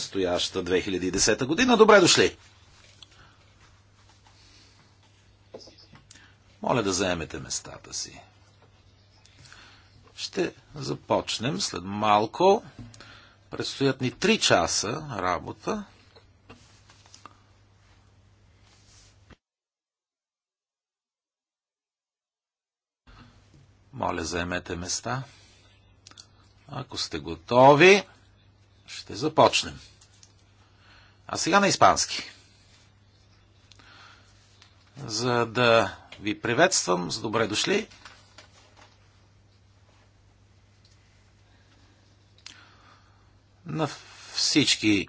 настояща 2010 година. Добре дошли! Моля да заемете местата си. Ще започнем след малко. Предстоят ни 3 часа работа. Моля, заемете места. Ако сте готови, ще започнем. А сега на испански. За да ви приветствам, с добре дошли. На всички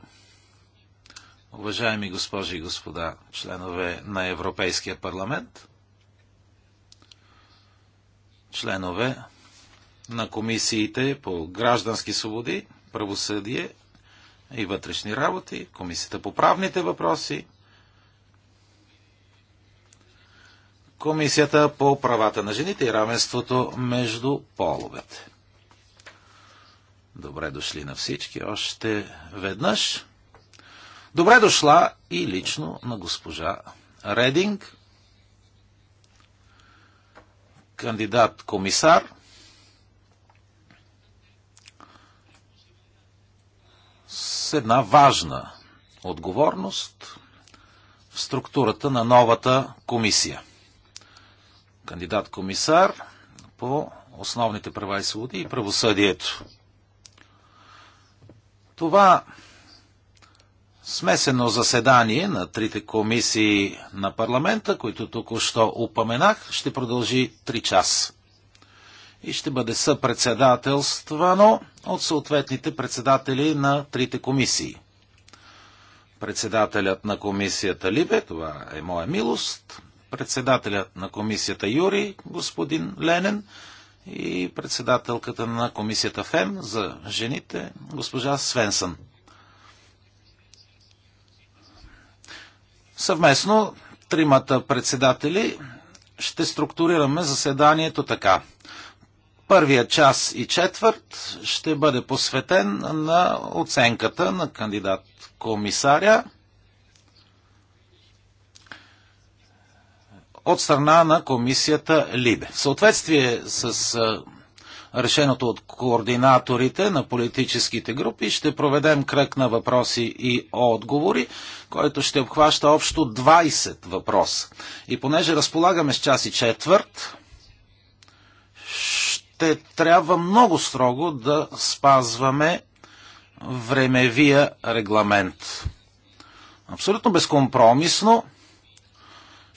уважаеми госпожи и господа, членове на Европейския парламент, членове на комисиите по граждански свободи, правосъдие и вътрешни работи, Комисията по правните въпроси, Комисията по правата на жените и равенството между половете. Добре дошли на всички още веднъж. Добре дошла и лично на госпожа Рединг, кандидат комисар – с една важна отговорност в структурата на новата комисия. Кандидат-комисар по основните права и свободи и правосъдието. Това смесено заседание на трите комисии на парламента, които току-що упоменах, ще продължи 3 часа и ще бъде съпредседателствано от съответните председатели на трите комисии. Председателят на комисията Либе, това е моя милост, председателят на комисията Юри, господин Ленен, и председателката на комисията ФЕМ за жените, госпожа Свенсън. Съвместно тримата председатели ще структурираме заседанието така – Първия час и четвърт ще бъде посветен на оценката на кандидат комисаря от страна на комисията Либе. В съответствие с решеното от координаторите на политическите групи, ще проведем кръг на въпроси и отговори, който ще обхваща общо 20 въпроса. И понеже разполагаме с час и четвърт, ще трябва много строго да спазваме времевия регламент. Абсолютно безкомпромисно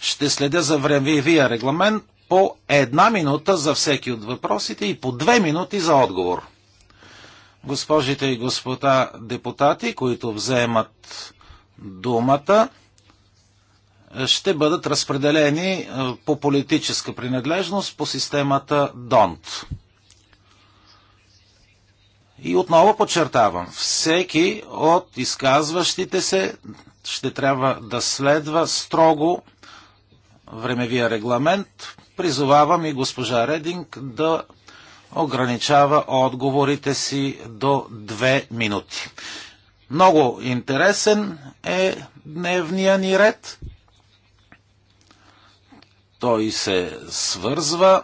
ще следя за времевия регламент по една минута за всеки от въпросите и по две минути за отговор. Госпожите и господа депутати, които вземат думата, ще бъдат разпределени е, по политическа принадлежност по системата ДОНТ. И отново подчертавам, всеки от изказващите се ще трябва да следва строго времевия регламент. Призовавам и госпожа Рединг да ограничава отговорите си до две минути. Много интересен е дневния ни ред. Той се свързва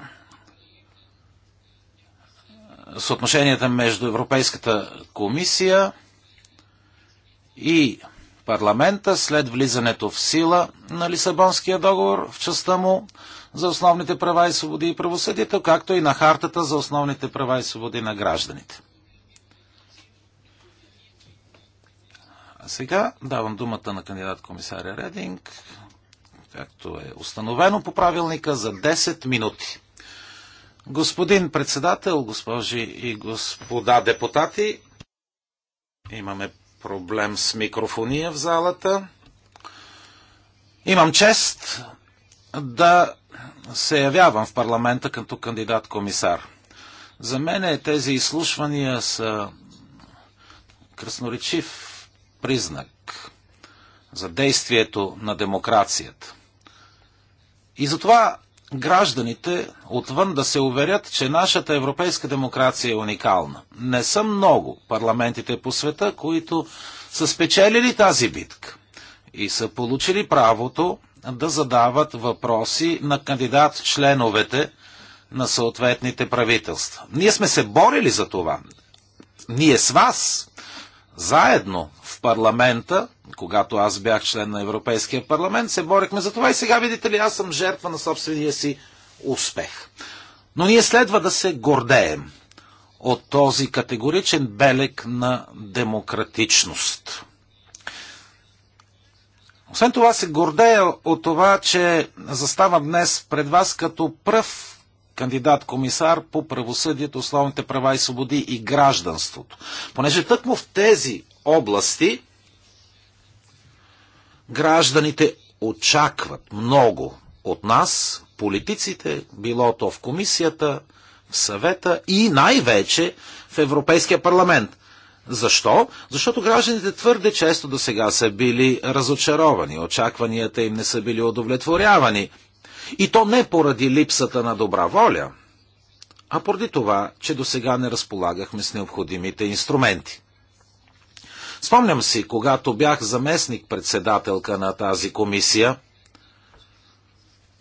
с отношенията между Европейската комисия и парламента след влизането в сила на Лисабонския договор в частта му за основните права и свободи и правосъдието, както и на хартата за основните права и свободи на гражданите. А сега давам думата на кандидат комисаря Рединг както е установено по правилника, за 10 минути. Господин председател, госпожи и господа депутати, имаме проблем с микрофония в залата. Имам чест да се явявам в парламента като кандидат-комисар. За мен е, тези изслушвания са красноречив признак за действието на демокрацията. И затова гражданите отвън да се уверят, че нашата европейска демокрация е уникална. Не са много парламентите по света, които са спечелили тази битка и са получили правото да задават въпроси на кандидат членовете на съответните правителства. Ние сме се борили за това. Ние с вас, заедно в парламента, когато аз бях член на Европейския парламент, се борехме за това и сега, видите ли, аз съм жертва на собствения си успех. Но ние следва да се гордеем от този категоричен белег на демократичност. Освен това се гордея от това, че заставам днес пред вас като пръв кандидат-комисар по правосъдието, основните права и свободи и гражданството. Понеже тъкмо в тези области гражданите очакват много от нас, политиците, било то в комисията, в съвета и най-вече в Европейския парламент. Защо? Защото гражданите твърде често до сега са били разочаровани, очакванията им не са били удовлетворявани. И то не поради липсата на добра воля, а поради това, че до сега не разполагахме с необходимите инструменти. Спомням си, когато бях заместник-председателка на тази комисия,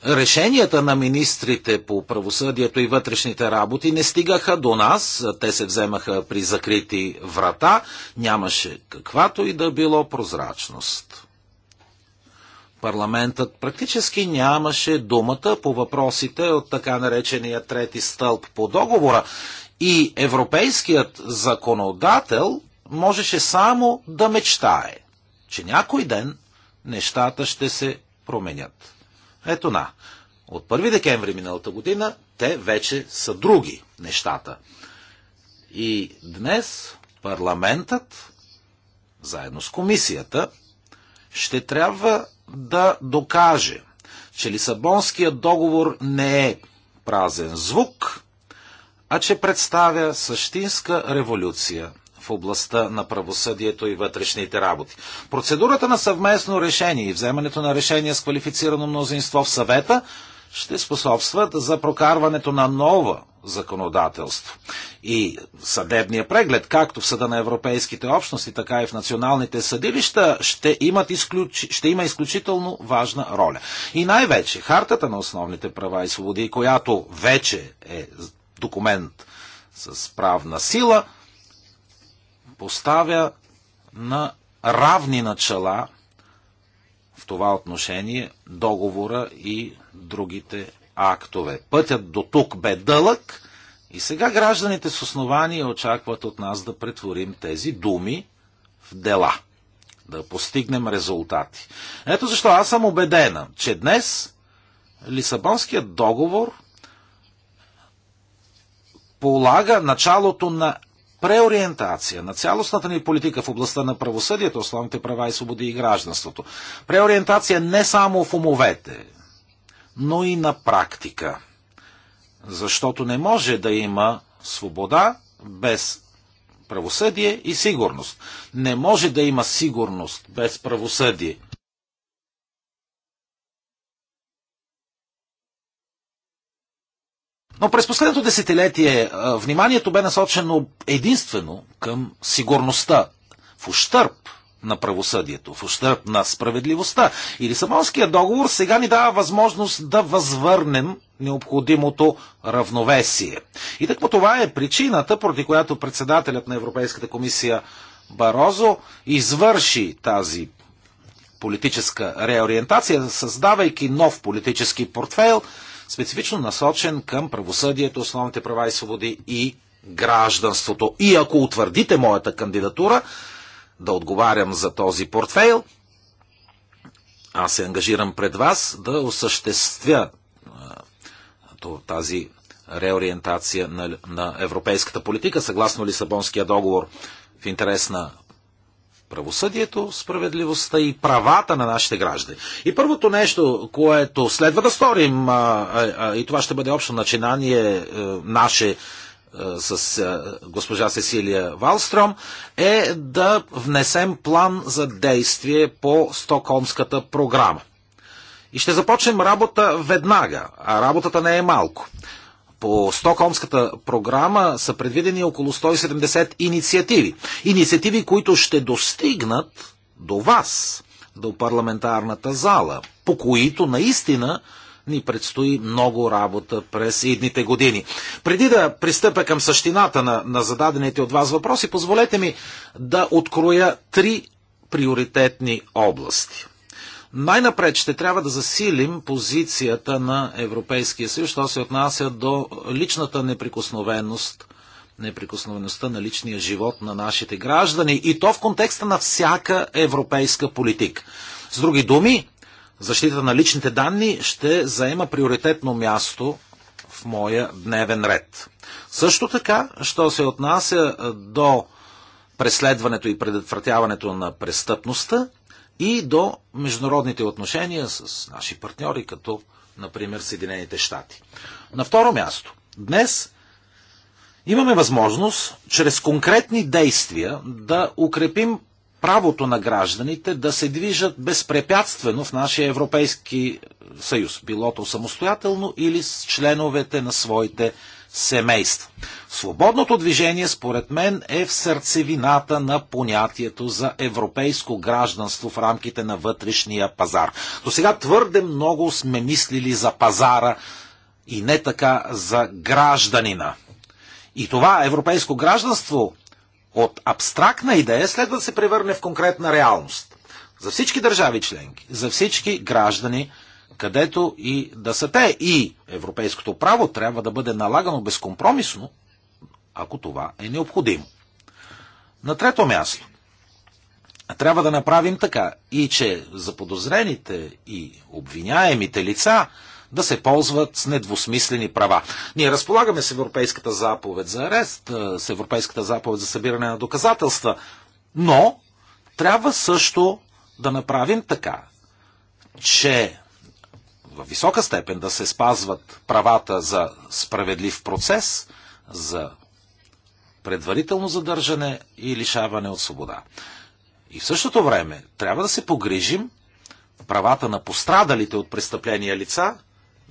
решенията на министрите по правосъдието и вътрешните работи не стигаха до нас, те се вземаха при закрити врата, нямаше каквато и да било прозрачност. Парламентът практически нямаше думата по въпросите от така наречения трети стълб по договора и европейският законодател можеше само да мечтае, че някой ден нещата ще се променят. Ето на. От 1 декември миналата година те вече са други нещата. И днес парламентът, заедно с комисията, ще трябва да докаже, че Лисабонският договор не е празен звук, а че представя същинска революция в областта на правосъдието и вътрешните работи. Процедурата на съвместно решение и вземането на решение с квалифицирано мнозинство в съвета ще способстват за прокарването на нова законодателство. И съдебния преглед, както в Съда на Европейските общности, така и в националните съдилища, ще, имат изключ... ще има изключително важна роля. И най-вече, хартата на основните права и свободи, която вече е документ с правна сила, поставя на равни начала в това отношение договора и другите актове. Пътят до тук бе дълъг и сега гражданите с основание очакват от нас да претворим тези думи в дела, да постигнем резултати. Ето защо аз съм убедена, че днес Лисабонският договор полага началото на преориентация на цялостната ни политика в областта на правосъдието, основните права и свободи и гражданството. Преориентация не само в умовете, но и на практика. Защото не може да има свобода без правосъдие и сигурност. Не може да има сигурност без правосъдие. Но през последното десетилетие вниманието бе насочено единствено към сигурността в ущърп на правосъдието, в ущърп на справедливостта. И Лисабонския договор сега ни дава възможност да възвърнем необходимото равновесие. И така това е причината, поради която председателят на Европейската комисия Барозо извърши тази политическа реориентация, създавайки нов политически портфейл, специфично насочен към правосъдието, основните права и свободи и гражданството. И ако утвърдите моята кандидатура, да отговарям за този портфейл. Аз се ангажирам пред вас да осъществя тази реориентация на, на европейската политика, съгласно Лисабонския договор в интерес на правосъдието, справедливостта и правата на нашите граждани. И първото нещо, което следва да сторим, а, а, и това ще бъде общо начинание а, е, наше е, с е, госпожа Сесилия Валстром, е да внесем план за действие по Стокхолмската програма. И ще започнем работа веднага, а работата не е малко. По Стокхолмската програма са предвидени около 170 инициативи. Инициативи, които ще достигнат до вас, до парламентарната зала, по които наистина ни предстои много работа през идните години. Преди да пристъпя към същината на, на зададените от вас въпроси, позволете ми да откроя три приоритетни области. Най-напред ще трябва да засилим позицията на Европейския съюз, що се отнася до личната неприкосновеност, неприкосновеността на личния живот на нашите граждани и то в контекста на всяка европейска политика. С други думи, защита на личните данни ще заема приоритетно място в моя дневен ред. Също така, що се отнася до преследването и предотвратяването на престъпността и до международните отношения с наши партньори, като например Съединените щати. На второ място, днес имаме възможност чрез конкретни действия да укрепим правото на гражданите да се движат безпрепятствено в нашия Европейски съюз, било то самостоятелно или с членовете на своите семейства. Свободното движение, според мен, е в сърцевината на понятието за европейско гражданство в рамките на вътрешния пазар. До сега твърде много сме мислили за пазара и не така за гражданина. И това европейско гражданство от абстрактна идея следва да се превърне в конкретна реалност. За всички държави членки, за всички граждани, където и да са те. И европейското право трябва да бъде налагано безкомпромисно, ако това е необходимо. На трето място, трябва да направим така и че заподозрените и обвиняемите лица да се ползват с недвусмислени права. Ние разполагаме с Европейската заповед за арест, с Европейската заповед за събиране на доказателства, но трябва също да направим така, че в висока степен да се спазват правата за справедлив процес, за предварително задържане и лишаване от свобода. И в същото време трябва да се погрижим правата на пострадалите от престъпления лица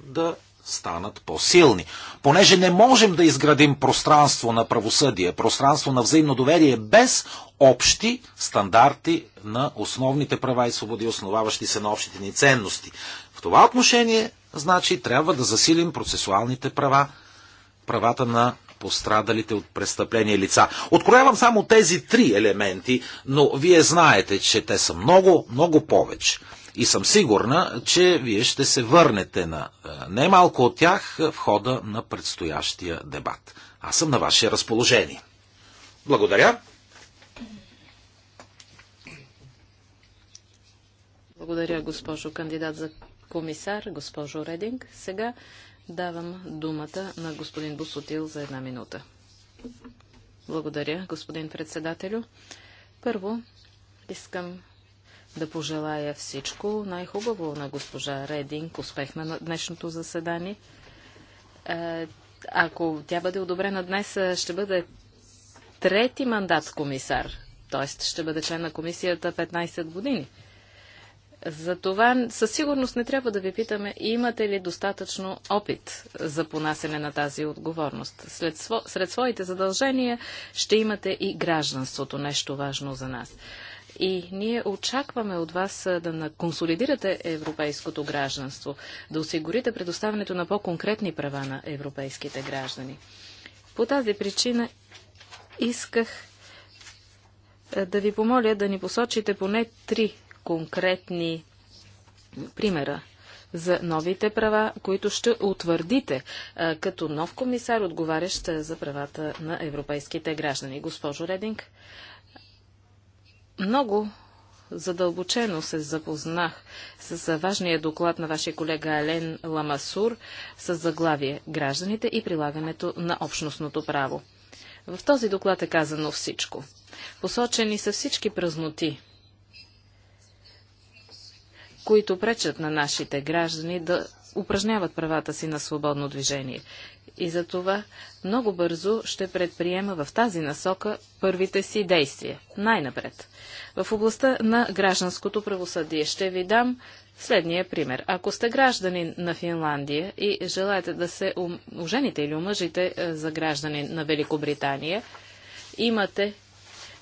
да станат по-силни. Понеже не можем да изградим пространство на правосъдие, пространство на взаимно доверие без общи стандарти на основните права и свободи, основаващи се на общите ни ценности. В това отношение, значи, трябва да засилим процесуалните права, правата на пострадалите от престъпления лица. Откроявам само тези три елементи, но вие знаете, че те са много, много повече. И съм сигурна, че вие ще се върнете на е, немалко от тях е, в хода на предстоящия дебат. Аз съм на ваше разположение. Благодаря. Благодаря, госпожо кандидат за комисар, госпожо Рединг. Сега давам думата на господин Бусотил за една минута. Благодаря, господин председателю. Първо, искам да пожелая всичко най-хубаво на госпожа Рединг, успех на днешното заседание. Е, ако тя бъде одобрена днес, е, ще бъде трети мандат комисар, т.е. ще бъде член на комисията 15 години. За това със сигурност не трябва да ви питаме, имате ли достатъчно опит за понасене на тази отговорност. След сво... Сред своите задължения ще имате и гражданството, нещо важно за нас и ние очакваме от вас да консолидирате европейското гражданство, да осигурите предоставянето на по-конкретни права на европейските граждани. По тази причина исках да ви помоля да ни посочите поне три конкретни примера за новите права, които ще утвърдите а, като нов комисар, отговарящ за правата на европейските граждани. Госпожо Рединг, много задълбочено се запознах с важния доклад на вашия колега Елен Ламасур с заглавие Гражданите и прилагането на общностното право. В този доклад е казано всичко. Посочени са всички празноти, които пречат на нашите граждани да упражняват правата си на свободно движение. И за това много бързо ще предприема в тази насока първите си действия. Най-напред. В областта на гражданското правосъдие ще ви дам следния пример. Ако сте гражданин на Финландия и желаете да се ожените или омъжите е, за гражданин на Великобритания, имате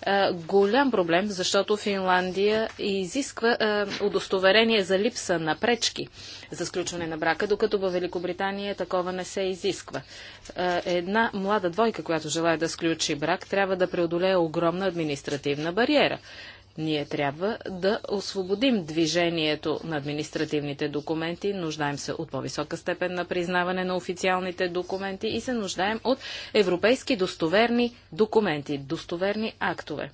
е, голям проблем, защото Финландия изисква а, е, удостоверение за липса на пречки за сключване на брака, докато във Великобритания такова не се изисква. А, е, една млада двойка, която желая да сключи брак, трябва да преодолее огромна административна бариера. Ние трябва да освободим движението на административните документи, нуждаем се от по-висока степен на признаване на официалните документи и се нуждаем от европейски достоверни документи, достоверни актове.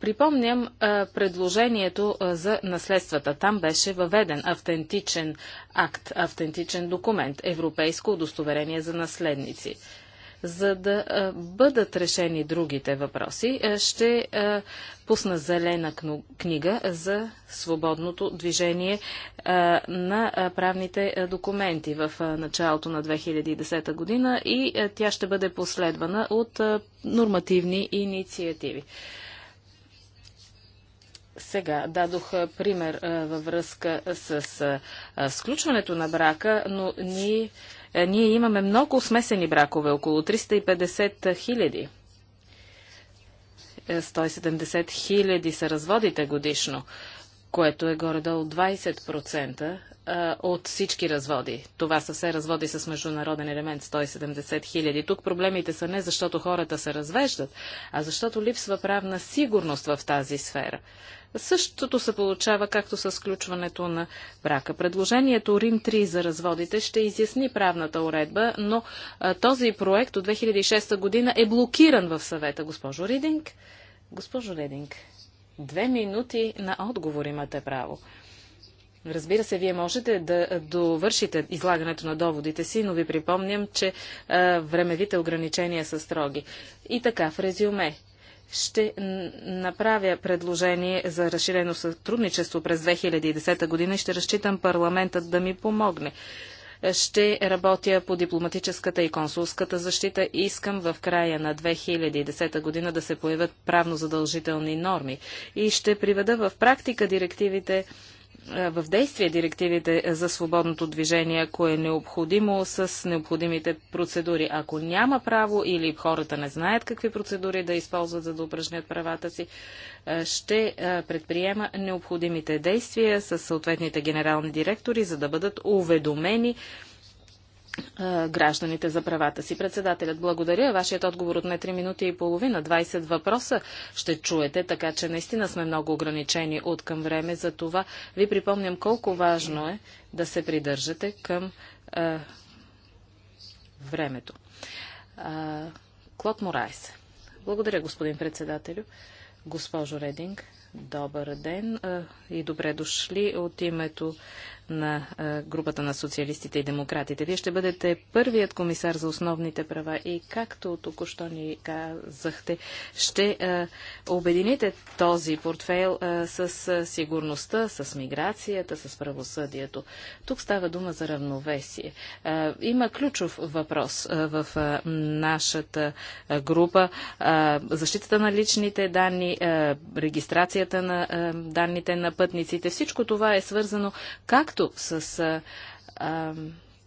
Припомням предложението за наследствата. Там беше въведен автентичен акт, автентичен документ, европейско удостоверение за наследници. За да бъдат решени другите въпроси, ще пусна зелена книга за свободното движение на правните документи в началото на 2010 година и тя ще бъде последвана от нормативни инициативи. Сега дадох пример във връзка с сключването на брака, но ние е, ние имаме много смесени бракове, около 350 хиляди. 170 е, хиляди са разводите годишно, което е горе-долу 20% от всички разводи. Това са все разводи с международен елемент 170 хиляди. Тук проблемите са не защото хората се развеждат, а защото липсва правна сигурност в тази сфера. Същото се получава както с включването на брака. Предложението Рим 3 за разводите ще изясни правната уредба, но а, този проект от 2006 година е блокиран в съвета. Госпожо Ридинг, госпожо Ридинг, две минути на отговор имате право. Разбира се, вие можете да довършите излагането на доводите си, но ви припомням, че а, времевите ограничения са строги. И така, в резюме, ще направя предложение за разширено сътрудничество през 2010 година и ще разчитам парламентът да ми помогне. Ще работя по дипломатическата и консулската защита и искам в края на 2010 година да се появят правно задължителни норми. И ще приведа в практика директивите е, в действие директивите за свободното движение, ако е необходимо, с необходимите процедури. Ако няма право или хората не знаят какви процедури да използват, за да упражнят правата си, е, ще е, предприема необходимите действия с съответните генерални директори, за да бъдат уведомени гражданите за правата си. Председателят, благодаря. Вашият отговор от не 3 минути и половина. 20 въпроса ще чуете, така че наистина сме много ограничени от към време. За това ви припомням колко важно е да се придържате към а, времето. А, Клод Морайс. Благодаря, господин председателю. Госпожо Рединг, добър ден а, и добре дошли от името на групата на социалистите и демократите. Вие ще бъдете първият комисар за основните права и както току-що ни казахте, ще обедините този портфейл с сигурността, с миграцията, с правосъдието. Тук става дума за равновесие. Има ключов въпрос в нашата група. Защитата на личните данни, регистрацията на данните на пътниците, всичко това е свързано както изток с а,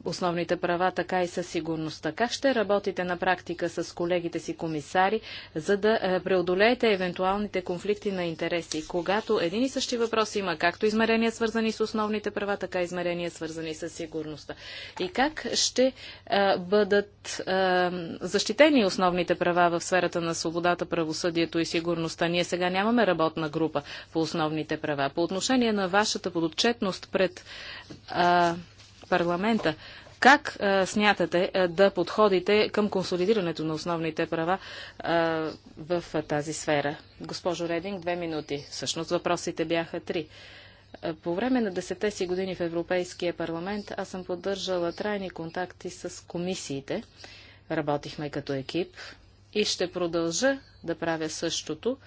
основните права, така и със сигурността. Как ще работите на практика с колегите си комисари, за да е, преодолеете евентуалните конфликти на интереси, когато един и същи въпрос има както измерения свързани с основните права, така и измерения свързани с сигурността? И как ще а, е, бъдат а, е, защитени основните права в сферата на свободата, правосъдието и сигурността? Ние сега нямаме работна група по основните права. По отношение на вашата подотчетност пред а, парламента. Как а, смятате а, да подходите към консолидирането на основните права а, в а, тази сфера? Госпожо Рединг, две минути. Всъщност въпросите бяха три. А, по време на 10 си години в Европейския парламент аз съм поддържала трайни контакти с комисиите. Работихме като екип и ще продължа да правя същото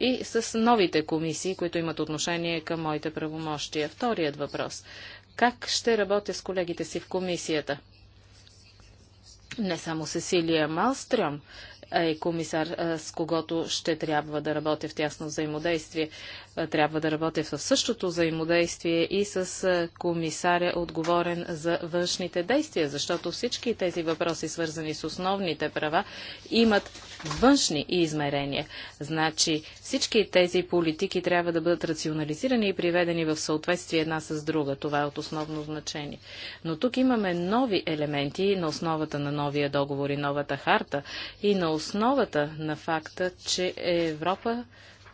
и с новите комисии, които имат отношение към моите правомощия. Вторият въпрос как ще работя с колегите си в комисията. Не само Сесилия Малстрем и е комисар, с когото ще трябва да работя в тясно взаимодействие. Трябва да работя в същото взаимодействие и с комисаря, отговорен за външните действия, защото всички тези въпроси, свързани с основните права, имат външни измерения. Значи всички тези политики трябва да бъдат рационализирани и приведени в съответствие една с друга. Това е от основно значение. Но тук имаме нови елементи на основата на новия договор и новата харта и на основата на факта, че Европа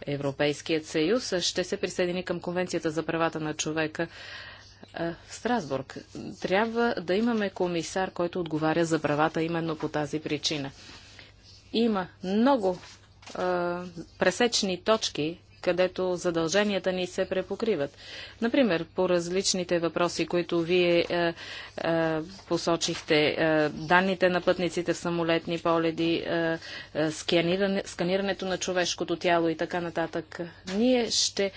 Европейският съюз ще се присъедини към Конвенцията за правата на човека в Страсбург. Трябва да имаме комисар, който отговаря за правата именно по тази причина. Има много а, пресечни точки, където задълженията ни се препокриват. Например, по различните въпроси, които вие е, е, посочихте, е, данните на пътниците в самолетни поледи, е, е, сканиране, сканирането на човешкото тяло и така нататък, ние ще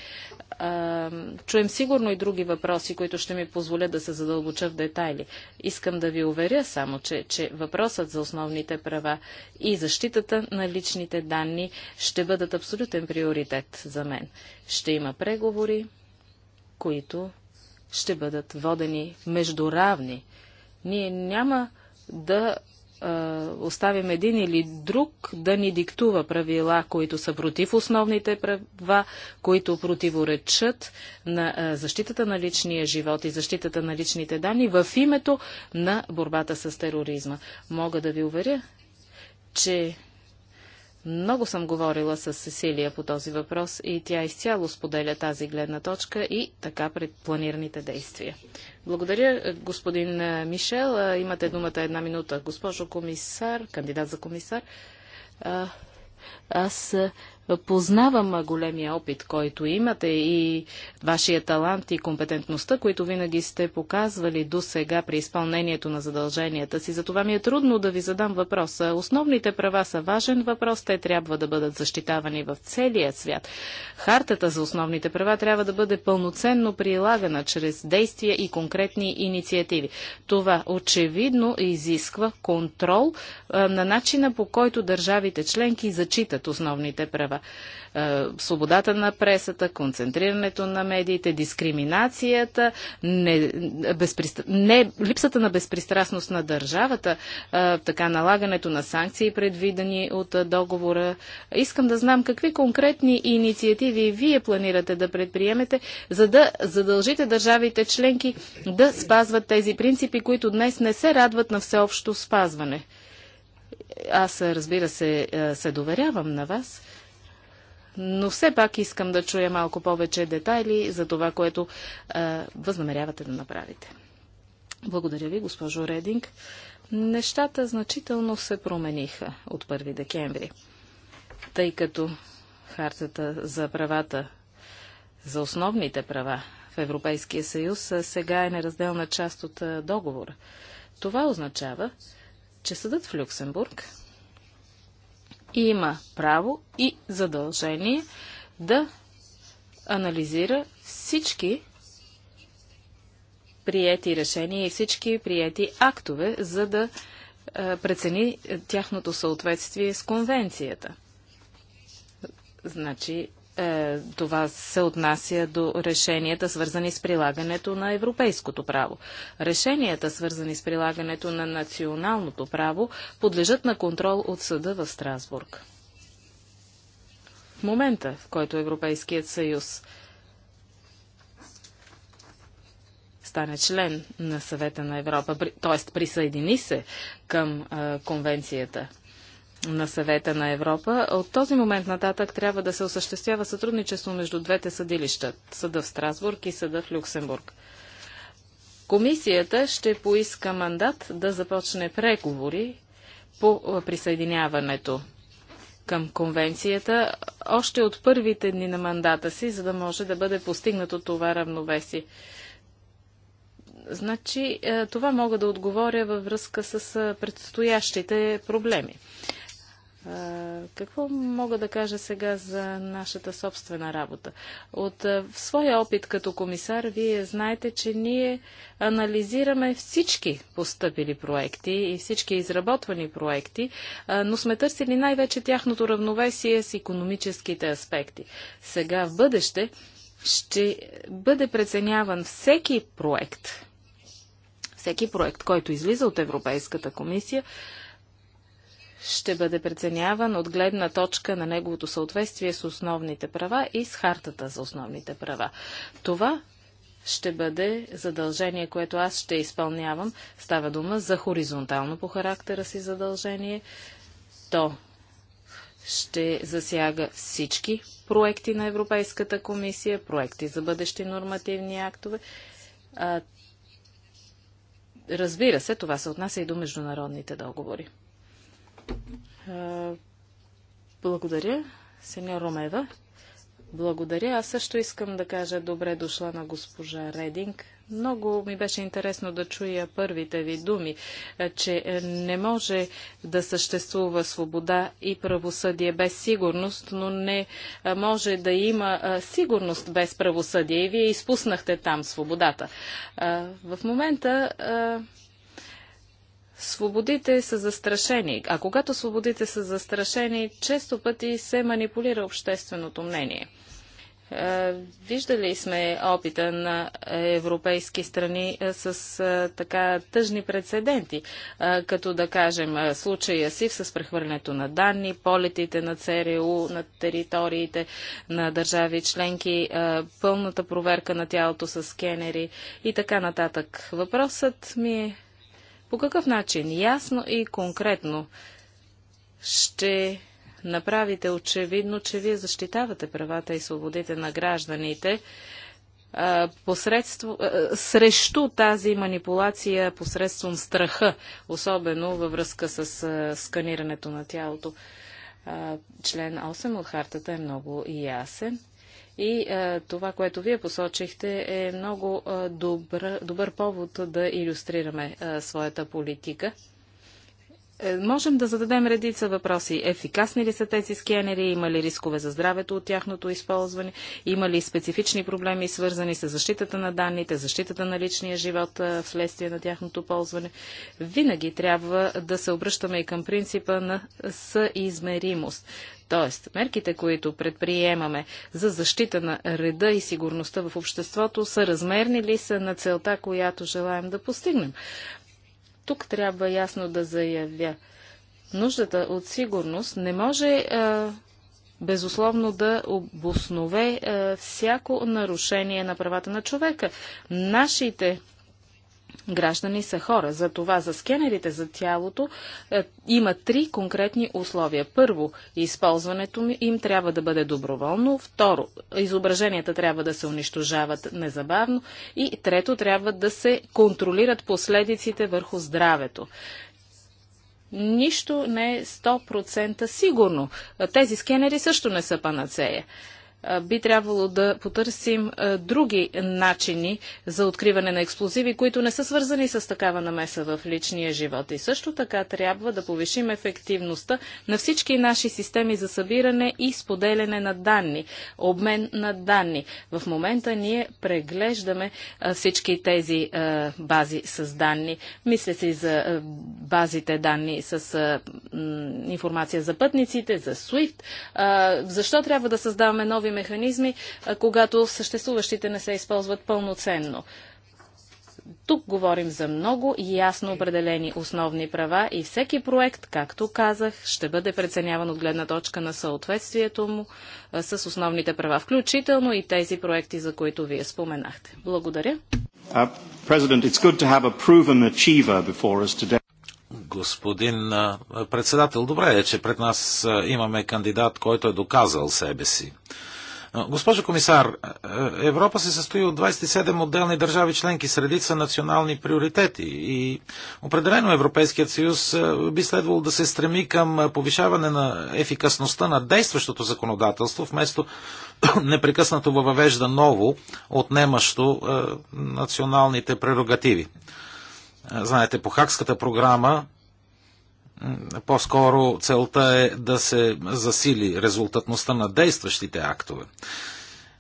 чуем сигурно и други въпроси, които ще ми позволят да се задълбоча в детайли. Искам да ви уверя само, че, че въпросът за основните права и защитата на личните данни ще бъдат абсолютен приоритет за мен. Ще има преговори, които ще бъдат водени между равни. Ние няма да оставим един или друг да ни диктува правила, които са против основните права, които противоречат на защитата на личния живот и защитата на личните данни в името на борбата с тероризма. Мога да ви уверя, че много съм говорила с Сесилия по този въпрос и тя изцяло споделя тази гледна точка и така пред планираните действия. Благодаря, е, господин е, Мишел. Е, имате думата една минута. Госпожо комисар, кандидат за комисар, аз Познавам големия опит, който имате и вашия талант и компетентността, които винаги сте показвали до сега при изпълнението на задълженията си. Затова ми е трудно да ви задам въпроса. Основните права са важен въпрос. Те трябва да бъдат защитавани в целия свят. Хартата за основните права трябва да бъде пълноценно прилагана чрез действия и конкретни инициативи. Това очевидно изисква контрол на начина по който държавите членки зачитат основните права права. Е, свободата на пресата, концентрирането на медиите, дискриминацията, не, безпристра... не, липсата на безпристрастност на държавата, е, така налагането на санкции, предвидени от е, договора. Искам да знам какви конкретни инициативи вие планирате да предприемете, за да задължите държавите членки да спазват тези принципи, които днес не се радват на всеобщо спазване. Аз, разбира се, се доверявам на вас но все пак искам да чуя малко повече детайли за това, което а, възнамерявате да направите. Благодаря ви, госпожо Рединг. Нещата значително се промениха от 1 декември, тъй като Хартата за правата, за основните права в Европейския съюз сега е неразделна част от договора. Това означава, че съдът в Люксембург има право и задължение да анализира всички приети решения и всички приети актове, за да е, прецени е, тяхното съответствие с конвенцията. Значи, е, това се отнася до решенията, свързани с прилагането на европейското право. Решенията, свързани с прилагането на националното право, подлежат на контрол от съда в Страсбург. В момента, в който Европейският съюз стане член на съвета на Европа, т.е. присъедини се към е, конвенцията на съвета на Европа. От този момент нататък трябва да се осъществява сътрудничество между двете съдилища – съда в Страсбург и съда в Люксембург. Комисията ще поиска мандат да започне преговори по присъединяването към конвенцията още от първите дни на мандата си, за да може да бъде постигнато това равновесие. Значи, това мога да отговоря във връзка с предстоящите проблеми. Какво мога да кажа сега за нашата собствена работа? От в своя опит като комисар, вие знаете, че ние анализираме всички постъпили проекти и всички изработвани проекти, но сме търсили най-вече тяхното равновесие с економическите аспекти. Сега в бъдеще ще бъде преценяван всеки проект, всеки проект, който излиза от Европейската комисия, ще бъде преценяван от гледна точка на неговото съответствие с основните права и с хартата за основните права. Това ще бъде задължение, което аз ще изпълнявам. Става дума за хоризонтално по характера си задължение. То ще засяга всички проекти на Европейската комисия, проекти за бъдещи нормативни актове. разбира се, това се отнася и до международните договори. Благодаря, сеньор Ромева. Благодаря. Аз също искам да кажа добре дошла на госпожа Рединг. Много ми беше интересно да чуя първите ви думи, че е, не може да съществува свобода и правосъдие без сигурност, но не може да има сигурност без правосъдие. И вие изпуснахте там свободата. В момента Свободите са застрашени, а когато свободите са застрашени, често пъти се манипулира общественото мнение. Е, виждали сме опита на европейски страни е, с е, така тъжни прецеденти, като да кажем случая си с прехвърлянето на данни, полетите на ЦРУ, на териториите на държави членки, пълната проверка на тялото с скенери и така нататък. Въпросът ми е по какъв начин ясно и конкретно ще направите очевидно, че вие защитавате правата и свободите на гражданите а, посредство, а, срещу тази манипулация посредством страха, особено във връзка с а, сканирането на тялото. Член 8 от хартата е много ясен. И а, е, това, което вие посочихте, е много а, е, добър, добър повод да иллюстрираме а, е, своята политика. Е, можем да зададем редица въпроси. Ефикасни ли са тези скенери? Има ли рискове за здравето от тяхното използване? Има ли специфични проблеми, свързани с защитата на данните, защитата на личния живот вследствие на тяхното ползване? Винаги трябва да се обръщаме и към принципа на съизмеримост. Тоест, мерките, които предприемаме за защита на реда и сигурността в обществото, са размерни ли са на целта, която желаем да постигнем? Тук трябва ясно да заявя. Нуждата от сигурност не може безусловно да обоснове е, всяко нарушение на правата на човека. Нашите граждани са хора. За това за скенерите за тялото е, има три конкретни условия. Първо, използването им трябва да бъде доброволно. Второ, изображенията трябва да се унищожават незабавно. И трето, трябва да се контролират последиците върху здравето нищо не е 100% сигурно. Тези скенери също не са панацея би трябвало да потърсим други начини за откриване на експлозиви, които не са свързани с такава намеса в личния живот. И също така трябва да повишим ефективността на всички наши системи за събиране и споделяне на данни, обмен на данни. В момента ние преглеждаме всички тези бази с данни. Мисля си за базите данни с информация за пътниците, за SWIFT. Защо трябва да създаваме нови механизми, когато съществуващите не се използват пълноценно. Тук говорим за много и ясно определени основни права и всеки проект, както казах, ще бъде преценяван от гледна точка на съответствието му с основните права, включително и тези проекти, за които вие споменахте. Благодаря. Uh, Господин председател, добре е, че пред нас имаме кандидат, който е доказал себе си. Госпожо комисар, Европа се състои от 27 отделни държави членки с редица национални приоритети и определено Европейският съюз би следвало да се стреми към повишаване на ефикасността на действащото законодателство, вместо непрекъснато въвежда ново, отнемащо националните прерогативи. Знаете, по Хакската програма по-скоро целта е да се засили резултатността на действащите актове,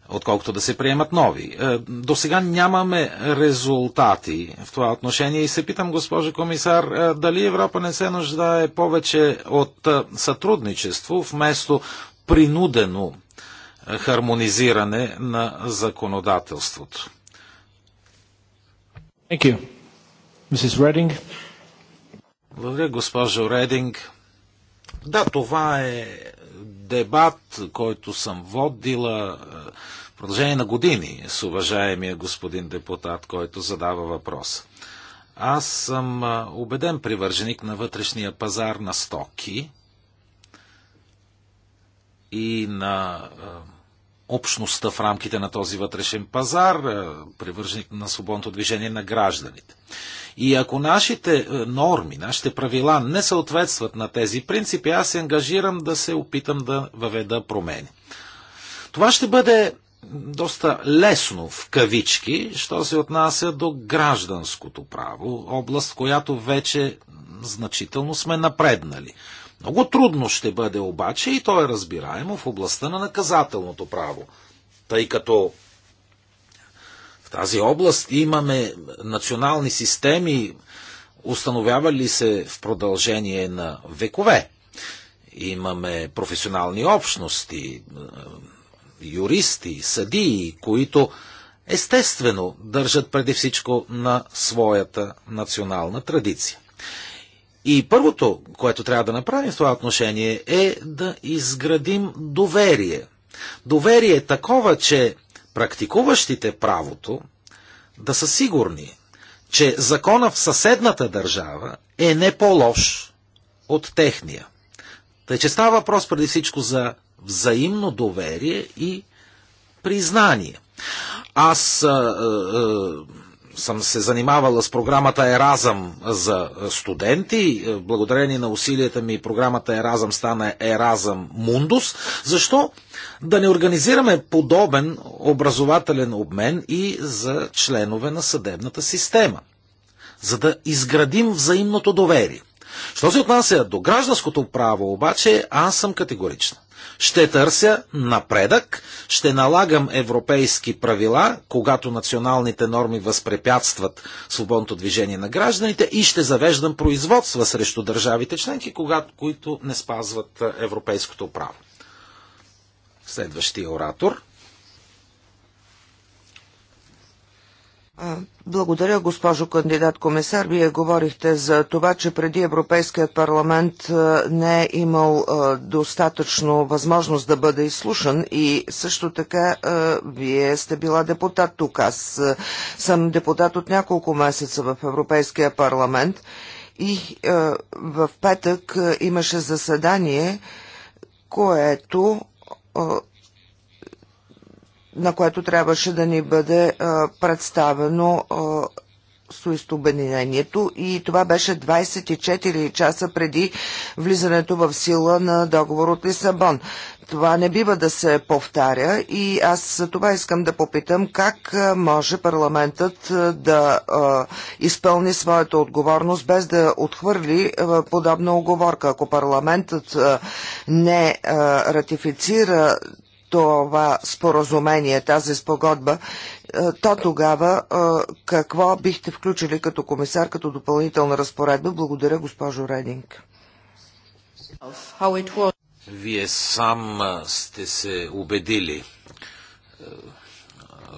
отколкото да се приемат нови. Е, до сега нямаме резултати в това отношение и се питам, госпожо комисар, е, дали Европа не се нуждае повече от е, сътрудничество вместо принудено хармонизиране на законодателството. Thank you. Mrs. Благодаря, госпожо Рединг. Да, това е дебат, който съм водила е, в продължение на години с уважаемия господин депутат, който задава въпрос. Аз съм е, убеден привърженик на вътрешния пазар на стоки и на е, общността в рамките на този вътрешен пазар, привърженик на свободното движение на гражданите. И ако нашите е, норми, нашите правила не съответстват на тези принципи, аз се ангажирам да се опитам да въведа промени. Това ще бъде доста лесно в кавички, що се отнася до гражданското право, област, в която вече значително сме напреднали. Много трудно ще бъде обаче и то е разбираемо в областта на наказателното право, тъй като тази област имаме национални системи, установявали се в продължение на векове. Имаме професионални общности, е, юристи, съдии, които естествено държат преди всичко на своята национална традиция. И първото, което трябва да направим в това отношение е да изградим доверие. Доверие е такова, че практикуващите правото да са сигурни, че закона в съседната държава е не по-лош от техния. Тъй, че става въпрос преди всичко за взаимно доверие и признание. Аз а, а, съм се занимавала с програмата Еразъм за студенти. Благодарение на усилията ми програмата Еразъм стана Еразъм Мундус. Защо да не организираме подобен образователен обмен и за членове на съдебната система? За да изградим взаимното доверие. Що се отнася до гражданското право, обаче, аз съм категорична. Ще търся напредък, ще налагам европейски правила, когато националните норми възпрепятстват свободното движение на гражданите и ще завеждам производства срещу държавите членки, когато, които не спазват е, европейското право. Следващия оратор – Благодаря, госпожо кандидат комисар. Вие говорихте за това, че преди Европейският парламент не е имал достатъчно възможност да бъде изслушан и също така вие сте била депутат тук. Аз съм депутат от няколко месеца в Европейския парламент и в петък имаше заседание, което на което трябваше да ни бъде представено Суистобединението и това беше 24 часа преди влизането в сила на договор от Лисабон. Това не бива да се повтаря и аз за това искам да попитам как може парламентът да а, изпълни своята отговорност без да отхвърли а, подобна оговорка. Ако парламентът а, не ратифицира това споразумение, тази спогодба, е, то тогава е, какво бихте включили като комисар, като допълнителна разпоредба? Благодаря, госпожо Рединг. Вие сам е, сте се убедили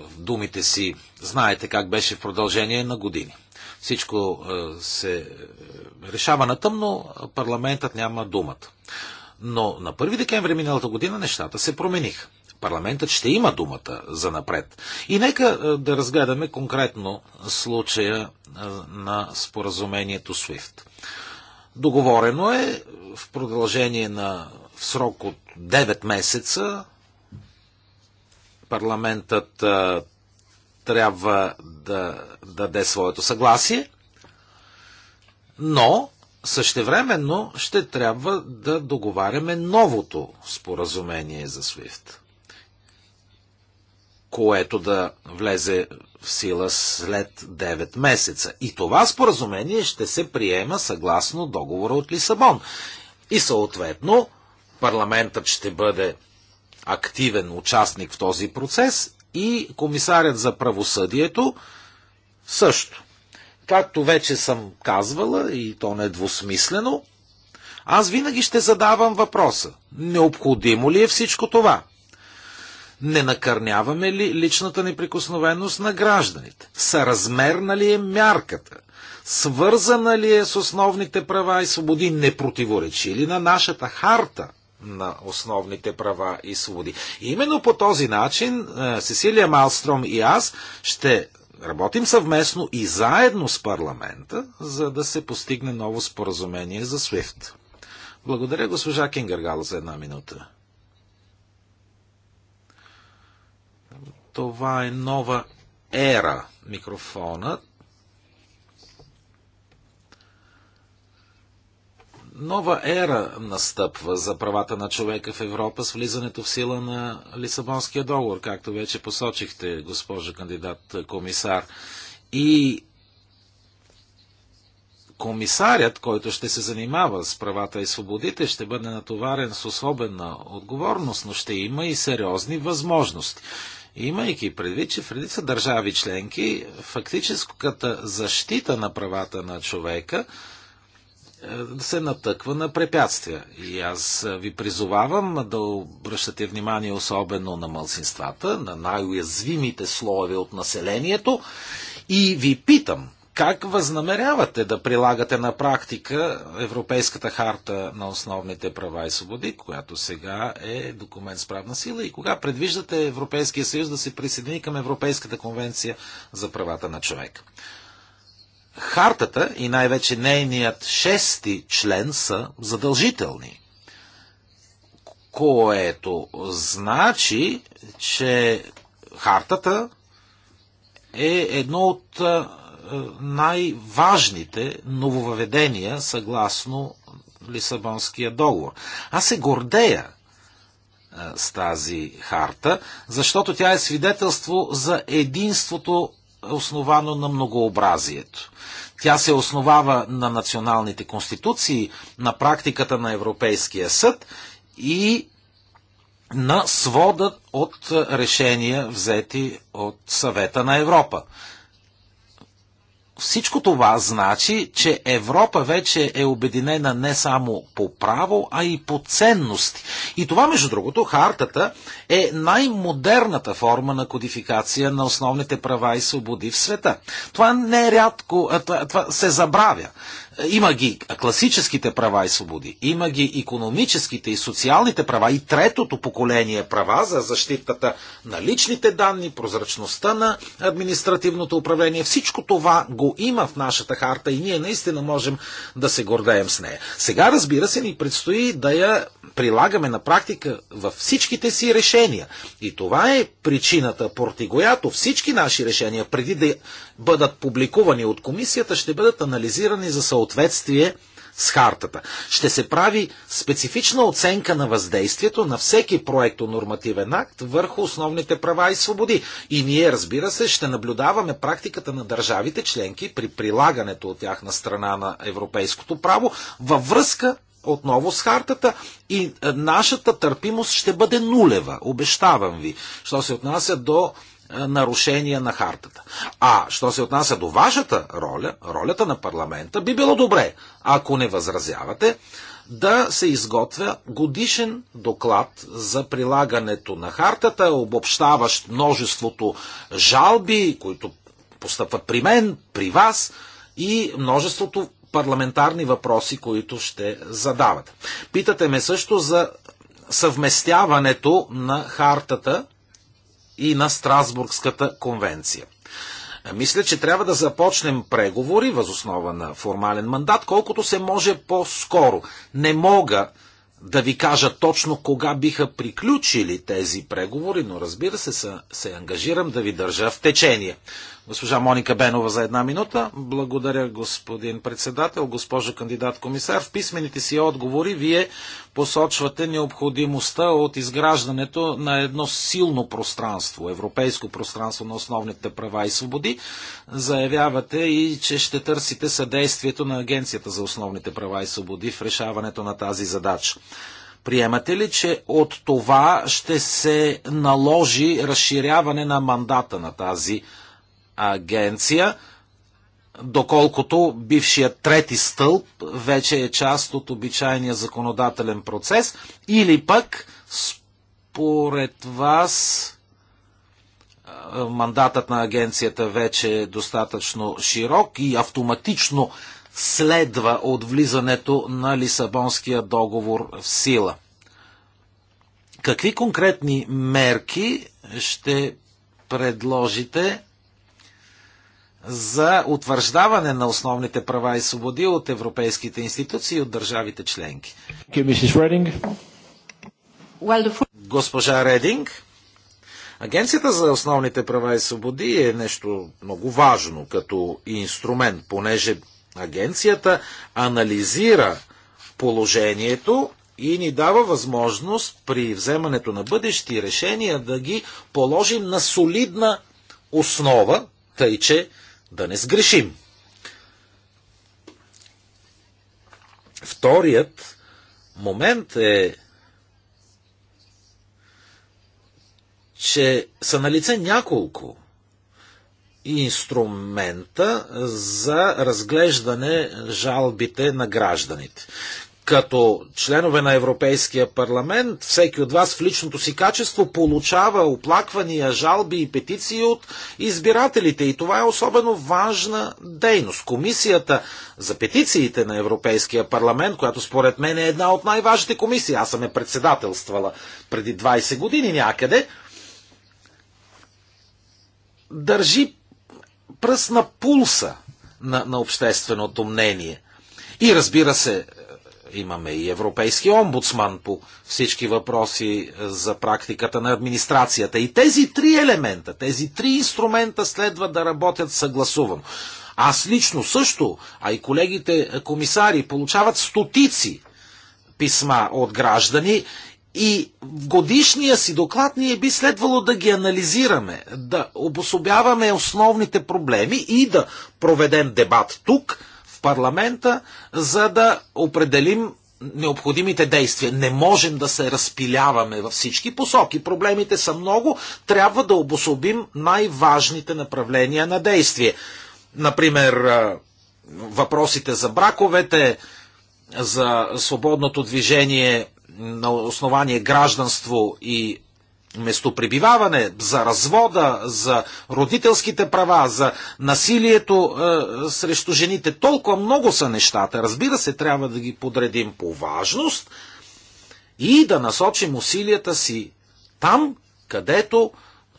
в думите си. Знаете как беше в продължение на години. Всичко се решава на тъмно, парламентът няма думата. Но на 1 декември миналата година нещата се промениха. Парламентът ще има думата за напред. И нека е, да разгледаме конкретно случая е, на споразумението SWIFT. Договорено е в продължение на в срок от 9 месеца парламентът а, е, трябва да, да даде своето съгласие, но същевременно ще трябва да договаряме новото споразумение за SWIFT, което да влезе в сила след 9 месеца. И това споразумение ще се приема съгласно договора от Лисабон. И съответно парламентът ще бъде активен участник в този процес и комисарят за правосъдието също. Както вече съм казвала, и то недвусмислено, аз винаги ще задавам въпроса. Необходимо ли е всичко това? Не накърняваме ли личната неприкосновеност на гражданите? Съразмерна ли е мярката? Свързана ли е с основните права и свободи? Не противоречи ли на нашата харта на основните права и свободи? именно по този начин е, Сесилия Малстром и аз ще работим съвместно и заедно с парламента, за да се постигне ново споразумение за SWIFT. Благодаря госпожа Кингергал за една минута. Това е нова ера микрофонът Нова ера настъпва за правата на човека в Европа с влизането в сила на Лисабонския договор, както вече посочихте, госпожа кандидат комисар. И комисарят, който ще се занимава с правата и свободите, ще бъде натоварен с особена отговорност, но ще има и сериозни възможности. Имайки предвид, че в редица държави членки фактическата защита на правата на човека – се натъква на препятствия. И аз ви призовавам да обръщате внимание особено на мълсинствата, на най-уязвимите слоеве от населението и ви питам, как възнамерявате да прилагате на практика Европейската харта на основните права и свободи, която сега е документ с правна сила и кога предвиждате Европейския съюз да се присъедини към Европейската конвенция за правата на човека? Хартата и най-вече нейният шести член са задължителни, което значи, че хартата е едно от най-важните нововъведения съгласно Лисабонския договор. Аз се гордея с тази харта, защото тя е свидетелство за единството основано на многообразието. Тя се основава на националните конституции, на практиката на Европейския съд и на свода от решения, взети от съвета на Европа всичко това значи, че Европа вече е обединена не само по право, а и по ценности. И това, между другото, хартата е най-модерната форма на кодификация на основните права и свободи в света. Това не е рядко, това се забравя. Има ги класическите права и свободи, има ги економическите и социалните права и третото поколение права за защитата на личните данни, прозрачността на административното управление. Всичко това го има в нашата харта и ние наистина можем да се гордеем с нея. Сега, разбира се, ни предстои да я прилагаме на практика във всичките си решения. И това е причината, поради която всички наши решения, преди да бъдат публикувани от комисията, ще бъдат анализирани за съответствие с хартата. Ще се прави специфична оценка на въздействието на всеки проекто нормативен акт върху основните права и свободи. И ние, разбира се, ще наблюдаваме практиката на държавите членки при прилагането от тях на страна на европейското право във връзка отново с хартата и е, нашата търпимост ще бъде нулева, обещавам ви, що се отнася до е, нарушения на хартата. А, що се отнася до вашата роля, ролята на парламента, би било добре, ако не възразявате, да се изготвя годишен доклад за прилагането на хартата, обобщаващ множеството жалби, които постъпват при мен, при вас и множеството парламентарни въпроси, които ще задават. Питате ме също за съвместяването на хартата и на Страсбургската конвенция. Мисля, че трябва да започнем преговори възоснова на формален мандат, колкото се може по-скоро. Не мога да ви кажа точно кога биха приключили тези преговори, но разбира се, се, се ангажирам да ви държа в течение. Госпожа Моника Бенова за една минута. Благодаря, господин председател, госпожо кандидат комисар. В писмените си отговори вие посочвате необходимостта от изграждането на едно силно пространство, европейско пространство на основните права и свободи. Заявявате и, че ще търсите съдействието на Агенцията за основните права и свободи в решаването на тази задача. Приемате ли, че от това ще се наложи разширяване на мандата на тази агенция, доколкото бившият трети стълб вече е част от обичайния законодателен процес, или пък според вас мандатът на агенцията вече е достатъчно широк и автоматично следва от влизането на Лисабонския договор в сила. Какви конкретни мерки ще предложите за утвърждаване на основните права и свободи от европейските институции и от държавите членки. Госпожа Рединг, Агенцията за основните права и свободи е нещо много важно като инструмент, понеже агенцията анализира положението и ни дава възможност при вземането на бъдещи решения да ги положим на солидна основа, тъй че да не сгрешим. Вторият момент е, че са налице няколко инструмента за разглеждане жалбите на гражданите като членове на Европейския парламент, всеки от вас в личното си качество получава оплаквания, жалби и петиции от избирателите. И това е особено важна дейност. Комисията за петициите на Европейския парламент, която според мен е една от най-важните комисии, аз съм е председателствала преди 20 години някъде, държи пръст на пулса на, на общественото мнение. И разбира се, Имаме и европейски омбудсман по всички въпроси е, за практиката на администрацията. И тези три елемента, тези три инструмента следва да работят съгласувано. Аз лично също, а и колегите е, комисари получават стотици писма от граждани и в годишния си доклад ние би следвало да ги анализираме, да обособяваме основните проблеми и да проведем дебат тук – в парламента, за да определим необходимите действия. Не можем да се разпиляваме във всички посоки. Проблемите са много. Трябва да обособим най-важните направления на действие. Например, въпросите за браковете, за свободното движение на основание гражданство и местопребиваване, за развода, за родителските права, за насилието е, срещу жените. Толкова много са нещата. Разбира се, трябва да ги подредим по важност и да насочим усилията си там, където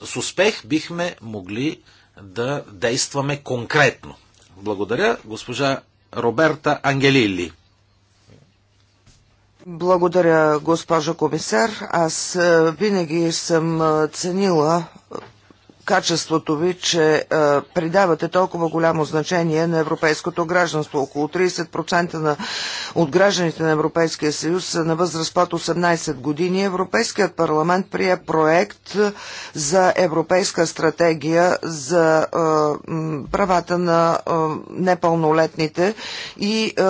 с успех бихме могли да действаме конкретно. Благодаря, госпожа Роберта Ангелили. Благодаря, госпожа комисар. Аз е, винаги съм е, ценила качеството ви, че е, придавате толкова голямо значение на европейското гражданство. Около 30% на, от гражданите на Европейския съюз са на възраст под 18 години. Европейският парламент прие проект за европейска стратегия за е, правата на е, непълнолетните и е,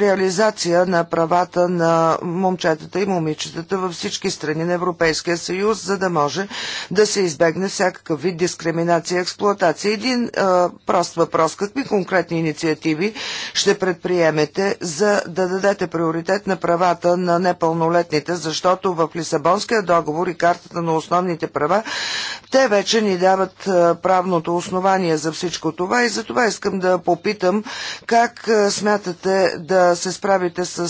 реализация на правата на момчетата и момичетата във всички страни на Европейския съюз, за да може да се избегне всяка някакъв вид дискриминация и експлуатация. Един а, прост въпрос. Какви конкретни инициативи ще предприемете, за да дадете приоритет на правата на непълнолетните, защото в Лисабонския договор и картата на основните права те вече ни дават правното основание за всичко това и за това искам да попитам как смятате да се справите с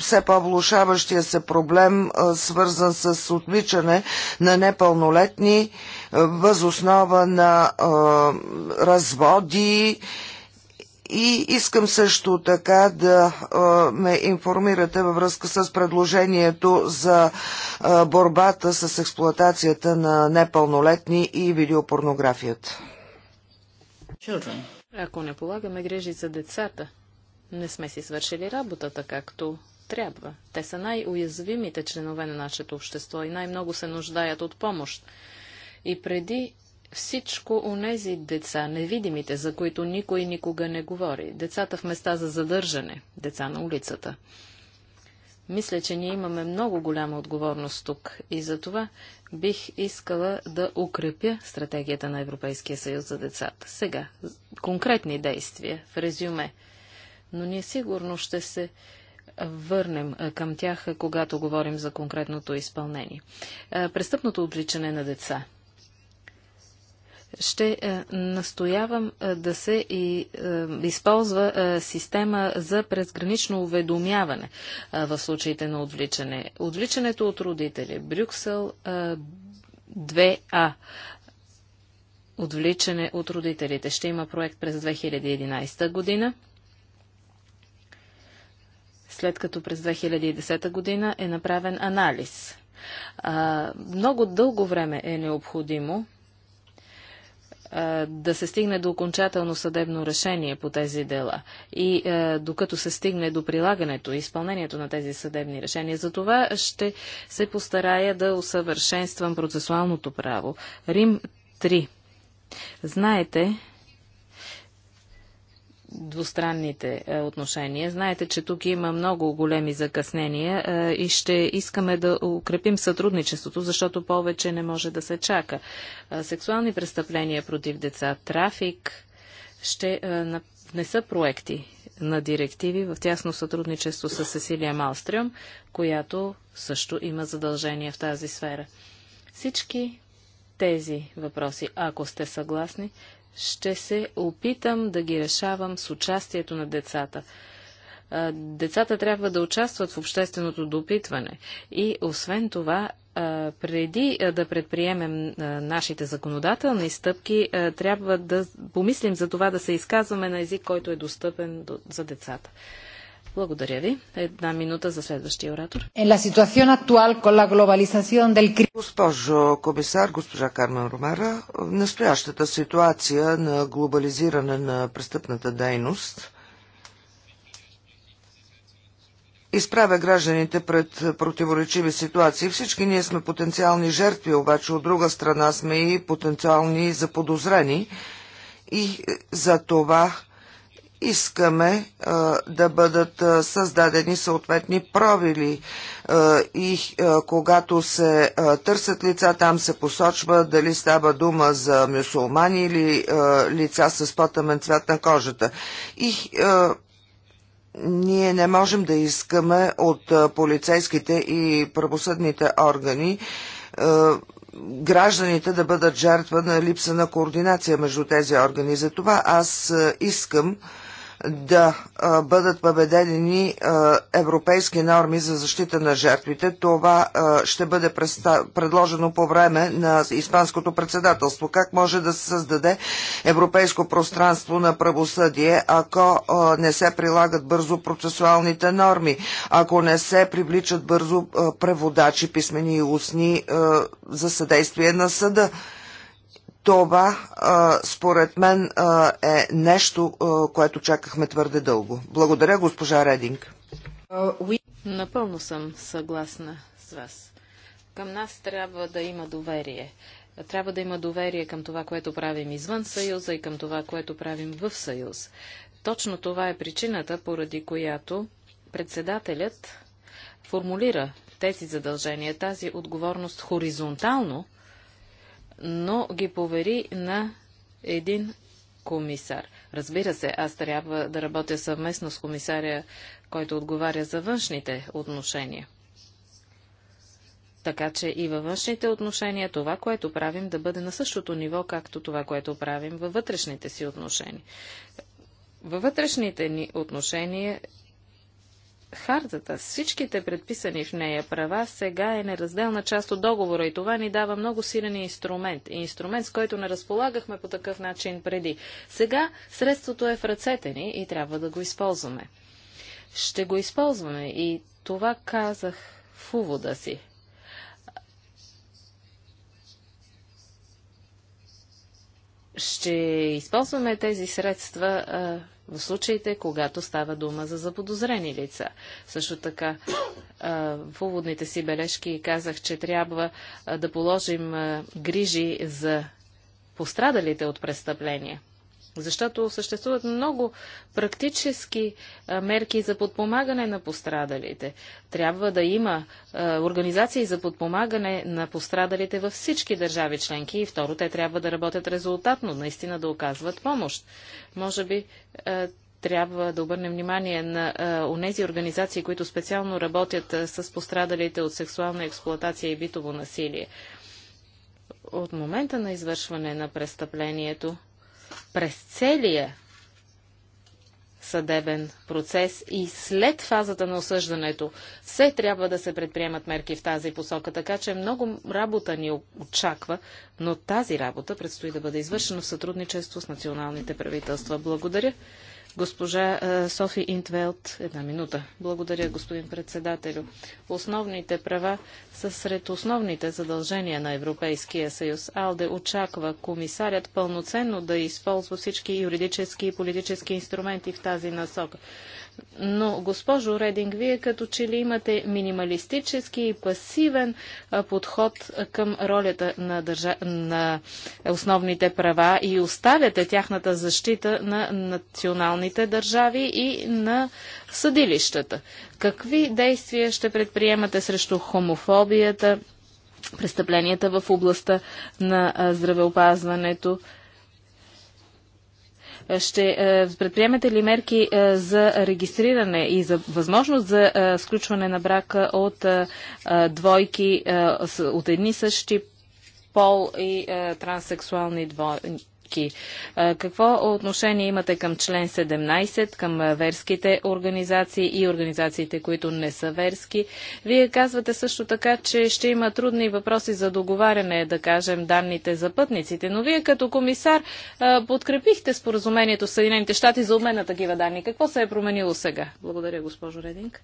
все по-влушаващия се проблем, свързан с отвичане на непълнолетни възоснова на разводи, и искам също така да ме информирате във връзка с предложението за борбата с експлоатацията на непълнолетни и видеопорнографията. Ако не полагаме грежи за децата, не сме си свършили работата както трябва. Те са най-уязвимите членове на нашето общество и най-много се нуждаят от помощ. И преди всичко у нези деца, невидимите, за които никой никога не говори, децата в места за задържане, деца на улицата. Мисля, че ние имаме много голяма отговорност тук и за това бих искала да укрепя стратегията на Европейския съюз за децата. Сега, конкретни действия в резюме, но ние сигурно ще се върнем към тях, когато говорим за конкретното изпълнение. Престъпното обличане на деца – ще е, настоявам е, да се и, е, използва система за презгранично уведомяване в случаите на отвличане. Отвличането от родители. Брюксел 2А. Отвличане от родителите. Ще има проект през 2011 година след като през 2010 година е направен анализ. много дълго време е необходимо да се стигне до окончателно съдебно решение по тези дела и докато се стигне до прилагането и изпълнението на тези съдебни решения. За това ще се постарая да усъвършенствам процесуалното право. Рим 3. Знаете, двустранните е, отношения. Знаете, че тук има много големи закъснения е, и ще искаме да укрепим сътрудничеството, защото повече не може да се чака. Е, сексуални престъпления против деца, трафик ще е, внеса проекти на директиви в тясно сътрудничество с Сесилия Малстрем, която също има задължения в тази сфера. Всички тези въпроси, ако сте съгласни, ще се опитам да ги решавам с участието на децата. Децата трябва да участват в общественото допитване и освен това преди да предприемем нашите законодателни стъпки, трябва да помислим за това да се изказваме на език, който е достъпен за децата. Благодаря ви. Една минута за следващия оратор. Госпожо комисар, госпожа Кармен Ромера, в настоящата ситуация на глобализиране на престъпната дейност изправя гражданите пред противоречиви ситуации. Всички ние сме потенциални жертви, обаче от друга страна сме и потенциални заподозрени. И е, за това искаме а, да бъдат а, създадени съответни провили а, и а, когато се а, търсят лица, там се посочва дали става дума за мюсулмани или а, лица с по-тъмен цвят на кожата. И а, ние не можем да искаме от а, полицейските и правосъдните органи а, гражданите да бъдат жертва на липса на координация между тези органи. Затова аз искам да бъдат въведени европейски норми за защита на жертвите. Това ще бъде предложено по време на Испанското председателство. Как може да се създаде европейско пространство на правосъдие, ако не се прилагат бързо процесуалните норми, ако не се привличат бързо преводачи, писмени и устни за съдействие на съда? Това, според мен, е нещо, което чакахме твърде дълго. Благодаря, госпожа Рединг. Напълно съм съгласна с вас. Към нас трябва да има доверие. Трябва да има доверие към това, което правим извън Съюза и към това, което правим в Съюз. Точно това е причината, поради която председателят формулира тези задължения, тази отговорност хоризонтално но ги повери на един комисар. Разбира се, аз трябва да работя съвместно с комисаря, който отговаря за външните отношения. Така че и във външните отношения това, което правим, да бъде на същото ниво, както това, което правим във вътрешните си отношения. Във вътрешните ни отношения хартата, всичките предписани в нея права сега е неразделна част от договора и това ни дава много силен инструмент. И инструмент, с който не разполагахме по такъв начин преди. Сега средството е в ръцете ни и трябва да го използваме. Ще го използваме и това казах в увода си. Ще използваме тези средства а, в случаите, когато става дума за заподозрени лица. Също така, в уводните си бележки казах, че трябва да положим грижи за пострадалите от престъпления. Защото съществуват много практически а, мерки за подпомагане на пострадалите. Трябва да има а, организации за подпомагане на пострадалите във всички държави членки и второ, те трябва да работят резултатно, наистина да оказват помощ. Може би а, трябва да обърнем внимание на онези организации, които специално работят а, с пострадалите от сексуална експлоатация и битово насилие. От момента на извършване на престъплението през целия съдебен процес и след фазата на осъждането все трябва да се предприемат мерки в тази посока, така че много работа ни очаква, но тази работа предстои да бъде извършена в сътрудничество с националните правителства. Благодаря. Госпожа е, Софи Интвелт, една минута. Благодаря, господин председателю. Основните права са сред основните задължения на Европейския съюз. Алде очаква комисарят пълноценно да използва всички юридически и политически инструменти в тази насока. Но, госпожо Рединг, вие като че ли имате минималистически и пасивен подход към ролята на, държа... на основните права и оставяте тяхната защита на националните държави и на съдилищата. Какви действия ще предприемате срещу хомофобията, престъпленията в областта на здравеопазването? Ще е, предприемете ли мерки е, за регистриране и за възможност за е, сключване на брак от двойки от едни същи пол и транссексуални двойки? мерки. Какво отношение имате към член 17, към верските организации и организациите, които не са верски? Вие казвате също така, че ще има трудни въпроси за договаряне, да кажем, данните за пътниците, но вие като комисар подкрепихте споразумението с Съединените щати за обмен на такива данни. Какво се е променило сега? Благодаря, госпожо Рединг.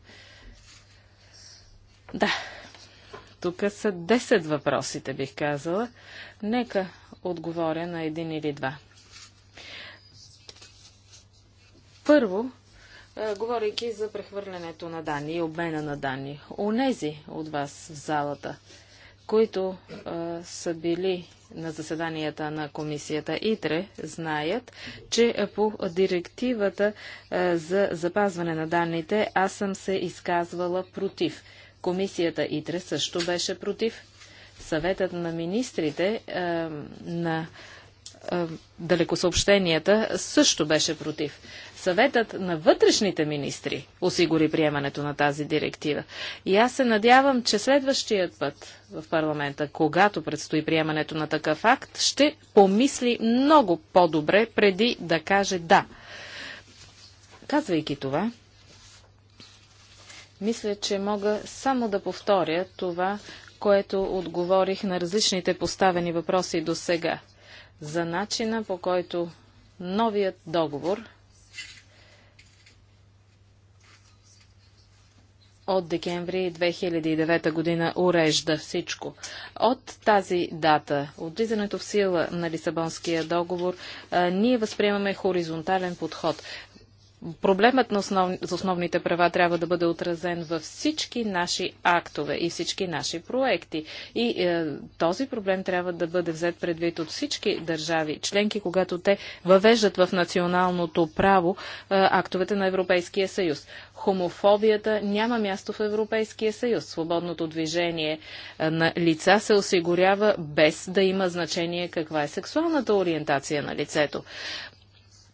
Да, тук са 10 въпросите, бих казала. Нека отговоря на един или два. Първо, е, говорейки за прехвърлянето на данни и обмена на данни. Онези от вас в залата, които а, е, са били на заседанията на комисията ИТРЕ, знаят, че по директивата а, е, за запазване на данните аз съм се изказвала против. Комисията ИТРЕ също беше против съветът на министрите е, на е, далекосъобщенията също беше против. Съветът на вътрешните министри осигури приемането на тази директива. И аз се надявам, че следващият път в парламента, когато предстои приемането на такъв акт, ще помисли много по-добре преди да каже да. Казвайки това, мисля, че мога само да повторя това, което отговорих на различните поставени въпроси до сега за начина по който новият договор от декември 2009 година урежда всичко. От тази дата, от влизането в сила на Лисабонския договор, ние възприемаме хоризонтален подход. Проблемът на основ... за основните права трябва да бъде отразен във всички наши актове и всички наши проекти. И е, този проблем трябва да бъде взет предвид от всички държави членки, когато те въвеждат в националното право е, актовете на Европейския съюз. Хомофобията няма място в Европейския съюз. Свободното движение е, на лица се осигурява без да има значение каква е сексуалната ориентация на лицето.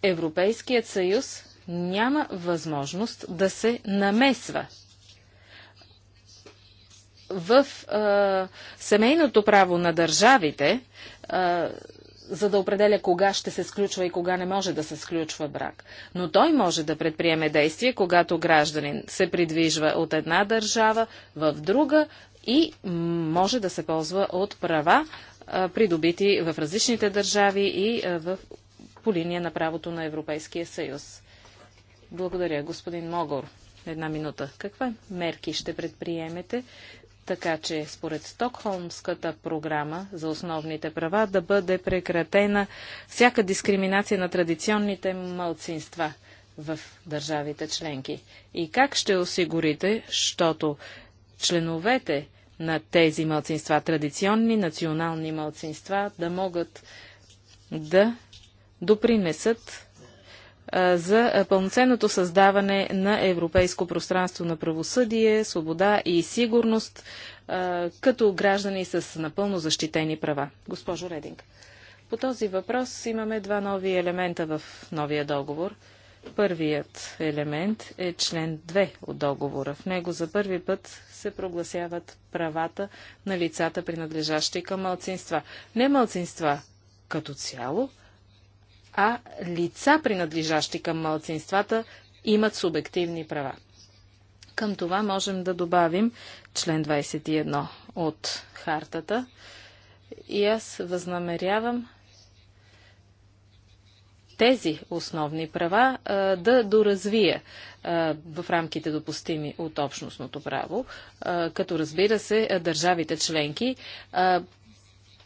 Европейският съюз няма възможност да се намесва в а, семейното право на държавите, а, за да определя кога ще се сключва и кога не може да се сключва брак. Но той може да предприеме действие, когато гражданин се придвижва от една държава в друга и може да се ползва от права, а, придобити в различните държави и а, в, по линия на правото на Европейския съюз. Благодаря, господин Могор. Една минута. Каква мерки ще предприемете, така че според Стокхолмската програма за основните права да бъде прекратена всяка дискриминация на традиционните малцинства в държавите членки? И как ще осигурите, защото членовете на тези малцинства, традиционни национални малцинства, да могат да допринесат за пълноценното създаване на европейско пространство на правосъдие, свобода и сигурност, като граждани с напълно защитени права. Госпожо Рединг, по този въпрос имаме два нови елемента в новия договор. Първият елемент е член 2 от договора. В него за първи път се прогласяват правата на лицата, принадлежащи към малцинства. Не малцинства като цяло, а лица, принадлежащи към малцинствата, имат субективни права. Към това можем да добавим член 21 от хартата. И аз възнамерявам тези основни права а, да доразвия а, в рамките допустими от общностното право, а, като разбира се държавите членки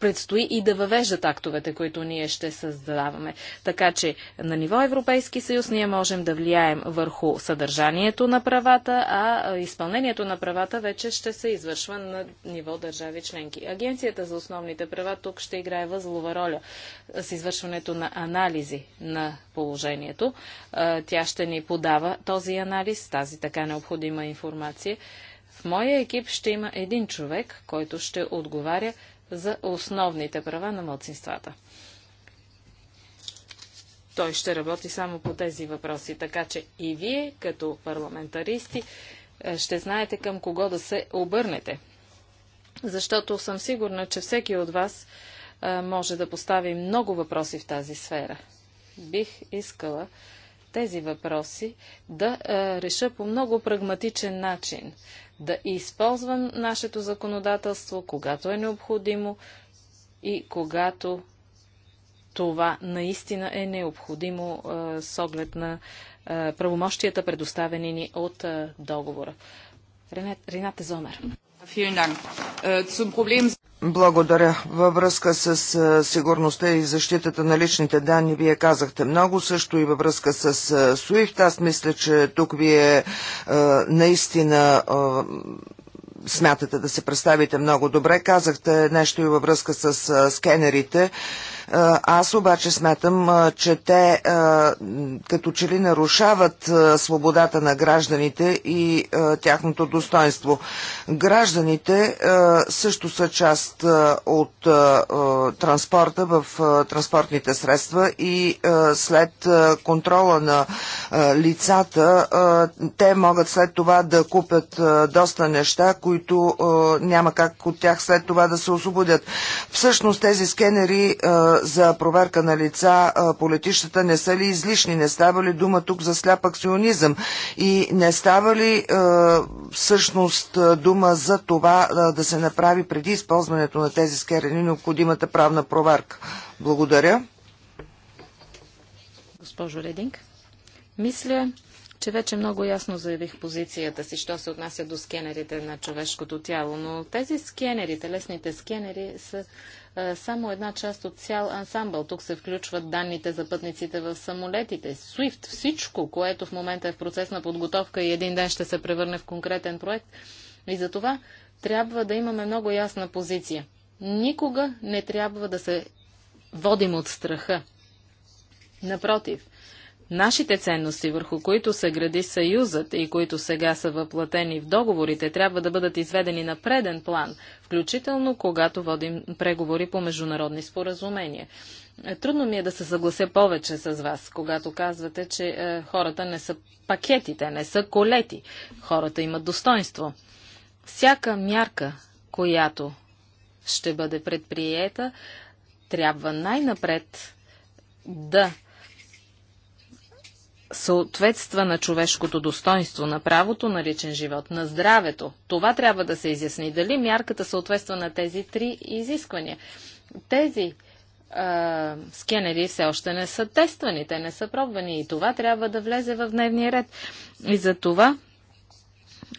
предстои и да въвеждат актовете, които ние ще създаваме. Така че на ниво Европейски съюз ние можем да влияем върху съдържанието на правата, а изпълнението на правата вече ще се извършва на ниво държави членки. Агенцията за основните права тук ще играе възлова роля с извършването на анализи на положението. Тя ще ни подава този анализ, тази така необходима информация. В моя екип ще има един човек, който ще отговаря за основните права на младсинствата. Той ще работи само по тези въпроси, така че и вие, като парламентаристи, е, ще знаете към кого да се обърнете. Защото съм сигурна, че всеки от вас е, може да постави много въпроси в тази сфера. Бих искала тези въпроси да е, реша по много прагматичен начин, да използвам нашето законодателство, когато е необходимо и когато това наистина е необходимо с оглед на правомощията, предоставени ни от договора. Рената Зомер. Äh, Благодаря. Във връзка с сигурността и защитата на личните данни, вие казахте много, също и във връзка с SWIFT. Аз мисля, че тук вие наистина смятате да се представите много добре. Казахте нещо и във връзка с скенерите. Аз обаче смятам, че те като че ли нарушават свободата на гражданите и тяхното достоинство. Гражданите също са част от транспорта в транспортните средства и след контрола на лицата те могат след това да купят доста неща, които няма как от тях след това да се освободят. Всъщност тези скенери за проверка на лица по летищата не са ли излишни? Не става ли дума тук за сляп акционизъм? И не става ли всъщност дума за това да се направи преди използването на тези скерени необходимата правна проверка? Благодаря. Госпожо Рединг, мисля, че вече много ясно заявих позицията си, що се отнася до скенерите на човешкото тяло, но тези скенери, телесните скенери са е, само една част от цял ансамбъл. Тук се включват данните за пътниците в самолетите, SWIFT, всичко, което в момента е в процес на подготовка и един ден ще се превърне в конкретен проект. И за това трябва да имаме много ясна позиция. Никога не трябва да се водим от страха. Напротив, Нашите ценности, върху които се гради съюзът и които сега са въплатени в договорите, трябва да бъдат изведени на преден план, включително когато водим преговори по международни споразумения. Е, трудно ми е да се съглася повече с вас, когато казвате, че е, хората не са пакетите, не са колети. Хората имат достоинство. Всяка мярка, която ще бъде предприета, трябва най-напред да съответства на човешкото достоинство, на правото на личен живот, на здравето. Това трябва да се изясни. Дали мярката съответства на тези три изисквания? Тези а, скенери все още не са тествани, те не са пробвани и това трябва да влезе в дневния ред. И за това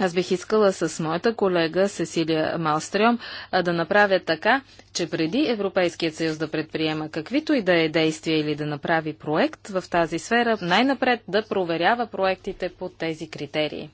аз бих искала с моята колега Сесилия Малстрем да направя така, че преди Европейският съюз да предприема каквито и да е действия или да направи проект в тази сфера, най-напред да проверява проектите по тези критерии.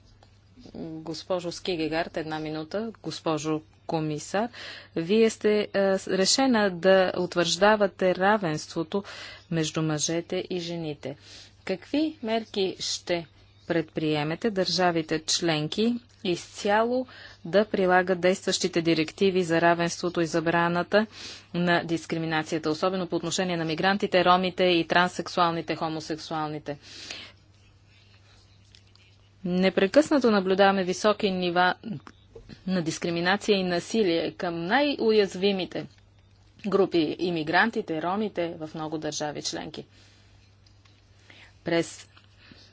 Госпожо Скигегард, една минута. Госпожо комисар, вие сте е, решена да утвърждавате равенството между мъжете и жените. Какви мерки ще предприемете държавите членки изцяло да прилагат действащите директиви за равенството и забраната на дискриминацията, особено по отношение на мигрантите, ромите и транссексуалните, хомосексуалните. Непрекъснато наблюдаваме високи нива на дискриминация и насилие към най-уязвимите групи – иммигрантите, ромите в много държави членки. През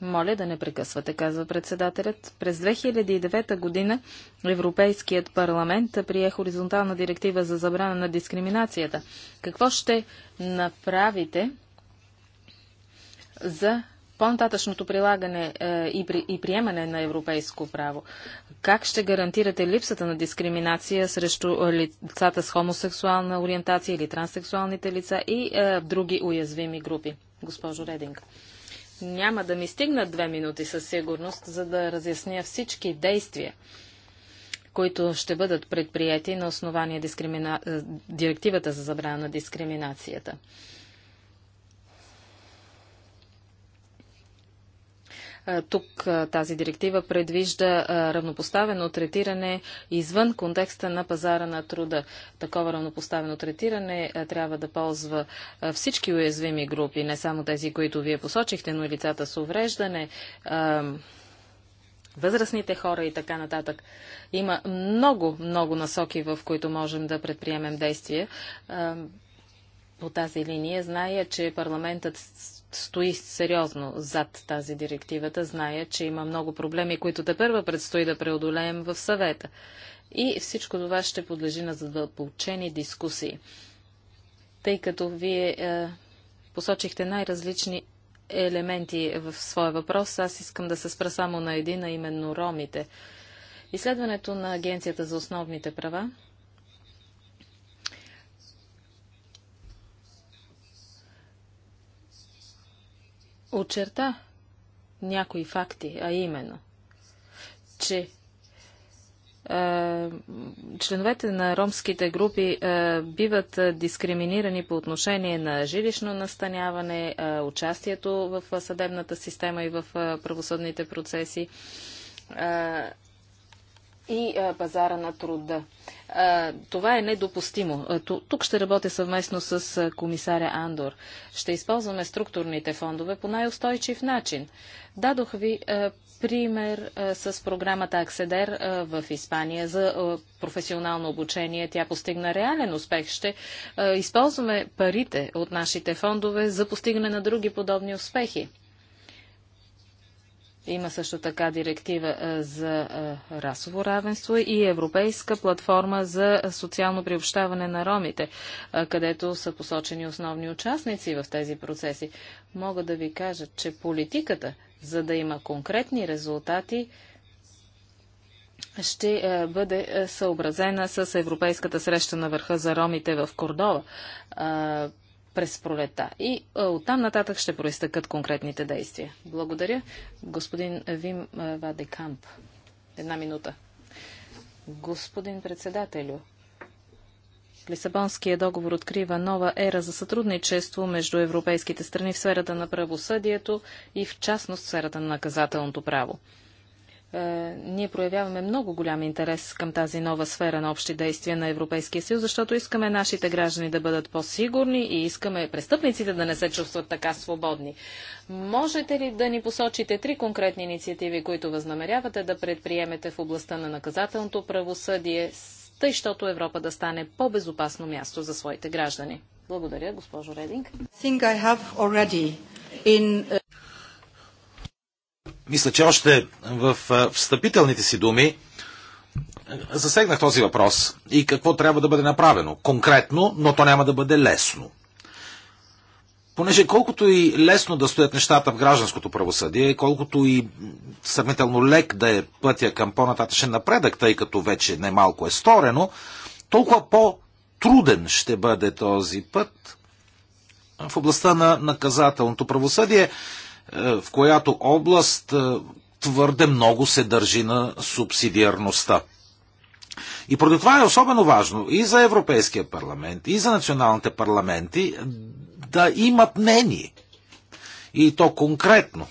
моля да не прекъсвате, казва председателят. През 2009 година Европейският парламент прие хоризонтална директива за забрана на дискриминацията. Какво ще направите за по-нататъчното прилагане е, и, приемане на европейско право. Как ще гарантирате липсата на дискриминация срещу лицата с хомосексуална ориентация или транссексуалните лица и е, други уязвими групи? Госпожо Рединг. Няма да ми стигнат две минути със сигурност, за да разясня всички действия, които ще бъдат предприяти на основание дискримина... Е, директивата за забрана на дискриминацията. Е, тук е, тази директива предвижда е, равнопоставено третиране извън контекста на пазара на труда. Такова равнопоставено третиране трябва да ползва всички уязвими групи, не само тези, които вие посочихте, но и лицата с увреждане, възрастните хора и така нататък. Има много, много насоки, в които можем да предприемем действия по тази линия. Зная, че парламентът стои сериозно зад тази директивата. Зная, че има много проблеми, които те първа предстои да преодолеем в съвета. И всичко това ще подлежи на задълбочени дискусии. Тъй като вие е, посочихте най-различни елементи в своя въпрос, аз искам да се спра само на един, а именно ромите. Изследването на Агенцията за основните права очерта някои факти, а именно, че е, членовете на ромските групи е, биват е, дискриминирани по отношение на жилищно настаняване, участието в съдебната система и в правосъдните процеси, и пазара на труда. Това е недопустимо. Тук ще работя съвместно с комисаря Андор. Ще използваме структурните фондове по най-устойчив начин. Дадох ви пример с програмата Акседер в Испания за професионално обучение. Тя постигна реален успех. Ще използваме парите от нашите фондове за постигане на други подобни успехи. Има също така директива за расово равенство и Европейска платформа за социално приобщаване на ромите, където са посочени основни участници в тези процеси. Мога да ви кажа, че политиката, за да има конкретни резултати, ще бъде съобразена с Европейската среща на върха за ромите в Кордова през пролета. И е, оттам нататък ще проистъкат конкретните действия. Благодаря. Господин Вим е, Вадекамп. Една минута. Господин председателю, Лисабонския договор открива нова ера за сътрудничество между европейските страни в сферата на правосъдието и в частност в сферата на наказателното право. Е, ние проявяваме много голям интерес към тази нова сфера на общи действия на Европейския съюз, защото искаме нашите граждани да бъдат по-сигурни и искаме престъпниците да не се чувстват така свободни. Можете ли да ни посочите три конкретни инициативи, които възнамерявате да предприемете в областта на наказателното правосъдие, тъй, щото Европа да стане по-безопасно място за своите граждани? Благодаря, госпожо Рединг. Мисля, че още в встъпителните си думи засегнах този въпрос и какво трябва да бъде направено. Конкретно, но то няма да бъде лесно. Понеже колкото и лесно да стоят нещата в гражданското правосъдие, колкото и сравнително лек да е пътя към по-нататъчен напредък, тъй като вече немалко е сторено, толкова по-труден ще бъде този път в областта на наказателното правосъдие. Е, в която област е, твърде много се държи на субсидиарността. И поради това е особено важно и за Европейския парламент, и за националните парламенти да имат мнение. И то конкретно.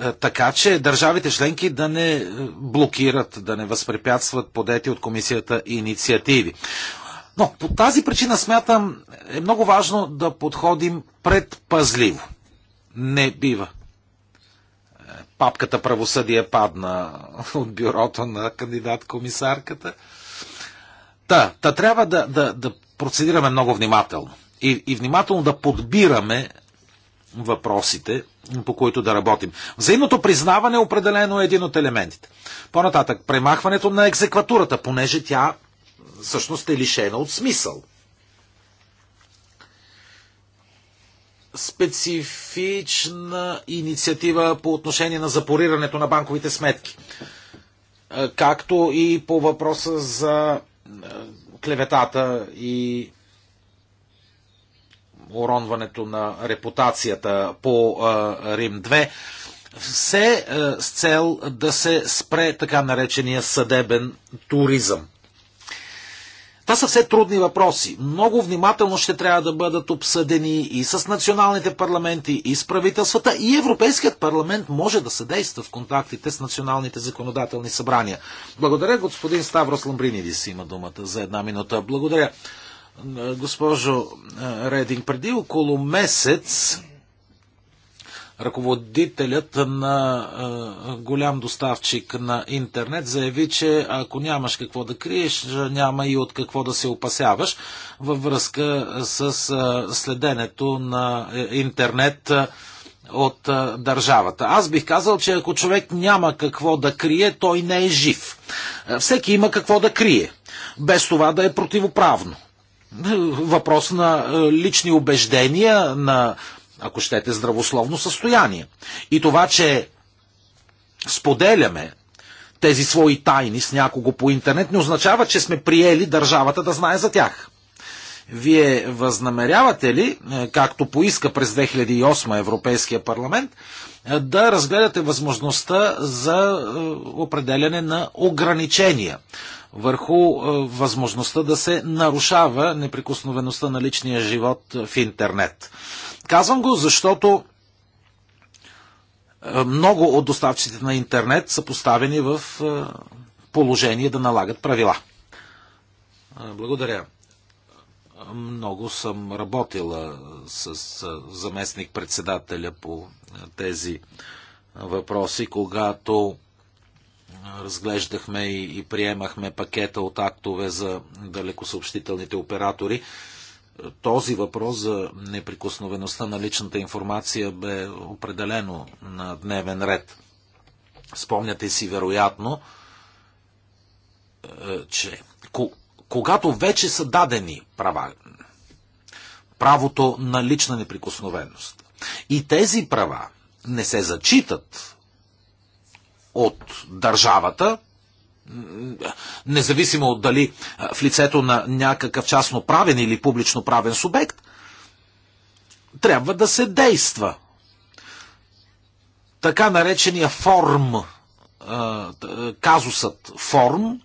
Е, така че държавите членки да не блокират, да не възпрепятстват подети от комисията инициативи. Но по тази причина смятам е много важно да подходим предпазливо. Не бива. Е, папката правосъдие падна от бюрото на кандидат-комисарката. Та, та трябва да, да, да процедираме много внимателно. И, и внимателно да подбираме въпросите, по които да работим. Взаимното признаване определено е един от елементите. По-нататък, премахването на екзекватурата, понеже тя всъщност е лишена от смисъл. Специфична инициатива по отношение на запорирането на банковите сметки, както и по въпроса за клеветата и уронването на репутацията по Рим 2 все с цел да се спре така наречения съдебен туризъм. Това са все трудни въпроси. Много внимателно ще трябва да бъдат обсъдени и с националните парламенти, и с правителствата, и Европейският парламент може да съдейства в контактите с националните законодателни събрания. Благодаря, господин Ставрос Ламбринидис има думата за една минута. Благодаря. Госпожо Рединг, преди около месец Ръководителят на голям доставчик на интернет заяви, че ако нямаш какво да криеш, няма и от какво да се опасяваш във връзка с следенето на е, интернет от а, държавата. Аз бих казал, че ако човек няма какво да крие, той не е жив. Всеки има какво да крие, без това да е противоправно. Въпрос на лични убеждения, на ако щете, здравословно състояние. И това, че споделяме тези свои тайни с някого по интернет, не означава, че сме приели държавата да знае за тях. Вие възнамерявате ли, е, както поиска през 2008 Европейския парламент, е, да разгледате възможността за е, определяне на ограничения върху възможността да се нарушава неприкосновеността на личния живот в интернет? Казвам го, защото е, много от доставчиците на интернет са поставени в е, положение да налагат правила. Е, благодаря. Много съм работила с заместник-председателя по тези въпроси, когато разглеждахме и приемахме пакета от актове за далекосъобщителните оператори този въпрос за неприкосновеността на личната информация бе определено на дневен ред. Спомняте си вероятно, е, че когато вече са дадени права, правото на лична неприкосновеност, и тези права не се зачитат от държавата, независимо от дали в лицето на някакъв частно правен или публично правен субект, трябва да се действа. Така наречения форм, казусът форм,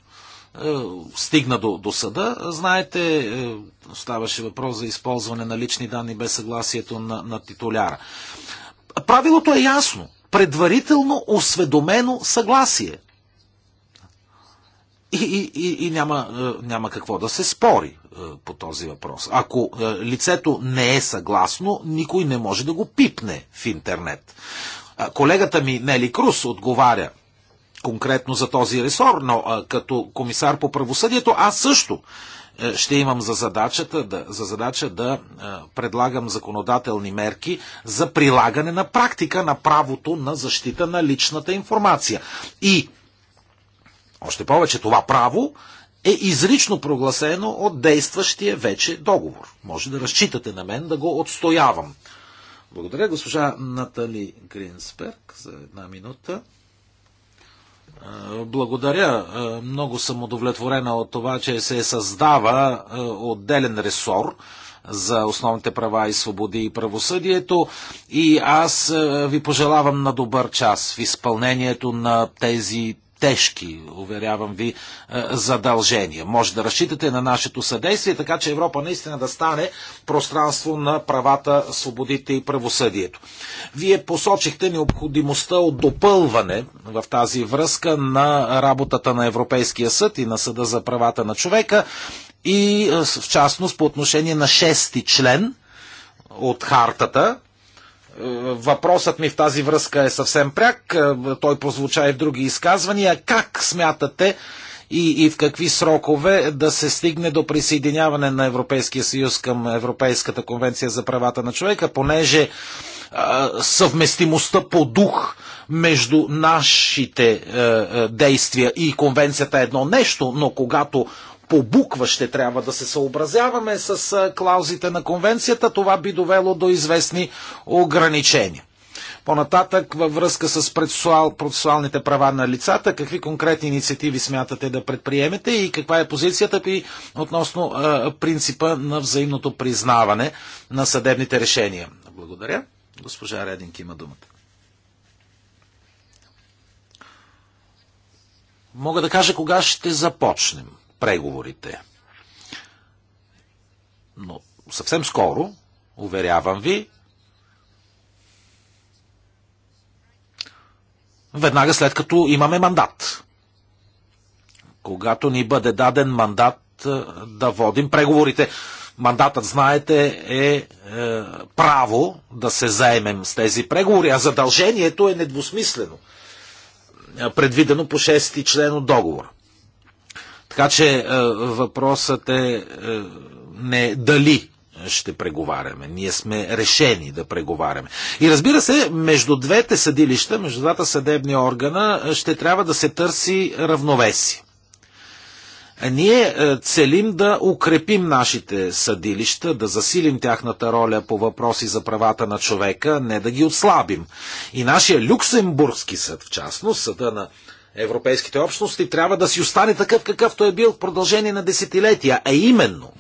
стигна до, до съда. Знаете, ставаше въпрос за използване на лични данни без съгласието на, на титуляра. Правилото е ясно. Предварително осведомено съгласие. И, и, и, и няма, е, няма какво да се спори е, по този въпрос. Ако е, лицето не е съгласно, никой не може да го пипне в интернет. Колегата ми Нели Крус отговаря конкретно за този ресор, но като комисар по правосъдието аз също ще имам за, задачата да, за задача да предлагам законодателни мерки за прилагане на практика на правото на защита на личната информация. И още повече това право е изрично прогласено от действащия вече договор. Може да разчитате на мен да го отстоявам. Благодаря госпожа Натали Гринсберг за една минута. Е, благодаря. Е, много съм удовлетворена от това, че се създава е, отделен ресор за основните права и свободи и правосъдието. И аз ви пожелавам на добър час в изпълнението на тези тежки, уверявам ви, е, задължения. Може да разчитате на нашето съдействие, така че Европа наистина да стане пространство на правата, свободите и правосъдието. Вие посочихте необходимостта от допълване в тази връзка на работата на Европейския съд и на Съда за правата на човека и е, в частност по отношение на шести член от хартата, Въпросът ми в тази връзка е съвсем пряк. Е, той прозвуча и в други изказвания. Как смятате и, и в какви срокове да се стигне до присъединяване на Европейския съюз към Европейската конвенция за правата на човека, понеже а, е, съвместимостта по дух между нашите е, е, действия и конвенцията е едно нещо, но когато по буква ще трябва да се съобразяваме с клаузите на конвенцията, това би довело до известни ограничения. По-нататък, във връзка с процесуал, процесуалните права на лицата, какви конкретни инициативи смятате да предприемете и каква е позицията ви относно е, принципа на взаимното признаване на съдебните решения? Благодаря. Госпожа Рединки има думата. Мога да кажа кога ще започнем преговорите. Но съвсем скоро, уверявам ви, веднага след като имаме мандат. Когато ни бъде даден мандат е, да водим преговорите, мандатът, знаете, е, е право да се заемем с тези преговори, а задължението е недвусмислено, е, предвидено по 6 член от договора. Така че е, въпросът е, е не дали ще преговаряме. Ние сме решени да преговаряме. И разбира се, между двете съдилища, между двата съдебни органа, е, ще трябва да се търси равновесие. Ние целим да укрепим нашите съдилища, да засилим тяхната роля по въпроси за правата на човека, не да ги отслабим. И нашия Люксембургски съд, в частност, съда на европейските общности, трябва да си остане такъв какъвто е бил в продължение на десетилетия, а именно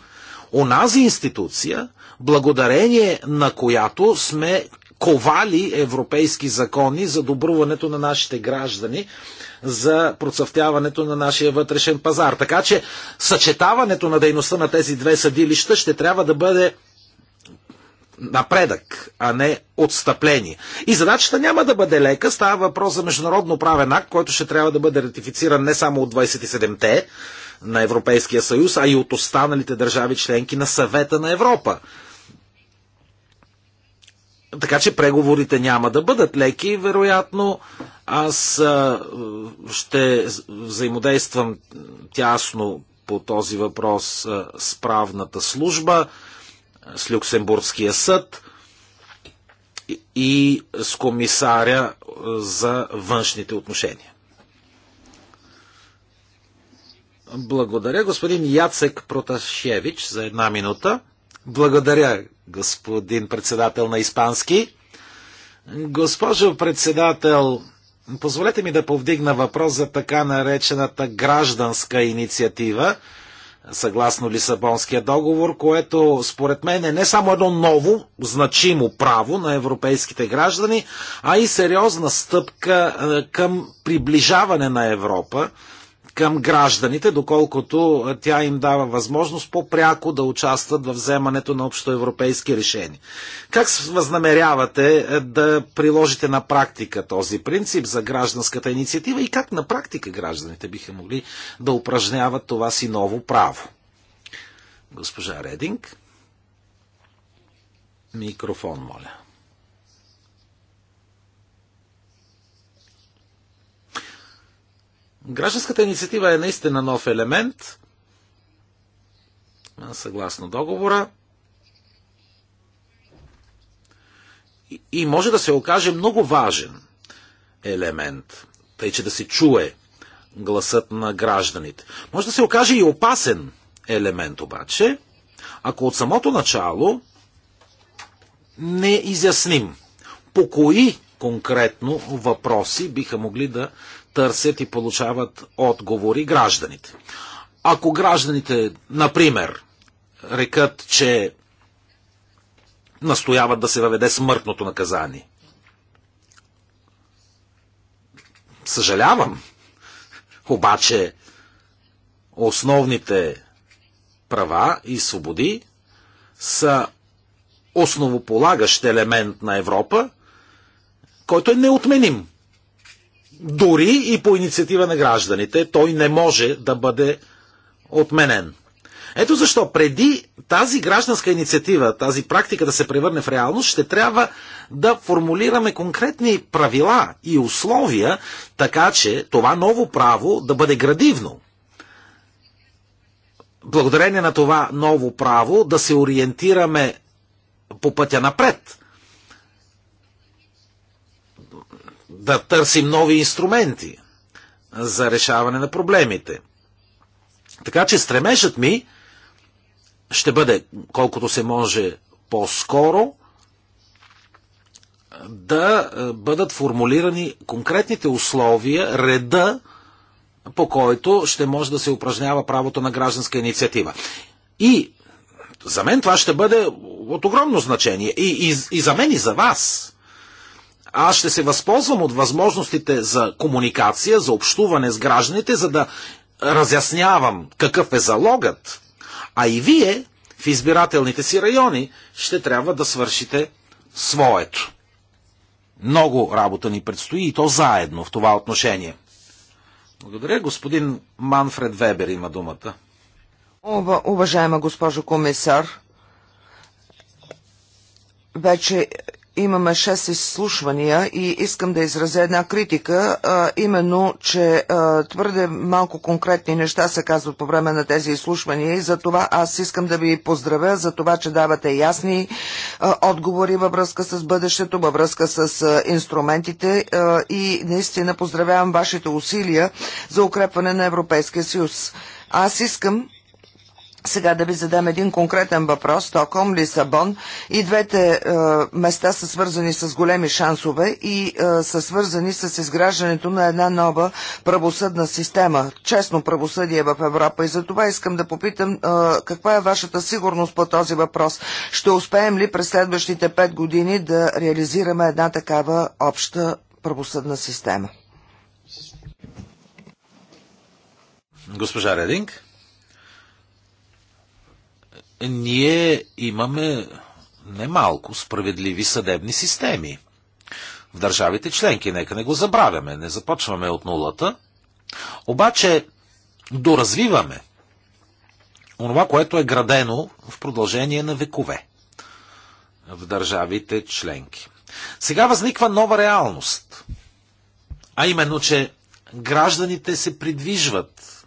онази институция, благодарение на която сме ковали европейски закони за добруването на нашите граждани, за процъфтяването на нашия вътрешен пазар. Така че съчетаването на дейността на тези две съдилища ще трябва да бъде напредък, а не отстъпление. И задачата няма да бъде лека. Става въпрос за международно правен акт, който ще трябва да бъде ратифициран не само от 27-те на Европейския съюз, а и от останалите държави членки на съвета на Европа. Така че преговорите няма да бъдат леки, вероятно. Аз а, ще взаимодействам тясно по този въпрос а, с правната служба с Люксембургския съд и с комисаря е, за външните отношения. Благодаря, господин Яцек Проташевич, за една минута. Благодаря, господин председател на Испански. Госпожо председател, позволете ми да повдигна въпрос за така наречената гражданска инициатива, съгласно Лисабонския договор, което според мен е не само едно ново, значимо право на европейските граждани, а и сериозна стъпка е, към приближаване на Европа към гражданите, доколкото тя им дава възможност по-пряко да участват в вземането на общоевропейски решения. Как възнамерявате да приложите на практика този принцип за гражданската инициатива и как на практика гражданите биха могли да упражняват това си ново право? Госпожа Рединг. Микрофон, моля. Гражданската инициатива е наистина нов елемент, съгласно договора, и може да се окаже много важен елемент, тъй че да се чуе гласът на гражданите. Може да се окаже и опасен елемент обаче, ако от самото начало не изясним по кои конкретно въпроси биха могли да търсят и получават отговори гражданите. Ако гражданите, например, рекат, че настояват да се въведе смъртното наказание, съжалявам, обаче основните права и свободи са основополагащ елемент на Европа, който е неотменим дори и по инициатива на гражданите, той не може да бъде отменен. Ето защо преди тази гражданска инициатива, тази практика да се превърне в реалност, ще трябва да формулираме конкретни правила и условия, така че това ново право да бъде градивно. Благодарение на това ново право да се ориентираме по пътя напред, да търсим нови инструменти за решаване на проблемите. Така че стремежът ми ще бъде колкото се може по-скоро да е, бъдат формулирани конкретните условия, реда, по който ще може да се упражнява правото на гражданска инициатива. И за мен това ще бъде от огромно значение. И, и, и за мен, и за вас аз ще се възползвам от възможностите за комуникация, за общуване с гражданите, за да разяснявам какъв е залогът, а и вие в избирателните си райони ще трябва да свършите своето. Много работа ни предстои и то заедно в това отношение. Благодаря. Господин Манфред Вебер има думата. Уба, уважаема госпожо комисар, вече имаме 6 изслушвания и искам да изразя една критика, а, именно, че а, твърде малко конкретни неща се казват по време на тези изслушвания и за това аз искам да ви поздравя за това, че давате ясни а, отговори във връзка с бъдещето, във връзка с а, инструментите а, и наистина поздравявам вашите усилия за укрепване на Европейския съюз. Аз искам сега да ви задам един конкретен въпрос. Стокхолм, Лисабон и двете е, места са свързани с големи шансове и е, са свързани с изграждането на една нова правосъдна система. Честно правосъдие в Европа и за това искам да попитам е, каква е вашата сигурност по този въпрос. Ще успеем ли през следващите пет години да реализираме една такава обща правосъдна система? Госпожа Рединг ние имаме немалко справедливи съдебни системи. В държавите членки, нека не го забравяме, не започваме от нулата, обаче доразвиваме онова, което е градено в продължение на векове в държавите членки. Сега възниква нова реалност, а именно, че гражданите се придвижват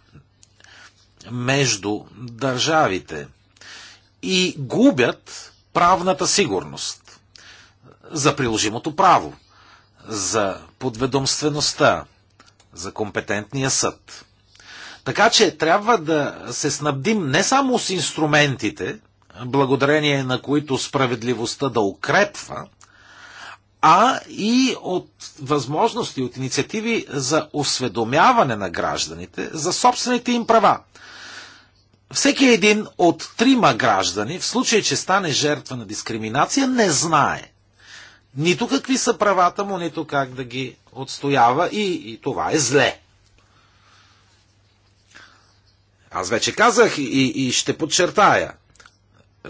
между държавите – и губят правната сигурност за приложимото право, за подведомствеността, за компетентния съд. Така че трябва да се снабдим не само с инструментите, благодарение на които справедливостта да укрепва, а и от възможности, от инициативи за осведомяване на гражданите за собствените им права. Всеки един от трима граждани, в случай, че стане жертва на дискриминация, не знае нито какви са правата му, нито как да ги отстоява и, и това е зле. Аз вече казах и, и ще подчертая.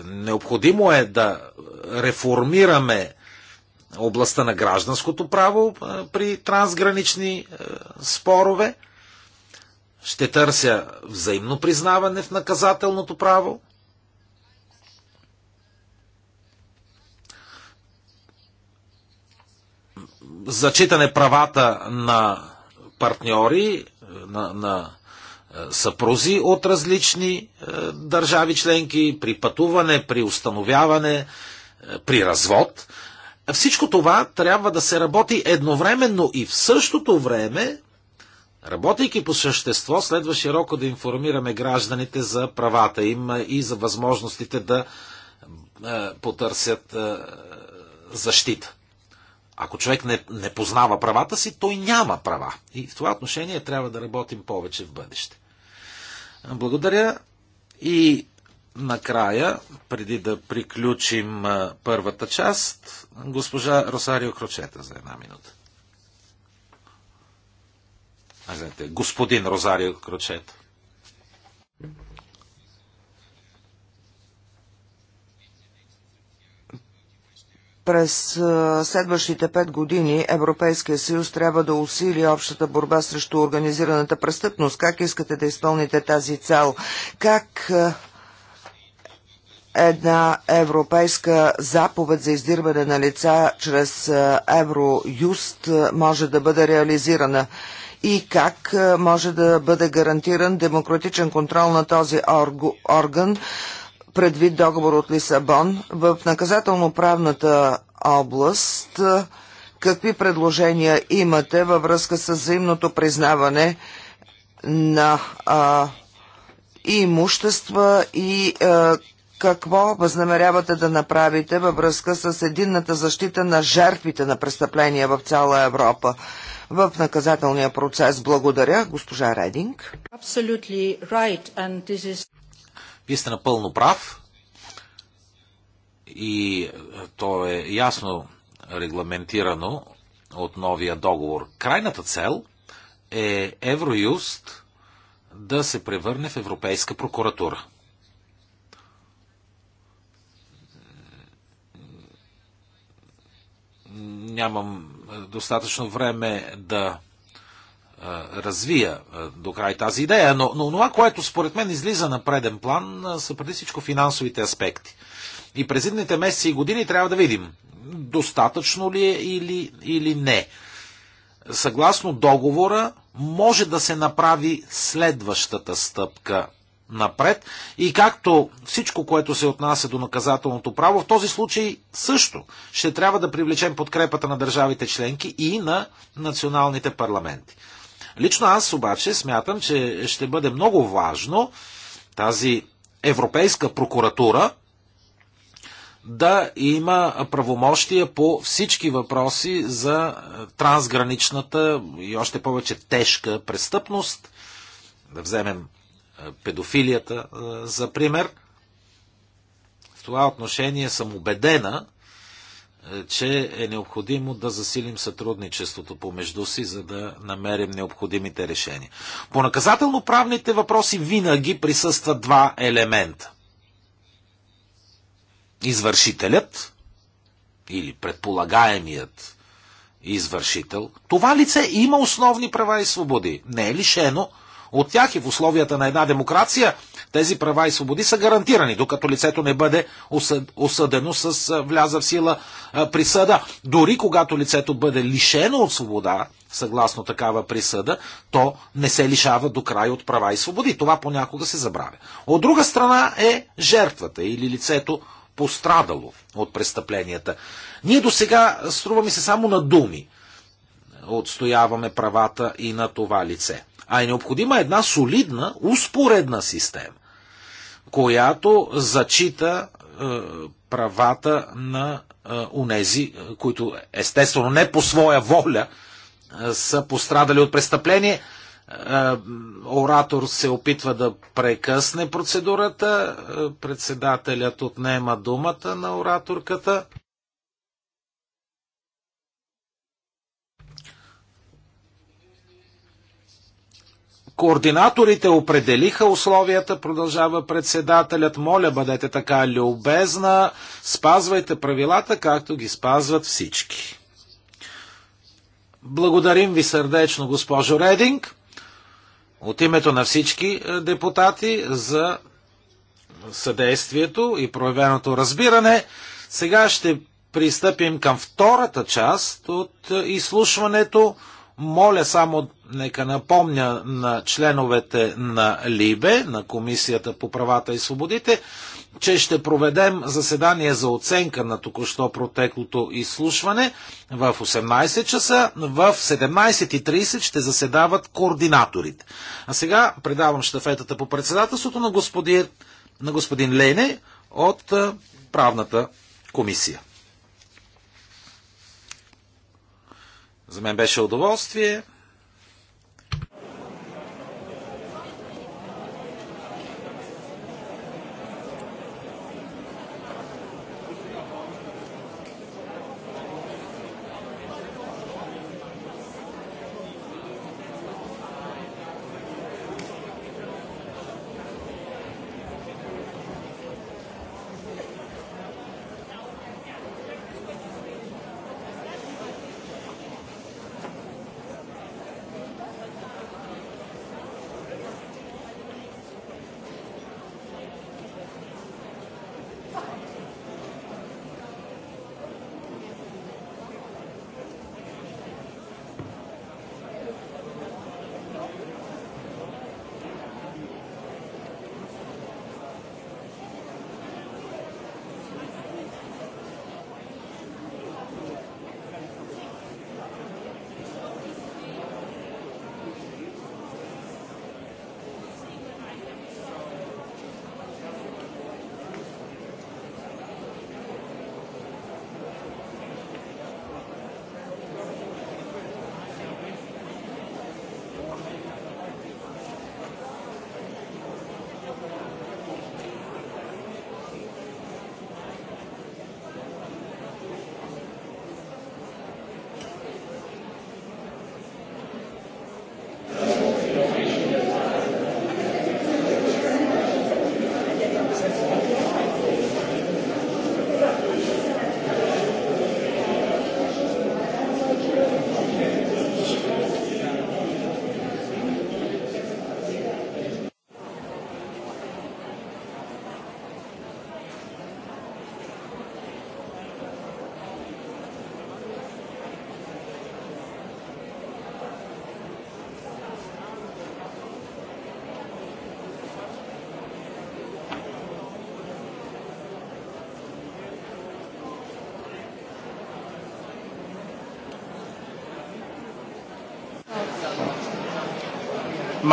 Необходимо е да реформираме областта на гражданското право при трансгранични спорове – ще търся взаимно признаване в наказателното право. Зачитане правата на партньори, на, на е, съпрузи от различни е, държави членки, при пътуване, при установяване, е, при развод. Всичко това трябва да се работи едновременно и в същото време Работейки по същество, следва широко да информираме гражданите за правата им и за възможностите да е, потърсят е, защита. Ако човек не, не познава правата си, той няма права. И в това отношение трябва да работим повече в бъдеще. Благодаря и накрая, преди да приключим е, първата част, госпожа Росарио Крочета за една минута господин Розарио Крочет. През следващите пет години Европейския съюз трябва да усили общата борба срещу организираната престъпност. Как искате да изпълните тази цел? Как една европейска заповед за издирване на лица чрез Евроюст може да бъде реализирана? и как е, може да бъде гарантиран демократичен контрол на този орган предвид договор от Лисабон в наказателно-правната област. Е, какви предложения имате във връзка с взаимното признаване на а, и имущества и а, е, какво възнамерявате да направите във връзка с единната защита на жертвите на престъпления в цяла Европа? в наказателния процес. Благодаря, госпожа Рединг. Right. Is... Вие сте напълно прав и е, то е ясно регламентирано от новия договор. Крайната цел е Евроюст да се превърне в Европейска прокуратура. Нямам достатъчно време да развия до край тази идея, но, но това, което според мен излиза на преден план, са преди всичко финансовите аспекти. И през едните месеци и години трябва да видим достатъчно ли е или, или не. Съгласно договора, може да се направи следващата стъпка напред. И както всичко, което се отнася до наказателното право, в този случай също ще трябва да привлечем подкрепата на държавите членки и на националните парламенти. Лично аз обаче смятам, че ще бъде много важно тази Европейска прокуратура да има правомощия по всички въпроси за е, трансграничната и още повече тежка престъпност. Да вземем е, педофилията, е, за пример. В това отношение съм убедена, е, че е необходимо да засилим сътрудничеството помежду си, за да намерим необходимите решения. По наказателно-правните въпроси винаги присъстват два елемента. Извършителят или предполагаемият извършител, това лице има основни права и свободи. Не е лишено от тях и в условията на една демокрация тези права и свободи са гарантирани, докато лицето не бъде осъдено с вляза в сила присъда. Дори когато лицето бъде лишено от свобода, съгласно такава присъда, то не се лишава до край от права и свободи. Това понякога се забравя. От друга страна е жертвата или лицето пострадало от престъпленията. Ние до сега, струваме се, само на думи отстояваме правата и на това лице а е необходима една солидна, успоредна система, която зачита е, правата на е, унези, е, които естествено не по своя воля е, са пострадали от престъпление. Е, оратор се опитва да прекъсне процедурата, е, председателят отнема думата на ораторката. Координаторите определиха условията, продължава председателят. Моля, бъдете така любезна, спазвайте правилата, както ги спазват всички. Благодарим ви сърдечно, госпожо Рединг, от името на всички е, депутати за съдействието и проявеното разбиране. Сега ще пристъпим към втората част от е, изслушването моля само, нека напомня на членовете на ЛИБЕ, на Комисията по правата и свободите, че ще проведем заседание за оценка на току-що протеклото изслушване в 18 часа. В 17.30 ще заседават координаторите. А сега предавам штафетата по председателството на господин, на господин Лене от правната комисия. За мен беше удоволствие.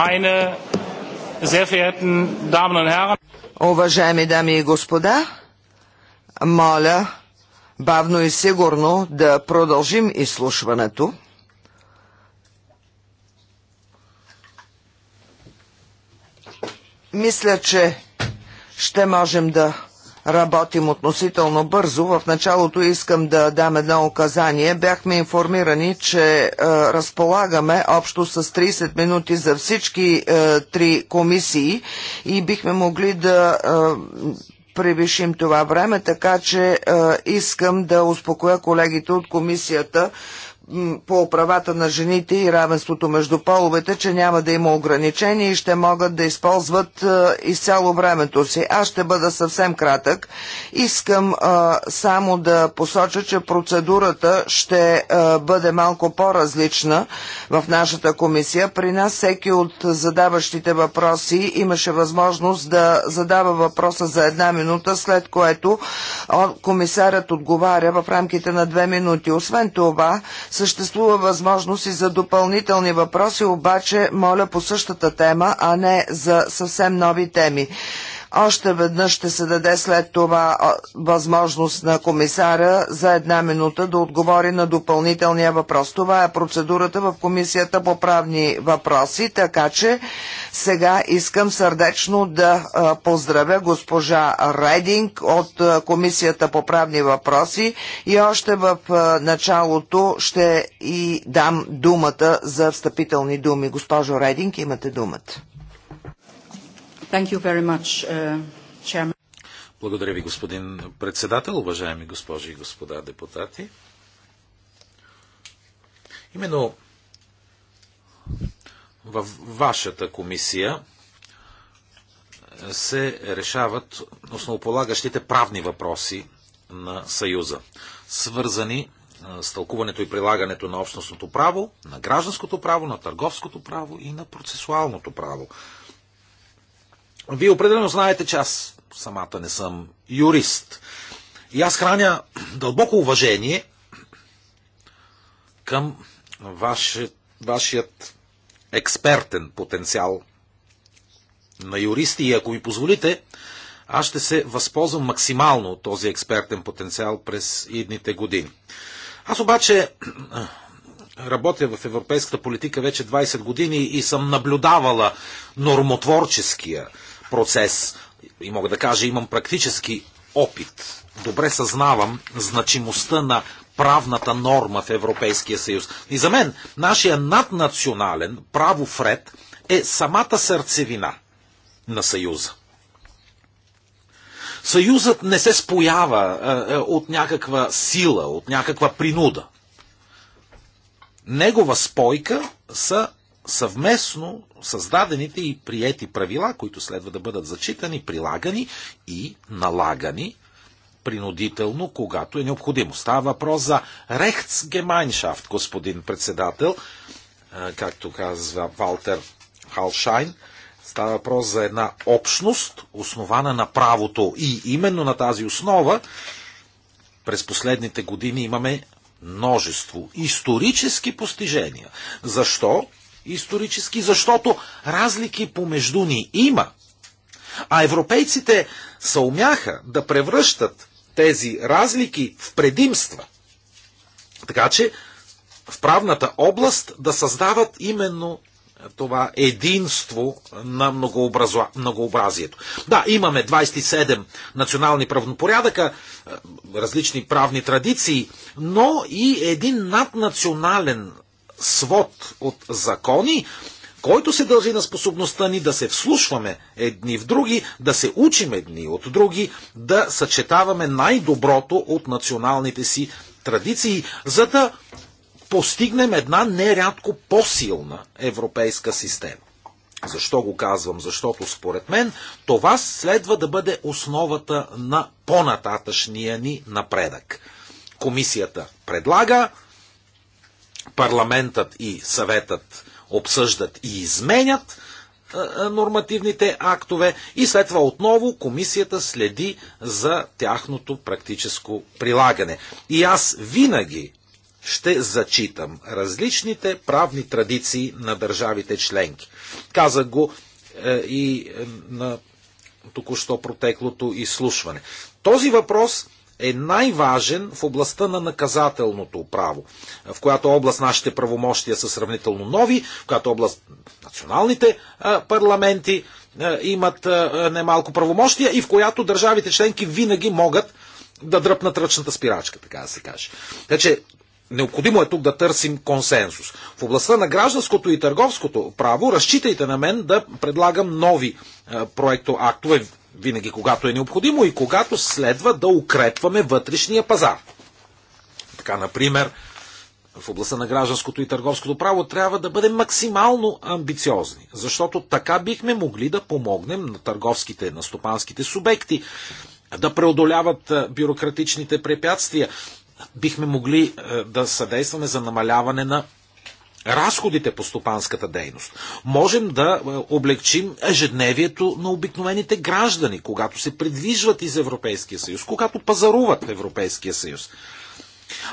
meine sehr verehrten Damen und Herren. Уважаеми дами и господа, моля бавно и сигурно да продължим изслушването. Мисля, че ще можем да работим относително бързо. В началото искам да дам едно указание. Бяхме информирани, че е, разполагаме общо с 30 минути за всички е, три комисии и бихме могли да е, превишим това време, така че е, искам да успокоя колегите от комисията по правата на жените и равенството между половете, че няма да има ограничения и ще могат да използват а, изцяло времето си. Аз ще бъда съвсем кратък. Искам а, само да посоча, че процедурата ще а, бъде малко по-различна в нашата комисия. При нас всеки от задаващите въпроси имаше възможност да задава въпроса за една минута, след което комисарят отговаря в рамките на две минути. Освен това, Съществува възможност и за допълнителни въпроси, обаче моля по същата тема, а не за съвсем нови теми. Още веднъж ще се даде след това възможност на комисара за една минута да отговори на допълнителния въпрос. Това е процедурата в Комисията по правни въпроси, така че сега искам сърдечно да поздравя госпожа Райдинг от Комисията по правни въпроси и още в началото ще и дам думата за встъпителни думи. Госпожо Рединг, имате думата. Thank you very much, uh, Благодаря ви, господин председател, уважаеми госпожи и господа депутати. Именно в вашата комисия се решават основополагащите правни въпроси на Съюза, свързани с тълкуването и прилагането на общностното право, на гражданското право, на търговското право и на процесуалното право вие определено знаете, че аз самата не съм юрист. И аз храня дълбоко уважение към ваше, вашият експертен потенциал на юристи. И ако ми позволите, аз ще се възползвам максимално от този експертен потенциал през идните години. Аз обаче работя в европейската политика вече 20 години и съм наблюдавала нормотворческия процес. И мога да кажа, имам практически опит. Добре съзнавам значимостта на правната норма в Европейския съюз. И за мен нашия наднационален правов ред е самата сърцевина на съюза. Съюзът не се споява е, е, от някаква сила, от някаква принуда. Негова спойка са съвместно създадените и приети правила, които следва да бъдат зачитани, прилагани и налагани принудително, когато е необходимо. Става въпрос за Рехцгемайншафт, господин председател, както казва Валтер Халшайн. Става въпрос за една общност, основана на правото. И именно на тази основа през последните години имаме множество исторически постижения. Защо? исторически, защото разлики помежду ни има. А европейците са умяха да превръщат тези разлики в предимства. Така че в правната област да създават именно това единство на многообразието. Да, имаме 27 национални правнопорядъка, е, различни правни традиции, но и един наднационален свод от закони, който се дължи на способността ни да се вслушваме едни в други, да се учим едни от други, да съчетаваме най-доброто от националните си традиции, за да постигнем една нерядко по-силна европейска система. Защо го казвам? Защото според мен това следва да бъде основата на по-нататъчния ни напредък. Комисията предлага, парламентът и съветът обсъждат и изменят е, е, нормативните актове и след това отново комисията следи за тяхното практическо прилагане. И аз винаги ще зачитам различните правни традиции на държавите членки. Казах го е, и е, на току-що протеклото изслушване. Този въпрос е най-важен в областта на наказателното право, в която област нашите правомощия са сравнително нови, в която област националните парламенти имат немалко правомощия и в която държавите членки винаги могат да дръпнат ръчната спирачка, така да се каже. Така че Необходимо е тук да търсим консенсус. В областта на гражданското и търговското право разчитайте на мен да предлагам нови проекто актове, винаги когато е необходимо и когато следва да укрепваме вътрешния пазар. Така, например, в областта на гражданското и търговското право трябва да бъдем максимално амбициозни, защото така бихме могли да помогнем на търговските, на стопанските субекти да преодоляват е, бюрократичните препятствия. Бихме могли е, да съдействаме за намаляване на разходите по стопанската дейност. Можем да е, облегчим ежедневието на обикновените граждани, когато се придвижват из Европейския съюз, когато пазаруват Европейския съюз.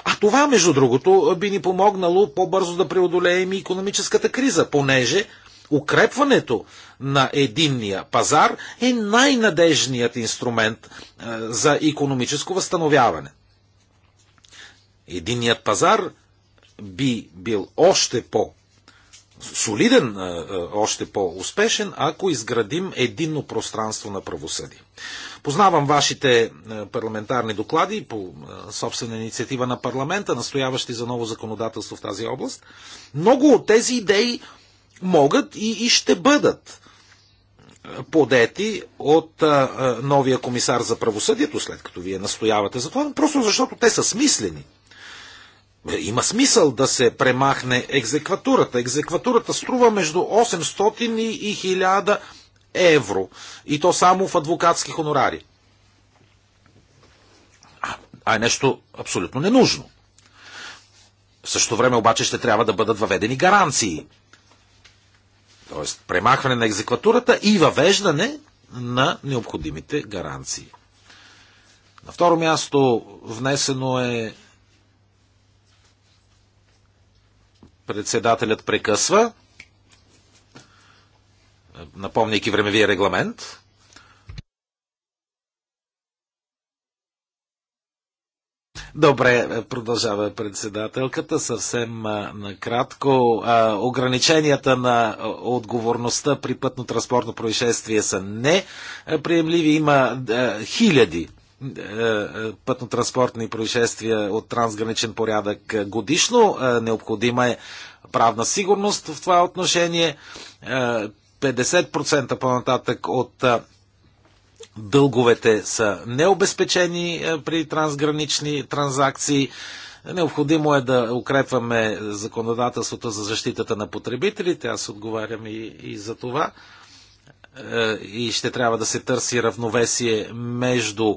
А това, между другото, би ни помогнало по-бързо да преодолеем и економическата криза, понеже укрепването на единния пазар е най-надежният инструмент е, за економическо възстановяване. Единният пазар – би бил още по- солиден, още по-успешен, ако изградим единно пространство на правосъдие. Познавам вашите парламентарни доклади по собствена инициатива на парламента, настояващи за ново законодателство в тази област. Много от тези идеи могат и, и ще бъдат подети от а, новия комисар за правосъдието, след като вие настоявате за това, просто защото те са смислени. Е, има смисъл да се премахне екзекватурата. Екзекватурата струва между 800 и 1000 евро. И то само в адвокатски хонорари. А, а е нещо абсолютно ненужно. В същото време обаче ще трябва да бъдат въведени гаранции. Тоест, премахване на екзекватурата и въвеждане на необходимите гаранции. На второ място внесено е Председателят прекъсва, напомняйки времевия регламент. Добре, продължава председателката. Съвсем накратко. Ограниченията на отговорността при пътно-транспортно происшествие са неприемливи. Има хиляди е, е, пътно-транспортни происшествия от трансграничен порядък годишно. Е, необходима е правна сигурност в това отношение. 50% по-нататък от дълговете са необезпечени при трансгранични транзакции. Необходимо е да укрепваме законодателството за защитата на потребителите. Аз отговарям и, и за това. Е, и ще трябва да се търси равновесие между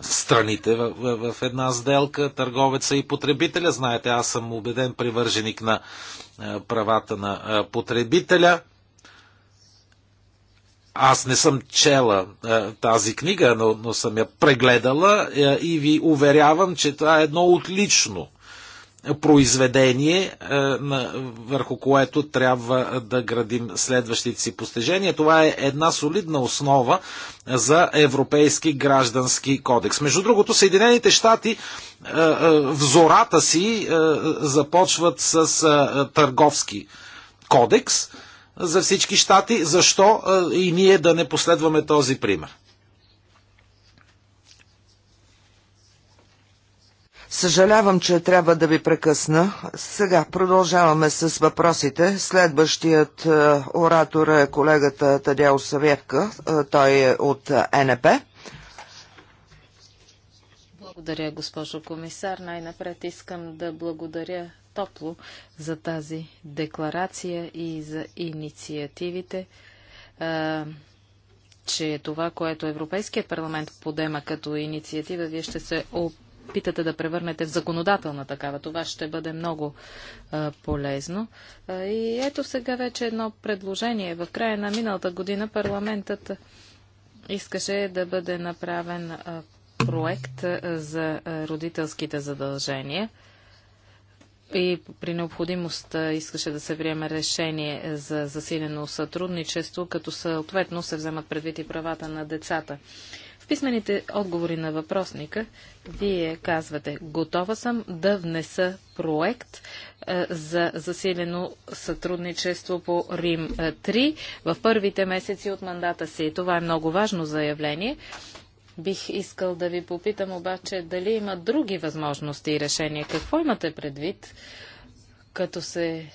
страните в, в, в една сделка, търговеца и потребителя. Знаете, аз съм убеден привърженик на е, правата на е, потребителя. Аз не съм чела а, тази книга, но, но съм я прегледала и ви уверявам, че това е едно отлично произведение, е, върху което трябва да градим следващите си постижения. Това е една солидна основа за Европейски граждански кодекс. Между другото, Съединените щати е, е, в зората си започват с търговски кодекс за всички щати. Защо и ние да не последваме този пример? Съжалявам, че трябва да ви прекъсна. Сега продължаваме с въпросите. Следващият е, оратор е колегата Тадяо Савевка. Е, той е от е, НП. Благодаря, госпожо комисар. Най-напред искам да благодаря топло за тази декларация и за инициативите, че това, което Европейският парламент подема като инициатива, вие ще се опитате опитате да превърнете в законодателна такава. Това ще бъде много а, полезно. А, и ето сега вече едно предложение. В края на миналата година парламентът искаше да бъде направен а, проект за родителските задължения и при необходимост искаше да се приеме решение за засилено сътрудничество, като съответно се вземат предвид и правата на децата писмените отговори на въпросника вие казвате, готова съм да внеса проект е, за засилено сътрудничество по Рим 3 е, в първите месеци от мандата си. Това е много важно заявление. Бих искал да ви попитам обаче дали има други възможности и решения. Какво имате предвид, като се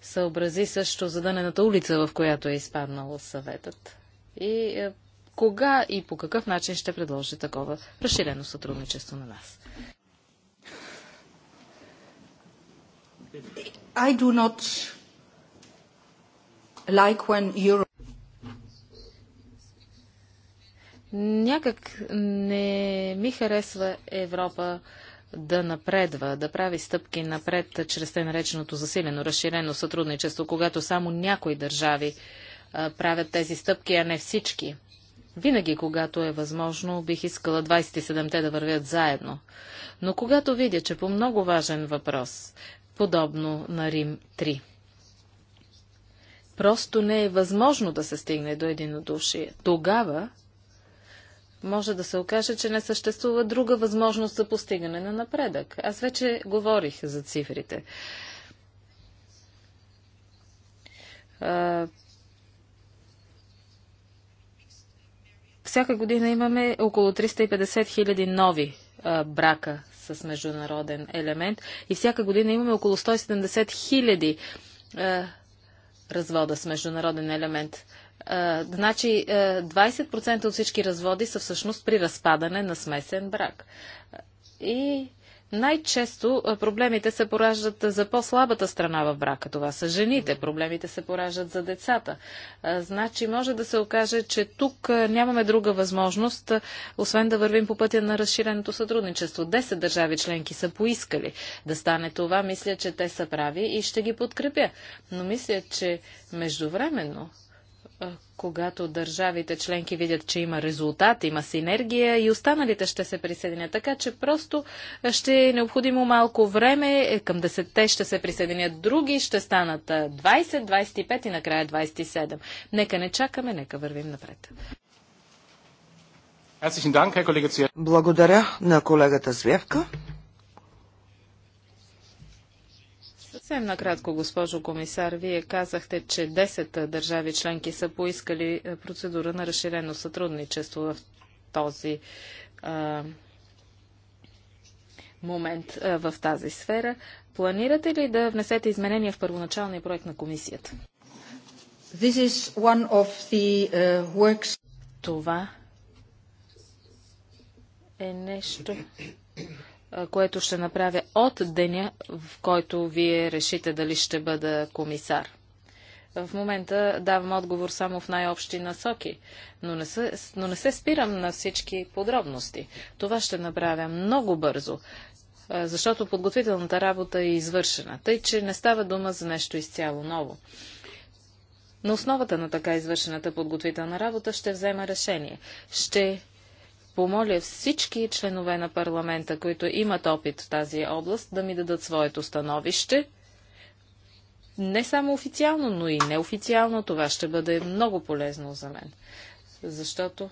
съобрази също задънената улица, в която е изпаднал съветът? И е, кога и по какъв начин ще предложи такова разширено сътрудничество на нас? I do not like when Europe Някак не ми харесва Европа да напредва, да прави стъпки напред чрез те нареченото засилено, разширено сътрудничество, когато само някои държави правят тези стъпки, а не всички. Винаги, когато е възможно, бих искала 27-те да вървят заедно. Но когато видя, че по много важен въпрос, подобно на Рим 3, просто не е възможно да се стигне до единодушие, тогава може да се окаже, че не съществува друга възможност за постигане на напредък. Аз вече говорих за цифрите Всяка година имаме около 350 хиляди нови а, брака с международен елемент и всяка година имаме около 170 хиляди развода с международен елемент. А, значи 20% от всички разводи са всъщност при разпадане на смесен брак. И най-често проблемите се пораждат за по-слабата страна в брака. Това са жените. Проблемите се пораждат за децата. Значи може да се окаже, че тук нямаме друга възможност, освен да вървим по пътя на разширеното сътрудничество. Десет държави членки са поискали да стане това. Мисля, че те са прави и ще ги подкрепя. Но мисля, че междувременно когато държавите членки видят, че има резултат, има синергия и останалите ще се присъединят. Така че просто ще е необходимо малко време. Е, към 10 ще се присъединят други, ще станат 20, 25 и накрая 27. Нека не чакаме, нека вървим напред. Благодаря на колегата Звевка. Съвсем накратко, госпожо комисар, вие казахте, че 10 държави членки са поискали е, процедура на разширено сътрудничество в този а, момент а, в тази сфера. Планирате ли да внесете изменения в първоначалния проект на комисията? The... Е, Това е нещо, което ще направя от деня, в който вие решите дали ще бъда комисар. В момента давам отговор само в най-общи насоки, но не, се, но не се спирам на всички подробности. Това ще направя много бързо, защото подготвителната работа е извършена, тъй че не става дума за нещо изцяло ново. На основата на така извършената подготвителна работа ще взема решение. Ще помоля всички членове на парламента, които имат опит в тази област, да ми дадат своето становище. Не само официално, но и неофициално. Това ще бъде много полезно за мен. Защото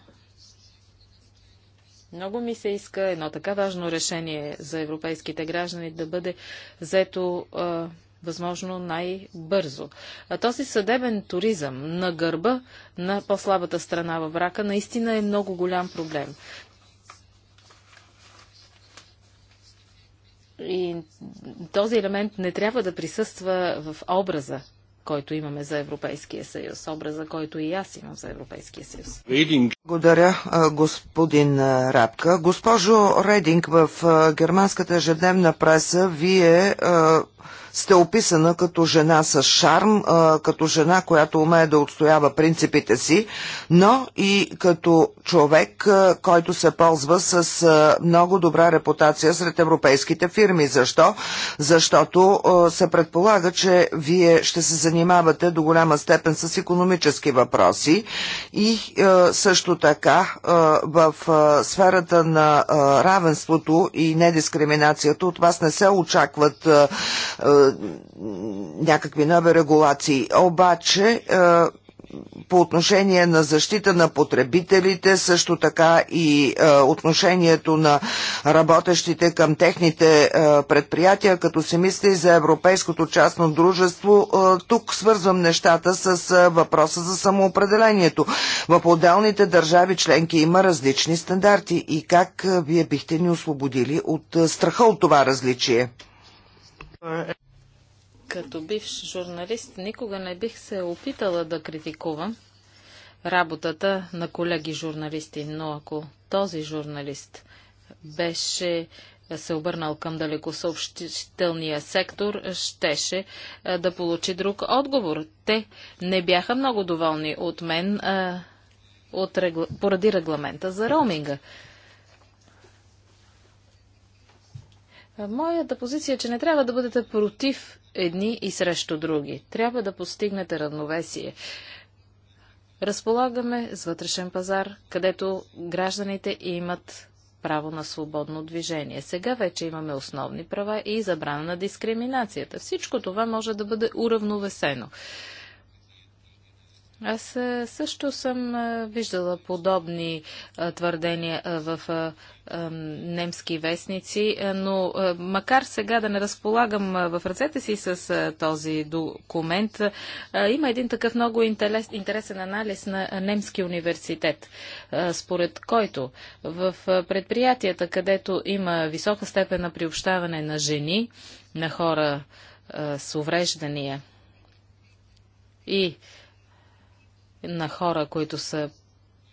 много ми се иска едно така важно решение за европейските граждани да бъде взето а, възможно най-бързо. Този съдебен туризъм на гърба на по-слабата страна във брака наистина е много голям проблем. И този елемент не трябва да присъства в образа, който имаме за Европейския съюз, образа, който и аз имам за Европейския съюз. Благодаря, господин Рапка. Госпожо Рединг, в германската ежедневна преса вие сте описана като жена с шарм, като жена, която умее да отстоява принципите си, но и като човек, който се ползва с много добра репутация сред европейските фирми. Защо? Защото се предполага, че вие ще се занимавате до голяма степен с економически въпроси и също така в сферата на равенството и недискриминацията от вас не се очакват е, някакви нови регулации. Обаче е, по отношение на защита на потребителите, също така и е, отношението на работещите към техните е, предприятия, като се мисли за европейското частно дружество, е, тук свързвам нещата с е, въпроса за самоопределението. В отделните държави членки има различни стандарти и как е, вие бихте ни освободили от е, страха от това различие? Като бивш журналист никога не бих се опитала да критикувам работата на колеги журналисти, но ако този журналист беше се обърнал към далекосъобщителния сектор, щеше да получи друг отговор. Те не бяха много доволни от мен а, от регла... поради регламента за роуминга. Моята позиция е, че не трябва да бъдете против едни и срещу други. Трябва да постигнете равновесие. Разполагаме с вътрешен пазар, където гражданите имат право на свободно движение. Сега вече имаме основни права и забрана на дискриминацията. Всичко това може да бъде уравновесено. Аз също съм виждала подобни твърдения в немски вестници, но макар сега да не разполагам в ръцете си с този документ, има един такъв много интересен анализ на немски университет, според който в предприятията, където има висока степен на приобщаване на жени, на хора с увреждания и на хора, които са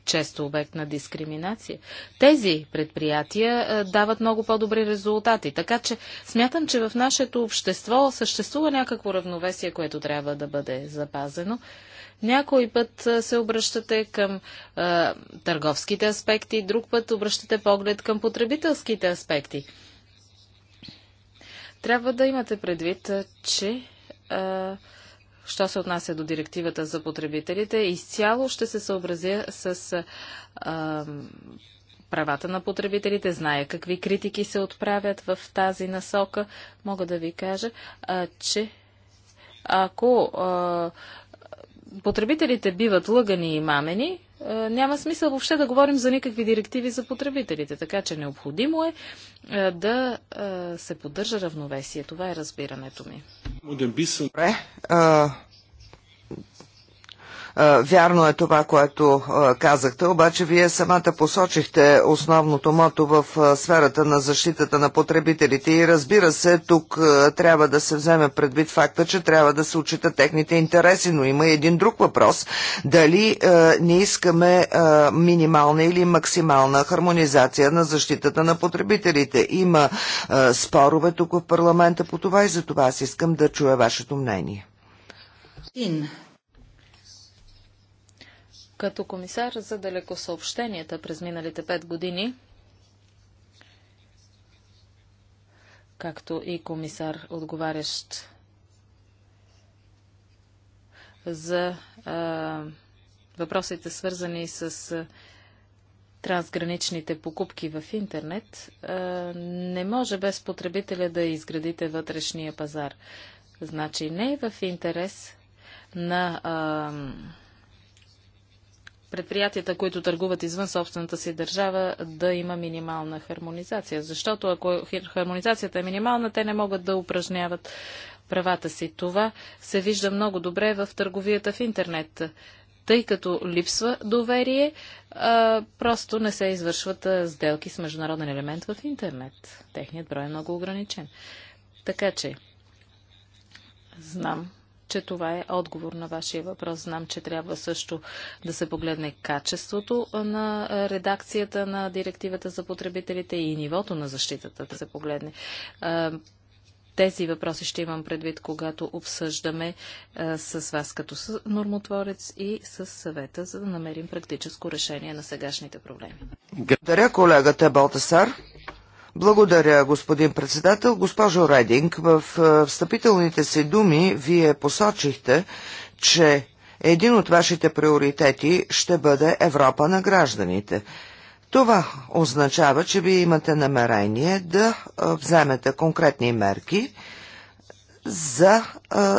често обект на дискриминация. Тези предприятия е, дават много по-добри резултати. Така че смятам, че в нашето общество съществува някакво равновесие, което трябва да бъде запазено. Някой път е, се обръщате към а, е, търговските аспекти, друг път обръщате поглед към потребителските аспекти. Трябва да имате предвид, че а, Що се отнася до директивата за потребителите, изцяло ще се съобразя с а, правата на потребителите. Зная какви критики се отправят в тази насока. Мога да ви кажа, а, че ако а, потребителите биват лъгани и мамени, няма смисъл въобще да говорим за никакви директиви за потребителите. Така че необходимо е да се поддържа равновесие. Това е разбирането ми. Добре, а, Вярно е това, което казахте, обаче вие самата посочихте основното мото в сферата на защитата на потребителите и разбира се, тук трябва да се вземе предвид факта, че трябва да се учита техните интереси, но има един друг въпрос. Дали не искаме минимална или максимална хармонизация на защитата на потребителите? Има спорове тук в парламента по това и за това аз искам да чуя вашето мнение. Като комисар за далекосъобщенията през миналите пет години, както и комисар, отговарящ за а, въпросите, свързани с а, трансграничните покупки в интернет, а, не може без потребителя да изградите вътрешния пазар. Значи не е в интерес на. А, предприятията, които търгуват извън собствената си държава, да има минимална хармонизация. Защото ако хармонизацията е минимална, те не могат да упражняват правата си. Това се вижда много добре в търговията в интернет. Тъй като липсва доверие, просто не се извършват сделки с международен елемент в интернет. Техният брой е много ограничен. Така че, знам, че това е отговор на вашия въпрос. Знам, че трябва също да се погледне качеството на редакцията на директивата за потребителите и нивото на защитата да се погледне. Тези въпроси ще имам предвид, когато обсъждаме а, с вас като нормотворец и с съвета, за да намерим практическо решение на сегашните проблеми. Благодаря, колегата Балтасар. Благодаря, господин председател. Госпожо Рединг, в е, встъпителните си думи вие посочихте, че един от вашите приоритети ще бъде Европа на гражданите. Това означава, че вие имате намерение да е, вземете конкретни мерки – за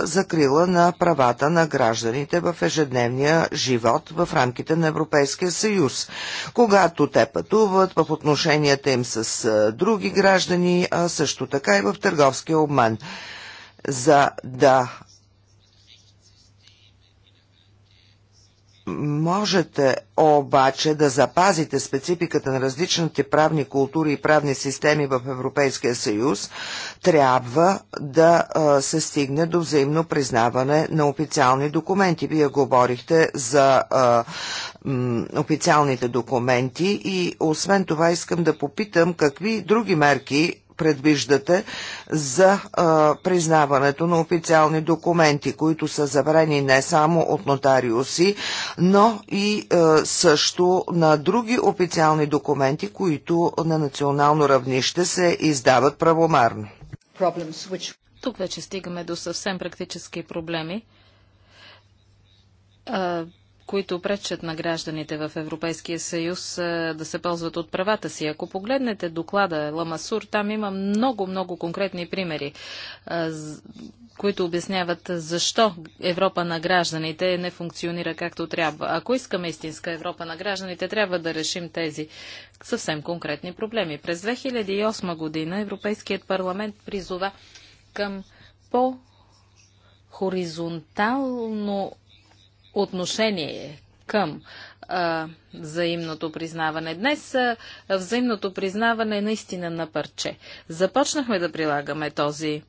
закрила на правата на гражданите в ежедневния живот в рамките на Европейския съюз. Когато те пътуват в отношенията им с други граждани, а също така и в търговския обман. За да можете обаче да запазите спецификата на различните правни култури и правни системи в Европейския съюз, трябва да се стигне до взаимно признаване на официални документи. Вие говорихте за а, м, официалните документи и освен това искам да попитам какви други мерки предвиждате за признаването на официални документи, които са забрани не само от нотариуси, но и също на други официални документи, които на национално равнище се издават правомарно? Тук вече стигаме до съвсем практически проблеми които пречат на гражданите в Европейския съюз да се ползват от правата си. Ако погледнете доклада Ламасур, там има много-много конкретни примери, които обясняват защо Европа на гражданите не функционира както трябва. Ако искаме истинска Европа на гражданите, трябва да решим тези съвсем конкретни проблеми. През 2008 година Европейският парламент призова към по хоризонтално отношение към а, взаимното признаване. Днес а, взаимното признаване е наистина на парче. Започнахме да прилагаме този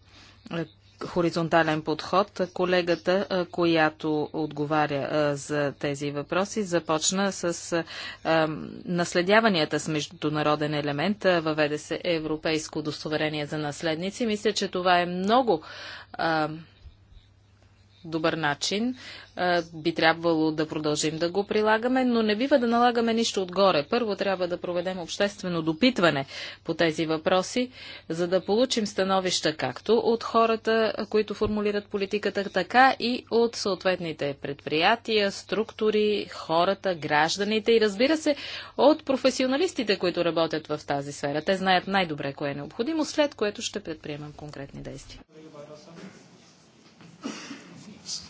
а, хоризонтален подход. Колегата, а, която отговаря а, за тези въпроси, започна с а, наследяванията с международен елемент. Въведе се европейско удостоверение за наследници. Мисля, че това е много добър начин. Би трябвало да продължим да го прилагаме, но не бива да налагаме нищо отгоре. Първо трябва да проведем обществено допитване по тези въпроси, за да получим становища както от хората, които формулират политиката, така и от съответните предприятия, структури, хората, гражданите и разбира се от професионалистите, които работят в тази сфера. Те знаят най-добре кое е необходимо, след което ще предприемам конкретни действия.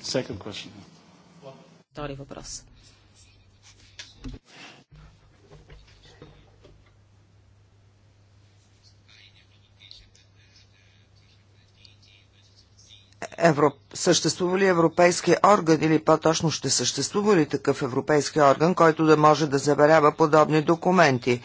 Second question. Втори въпрос. Европ... съществува ли европейски орган или по-точно ще съществува ли такъв европейски орган, който да може да заверява подобни документи?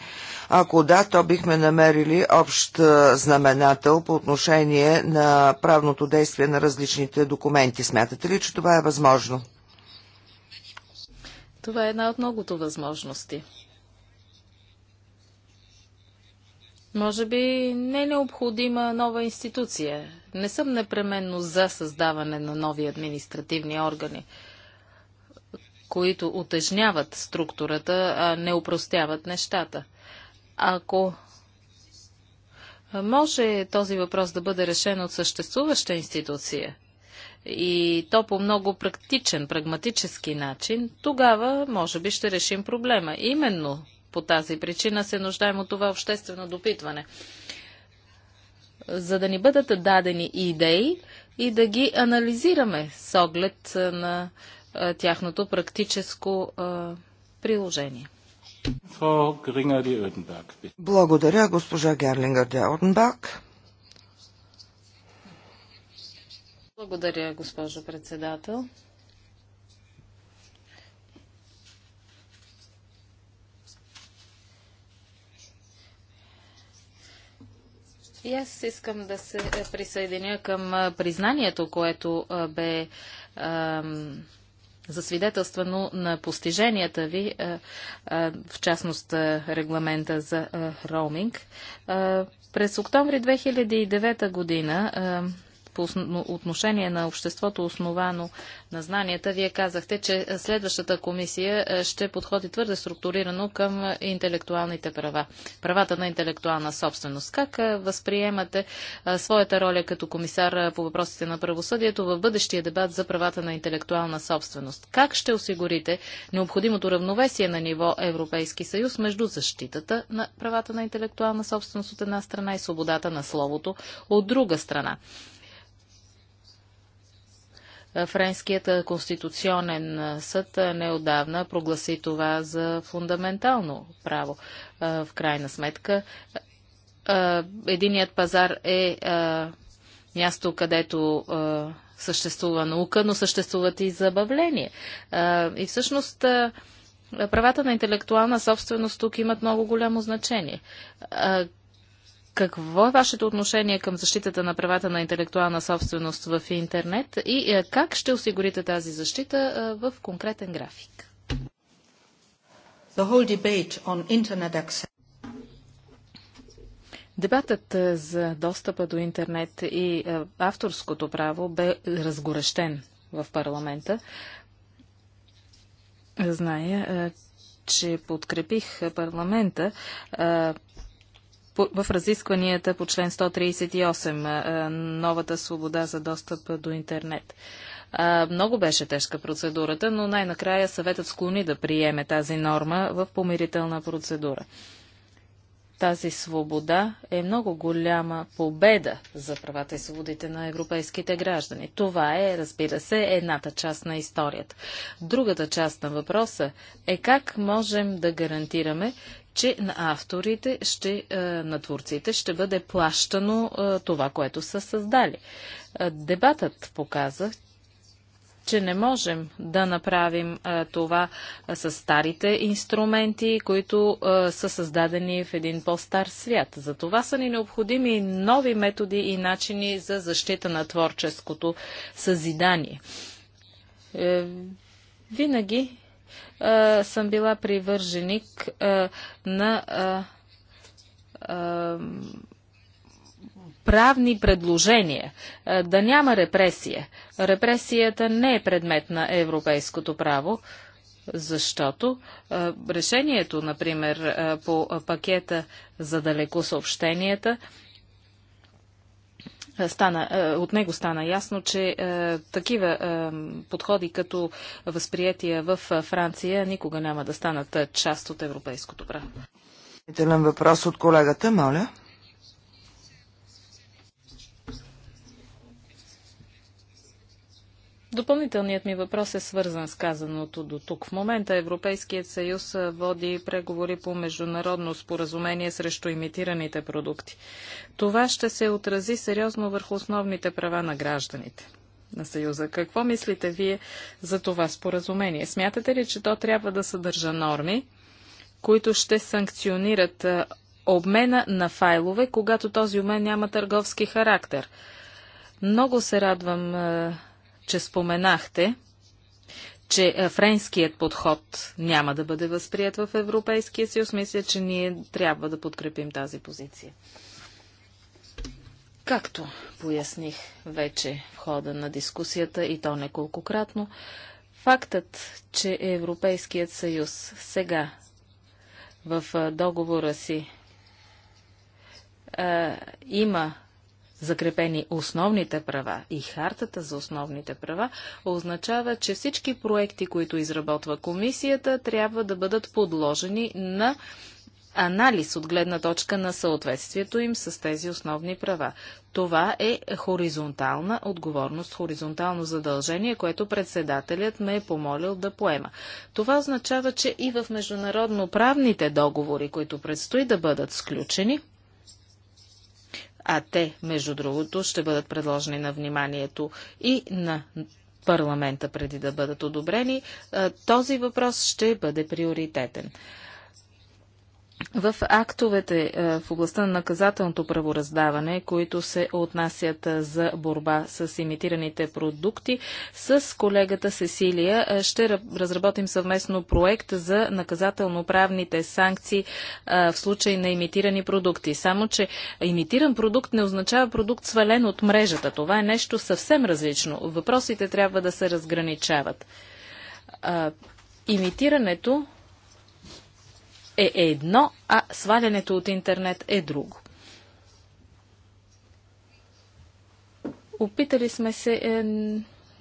Ако да, то бихме намерили общ знаменател по отношение на правното действие на различните документи. Смятате ли, че това е възможно? Това е една от многото възможности. Може би не е необходима нова институция. Не съм непременно за създаване на нови административни органи, които утежняват структурата, а не упростяват нещата. Ако може този въпрос да бъде решен от съществуваща институция, и то по много практичен, прагматически начин, тогава може би ще решим проблема. Именно по тази причина се нуждаем от това обществено допитване. За да ни бъдат дадени идеи и да ги анализираме с оглед на тяхното практическо приложение. Благодаря, госпожа Герлингер де Оденбак. Благодаря, госпожо председател. И аз искам да се е, присъединя към е, признанието, което е, бе засвидетелствано на постиженията ви, в частност регламента за роуминг. През октомври 2009 година по отношение на обществото, основано на знанията, вие казахте, че следващата комисия е, ще подходи твърде структурирано към интелектуалните права, правата на интелектуална собственост. Как е, възприемате е, своята роля като комисар по въпросите на правосъдието в бъдещия дебат за правата на интелектуална собственост? Как ще осигурите необходимото равновесие на ниво Европейски съюз между защитата на правата на интелектуална собственост от една страна и свободата на словото от друга страна? Френският конституционен съд неодавна прогласи това за фундаментално право. В крайна сметка, единият пазар е място, където съществува наука, но съществуват и забавление. И всъщност правата на интелектуална собственост тук имат много голямо значение. Какво е вашето отношение към защитата на правата на интелектуална собственост в интернет и е, как ще осигурите тази защита е, в конкретен график? Дебатът е, за достъпа до интернет и авторското право бе разгорещен в парламента. Зная, че подкрепих парламента в разискванията по член 138 новата свобода за достъп до интернет. Много беше тежка процедурата, но най-накрая съветът склони да приеме тази норма в помирителна процедура. Тази свобода е много голяма победа за правата и свободите на европейските граждани. Това е, разбира се, едната част на историята. Другата част на въпроса е как можем да гарантираме, че на авторите, ще, е, на творците ще бъде плащано е, това, което са създали. Е, дебатът показа, че не можем да направим това с старите инструменти, които са създадени в един по-стар свят. За това са ни необходими нови методи и начини за защита на творческото съзидание. винаги съм била привърженик а, на а, правни предложения, да няма репресия. Репресията не е предмет на европейското право, защото решението, например, по пакета за далеко съобщенията, стана, е, от него стана ясно, че е, такива е, подходи като възприятия в е, Франция никога няма да станат е, част от европейското право. Въпрос от колегата, моля. Допълнителният ми въпрос е свързан с казаното до тук. В момента Европейският съюз води преговори по международно споразумение срещу имитираните продукти. Това ще се отрази сериозно върху основните права на гражданите на Съюза. Какво мислите вие за това споразумение? Смятате ли, че то трябва да съдържа норми, които ще санкционират обмена на файлове, когато този обмен няма търговски характер? Много се радвам че споменахте, че е, френският подход няма да бъде възприят в Европейския съюз. Мисля, че ние трябва да подкрепим тази позиция. Както поясних вече в хода на дискусията и то неколкократно, фактът, че Европейският съюз сега в е, договора си а, е, има закрепени основните права и хартата за основните права, означава, че всички проекти, които изработва комисията, трябва да бъдат подложени на анализ от гледна точка на съответствието им с тези основни права. Това е хоризонтална отговорност, хоризонтално задължение, което председателят ме е помолил да поема. Това означава, че и в международно правните договори, които предстои да бъдат сключени, а те, между другото, ще бъдат предложени на вниманието и на парламента преди да бъдат одобрени, този въпрос ще бъде приоритетен в актовете е, в областта на наказателното правораздаване, които се отнасят е, за борба с имитираните продукти, с колегата Сесилия е, ще разработим съвместно проект за наказателно-правните санкции в случай на имитирани продукти. Само, че имитиран продукт не означава продукт свален от мрежата. Това е нещо съвсем различно. Въпросите трябва да се разграничават. имитирането е едно, а свалянето от интернет е друго. Опитали сме се е,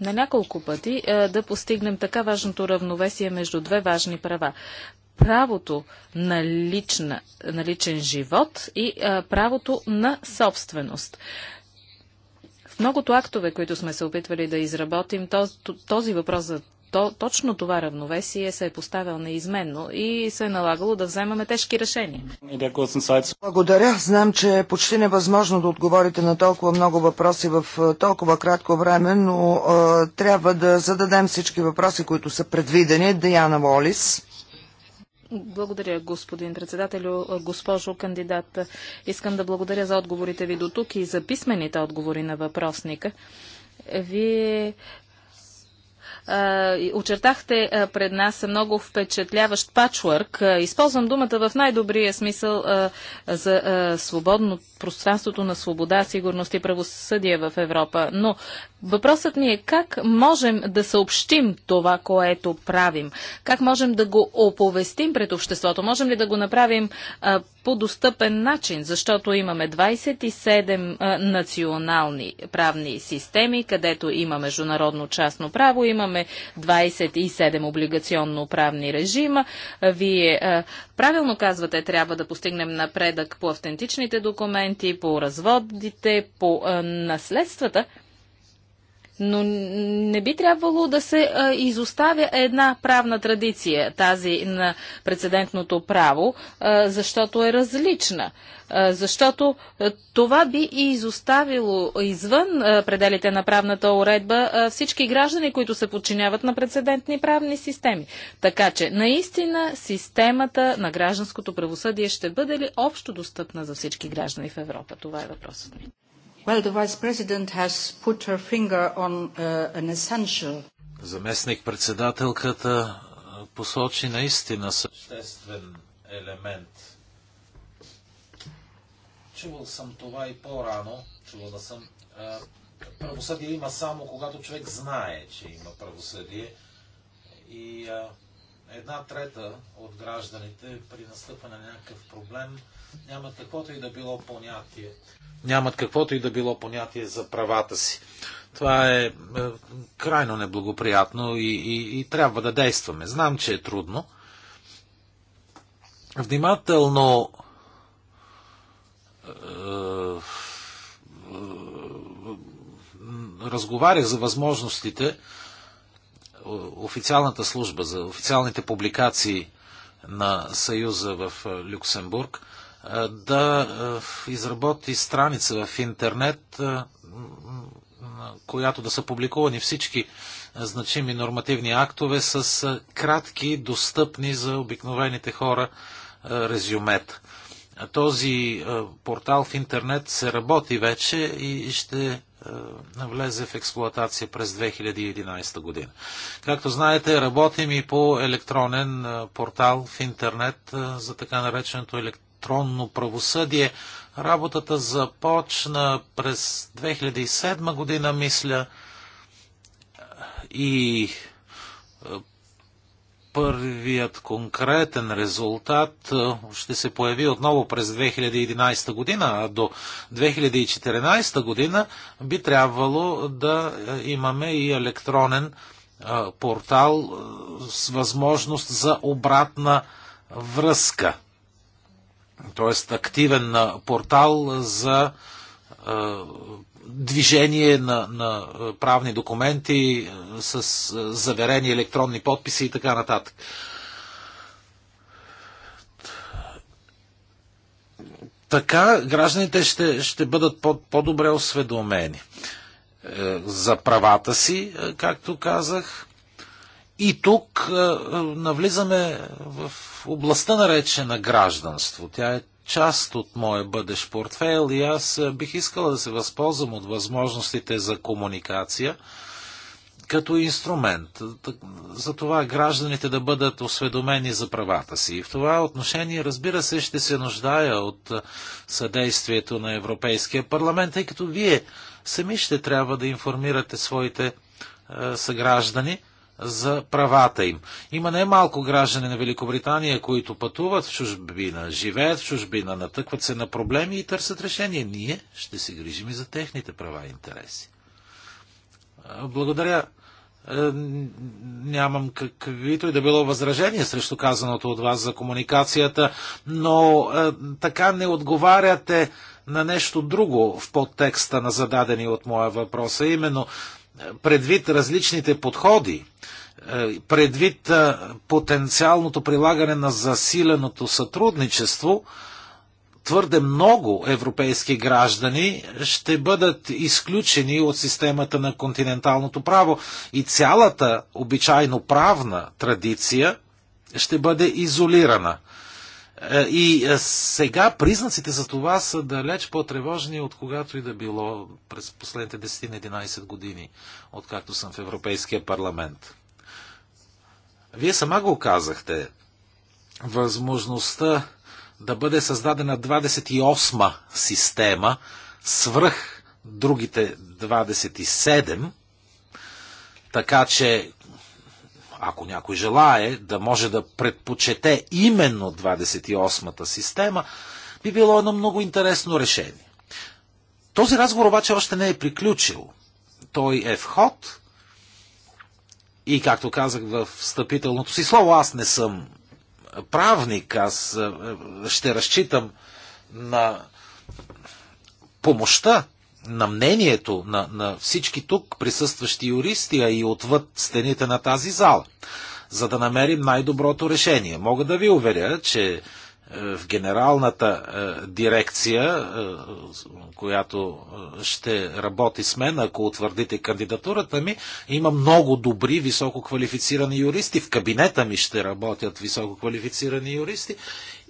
на няколко пъти е, да постигнем така важното равновесие между две важни права. Правото на, лична, на личен живот и е, правото на собственост. В многото актове, които сме се опитвали да изработим, този, този въпрос за то точно това равновесие се е поставял неизменно и се е налагало да вземаме тежки решения. Благодаря. Знам, че е почти невъзможно да отговорите на толкова много въпроси в е, толкова кратко време, но е, трябва да зададем всички въпроси, които са предвидени. Даяна Волис. Благодаря, господин председателю. Е, госпожо кандидат, е, искам да благодаря за отговорите ви до тук и за писмените отговори на въпросника. Вие очертахте пред нас много впечатляващ пачворк. Използвам думата в най-добрия смисъл за свободно пространството на свобода, сигурност и правосъдие в Европа. Но въпросът ми е как можем да съобщим това, което правим? Как можем да го оповестим пред обществото? Можем ли да го направим по достъпен начин? Защото имаме 27 национални правни системи, където има международно частно право, имаме имаме 27 облигационно правни режима. Вие правилно казвате, трябва да постигнем напредък по автентичните документи, по разводите, по наследствата. Но не би трябвало да се а, изоставя една правна традиция, тази на прецедентното право, а, защото е различна. А, защото това би и изоставило извън пределите на правната уредба всички граждани, които се подчиняват на прецедентни правни системи. Така че, наистина, системата на гражданското правосъдие ще бъде ли общо достъпна за всички граждани в Европа? Това е въпросът ми. Uh, Заместник-председателката посочи наистина съществен елемент. Чувал съм това и по-рано. Чувал да съм. правосъдие има само когато човек знае, че има правосъдие. И а, една трета от гражданите при настъпване на някакъв проблем нямат каквото и да било понятие. Нямат каквото и да било понятие за правата си. Това е, е крайно неблагоприятно и, и, и трябва да действаме. Знам, че е трудно. Внимателно е, е, разговарях за възможностите, официалната служба, за официалните публикации на Съюза в Люксембург, да изработи страница в интернет, на която да са публикувани всички значими нормативни актове с кратки, достъпни за обикновените хора резюмета този портал в интернет се работи вече и ще навлезе в експлоатация през 2011 година. Както знаете, работим и по електронен портал в интернет за така нареченото електронно правосъдие. Работата започна през 2007 година, мисля, и първият конкретен резултат е, ще се появи отново през 2011 година, а до 2014 година би трябвало да е, имаме и електронен е, портал с възможност за обратна връзка. Тоест активен портал за движение на, на правни документи с заверени електронни подписи и така нататък. Така гражданите ще, ще бъдат по, по-добре осведомени е, за правата си, е, както казах. И тук е, навлизаме в областта наречена гражданство. Тя е част от моя бъдещ портфейл и аз е, бих искала да се възползвам от възможностите за комуникация като инструмент. За това гражданите да бъдат осведомени за правата си. И в това отношение, разбира се, ще се нуждая от е, съдействието на Европейския парламент, тъй като вие сами ще трябва да информирате своите е, съграждани за правата им. Има немалко граждани на Великобритания, които пътуват в чужбина, живеят в чужбина, натъкват се на проблеми и търсят решение. Ние ще се грижим и за техните права и интереси. Благодаря. Е, нямам каквито и да било възражение срещу казаното от вас за комуникацията, но е, така не отговаряте на нещо друго в подтекста на зададени от моя въпрос, а именно предвид различните подходи, е, предвид е, потенциалното прилагане на засиленото сътрудничество, твърде много европейски граждани ще бъдат изключени от системата на континенталното право и цялата обичайно правна традиция ще бъде изолирана – е, и е, сега признаците за това са далеч по-тревожни от когато и да било през последните 10-11 години, откакто съм в Европейския парламент. Вие сама го казахте. Възможността да бъде създадена 28-ма система, свръх другите 27, така че ако някой желае да може да предпочете именно 28-та система, би било едно много интересно решение. Този разговор обаче още не е приключил. Той е вход и, както казах в встъпителното си слово, аз не съм правник, аз е, е, ще разчитам на помощта на мнението на, на всички тук присъстващи юристи, а и отвъд стените на тази зала, за да намерим най-доброто решение. Мога да ви уверя, че е, в генералната е, дирекция, е, която ще работи с мен, ако утвърдите кандидатурата ми, има много добри, високо квалифицирани юристи. В кабинета ми ще работят високо квалифицирани юристи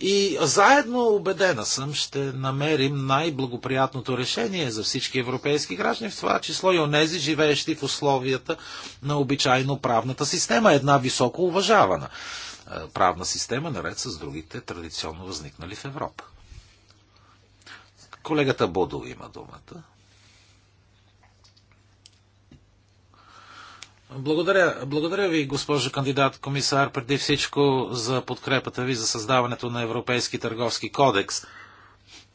и заедно, убедена съм, ще намерим най-благоприятното решение за всички европейски граждани, в това число и онези, живеещи в условията на обичайно правната система, една високо уважавана е, правна система, наред с другите традиционно възникнали в Европа. Колегата Бодо има думата. Благодаря, благодаря ви, госпожо кандидат комисар, преди всичко за подкрепата ви за създаването на Европейски търговски кодекс.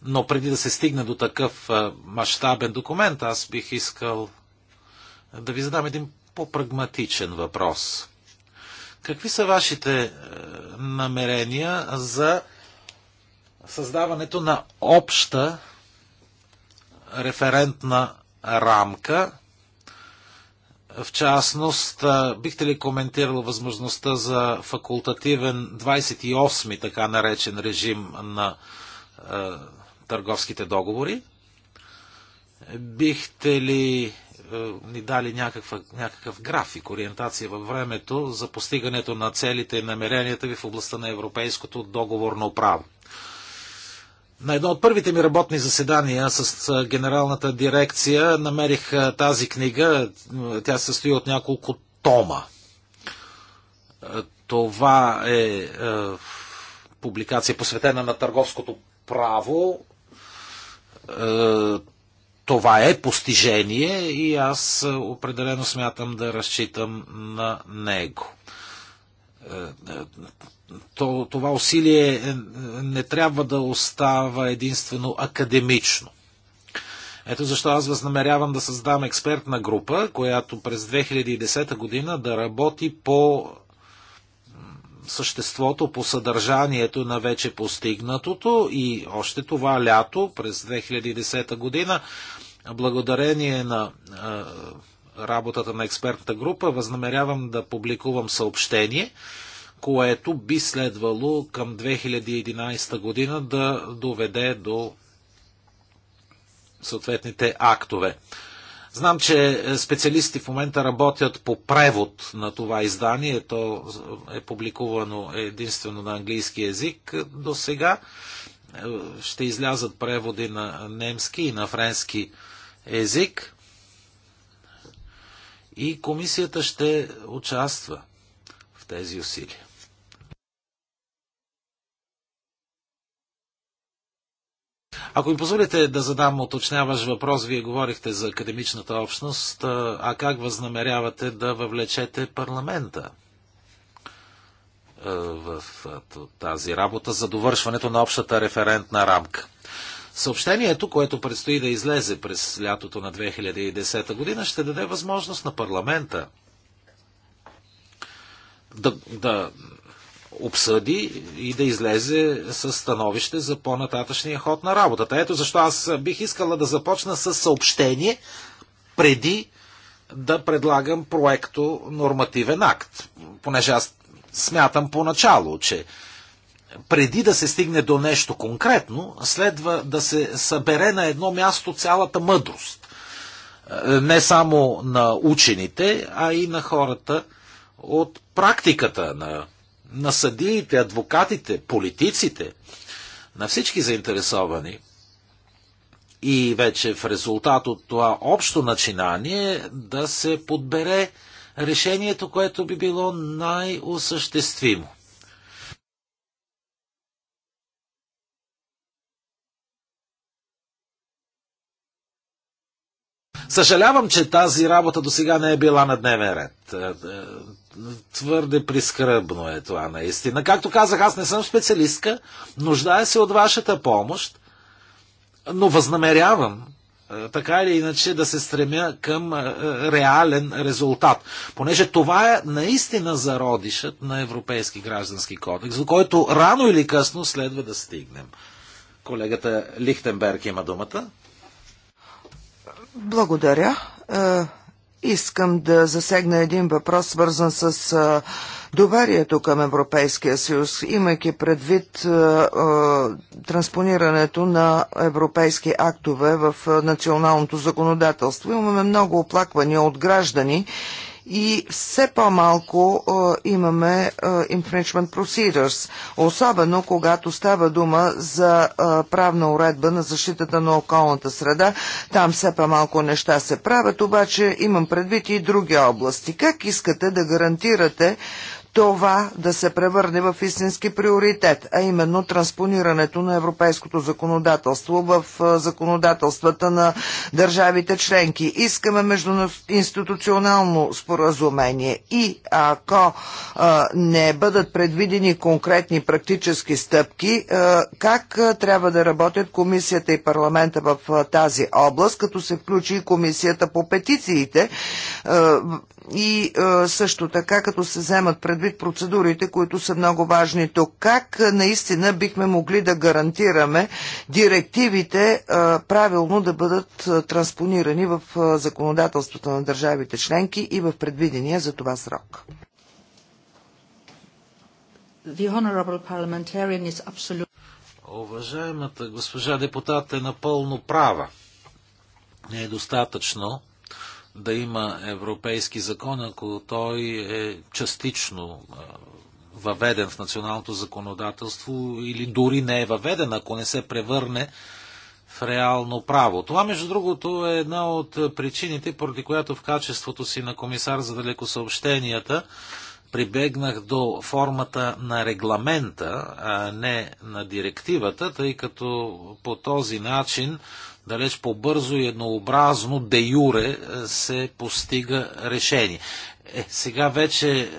Но преди да се стигне до такъв мащабен документ, аз бих искал да ви задам един по-прагматичен въпрос. Какви са вашите е, намерения за създаването на обща референтна рамка в частност, бихте ли коментирал възможността за факултативен 28-ми, така наречен режим на е, търговските договори? Бихте ли е, ни дали някаква, някакъв график, ориентация във времето за постигането на целите и намеренията ви в областта на европейското договорно право? На едно от първите ми работни заседания с генералната дирекция намерих тази книга. Тя се състои от няколко тома. Това е публикация посветена на търговското право. Това е постижение и аз определено смятам да разчитам на него то, това усилие не трябва да остава единствено академично. Ето защо аз възнамерявам да създам експертна група, която през 2010 година да работи по съществото, по съдържанието на вече постигнатото и още това лято, през 2010 година, благодарение на работата на експертната група, възнамерявам да публикувам съобщение, което би следвало към 2011 година да доведе до съответните актове. Знам, че специалисти в момента работят по превод на това издание. То е публикувано единствено на английски язик до сега. Е, ще излязат преводи на немски и на френски език. И комисията ще участва в тези усилия. Ако ми позволите да задам уточняваш въпрос, вие говорихте за академичната общност, а как възнамерявате да въвлечете парламента в тази работа за довършването на общата референтна рамка? Съобщението, което предстои да излезе през лятото на 2010 година, ще даде възможност на парламента да, да обсъди и да излезе с становище за по-нататъчния ход на работата. Ето защо аз бих искала да започна с съобщение преди да предлагам проекто нормативен акт, понеже аз смятам поначало, че преди да се стигне до нещо конкретно, следва да се събере на едно място цялата мъдрост. Е, не само на учените, а и на хората от практиката, на, на съдиите, адвокатите, политиците, на всички заинтересовани. И вече в резултат от това общо начинание да се подбере решението, което би било най-осъществимо. Съжалявам, че тази работа до сега не е била на дневен ред. Е, е, твърде прискръбно е това наистина. Както казах, аз не съм специалистка, нуждая се от вашата помощ, но възнамерявам е, така или иначе да се стремя към реален резултат. Понеже това е наистина зародишът на Европейски граждански кодекс, до който рано или късно следва да стигнем. Колегата Лихтенберг има думата. Благодаря. Е, искам да засегна един въпрос, свързан с е, доверието към Европейския съюз, имайки предвид е, транспонирането на европейски актове в националното законодателство. Имаме много оплаквания от граждани и все по-малко имаме infringement procedures, особено когато става дума за правна уредба на защитата на околната среда. Там все по-малко неща се правят, обаче имам предвид и други области. Как искате да гарантирате това да се превърне в истински приоритет, а именно транспонирането на европейското законодателство в законодателствата на държавите членки. Искаме междуинституционално споразумение и ако не бъдат предвидени конкретни практически стъпки, как трябва да работят комисията и парламента в тази област, като се включи и комисията по петициите и също така като се вземат пред предвид процедурите, които са много важни тук. Как наистина бихме могли да гарантираме директивите правилно да бъдат транспонирани в законодателството на държавите членки и в предвидения за това срок? Уважаемата госпожа депутат е напълно права. Не е достатъчно да има европейски закон, ако той е частично въведен в националното законодателство или дори не е въведен, ако не се превърне в реално право. Това, между другото, е една от причините, поради която в качеството си на комисар за далекосъобщенията прибегнах до формата на регламента, а не на директивата, тъй като по този начин далеч по-бързо и еднообразно де юре е, се постига решение. Е, сега вече е,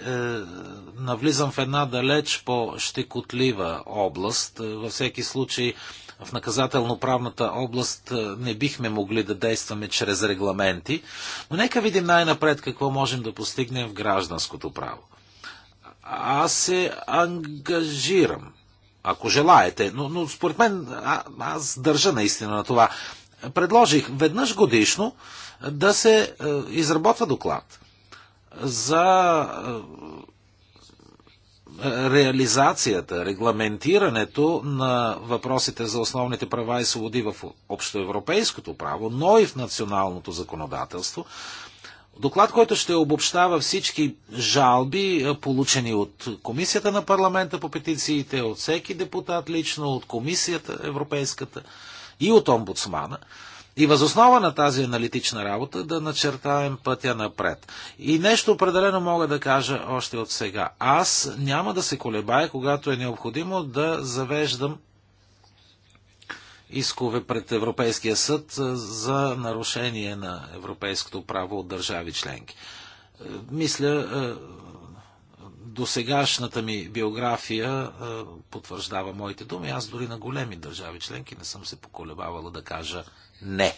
навлизам в една далеч по-щекотлива област. Е, във всеки случай в наказателно-правната област е, не бихме могли да действаме чрез регламенти, но нека видим най-напред какво можем да постигнем в гражданското право. Аз се ангажирам ако желаете. Но, но според мен а, аз държа наистина на това. Предложих веднъж годишно да се е, изработва доклад за е, реализацията, регламентирането на въпросите за основните права и свободи в общоевропейското право, но и в националното законодателство, Доклад, който ще обобщава всички жалби, е, получени от Комисията на парламента по петициите, от всеки депутат лично, от Комисията Европейската и от омбудсмана. И възоснова на тази аналитична работа да начертаем пътя напред. И нещо определено мога да кажа още от сега. Аз няма да се колебая, когато е необходимо да завеждам искове пред Европейския съд за нарушение на европейското право от държави членки. Е, мисля, е, досегашната ми биография е, потвърждава моите думи. Аз дори на големи държави членки не съм се поколебавала да кажа не.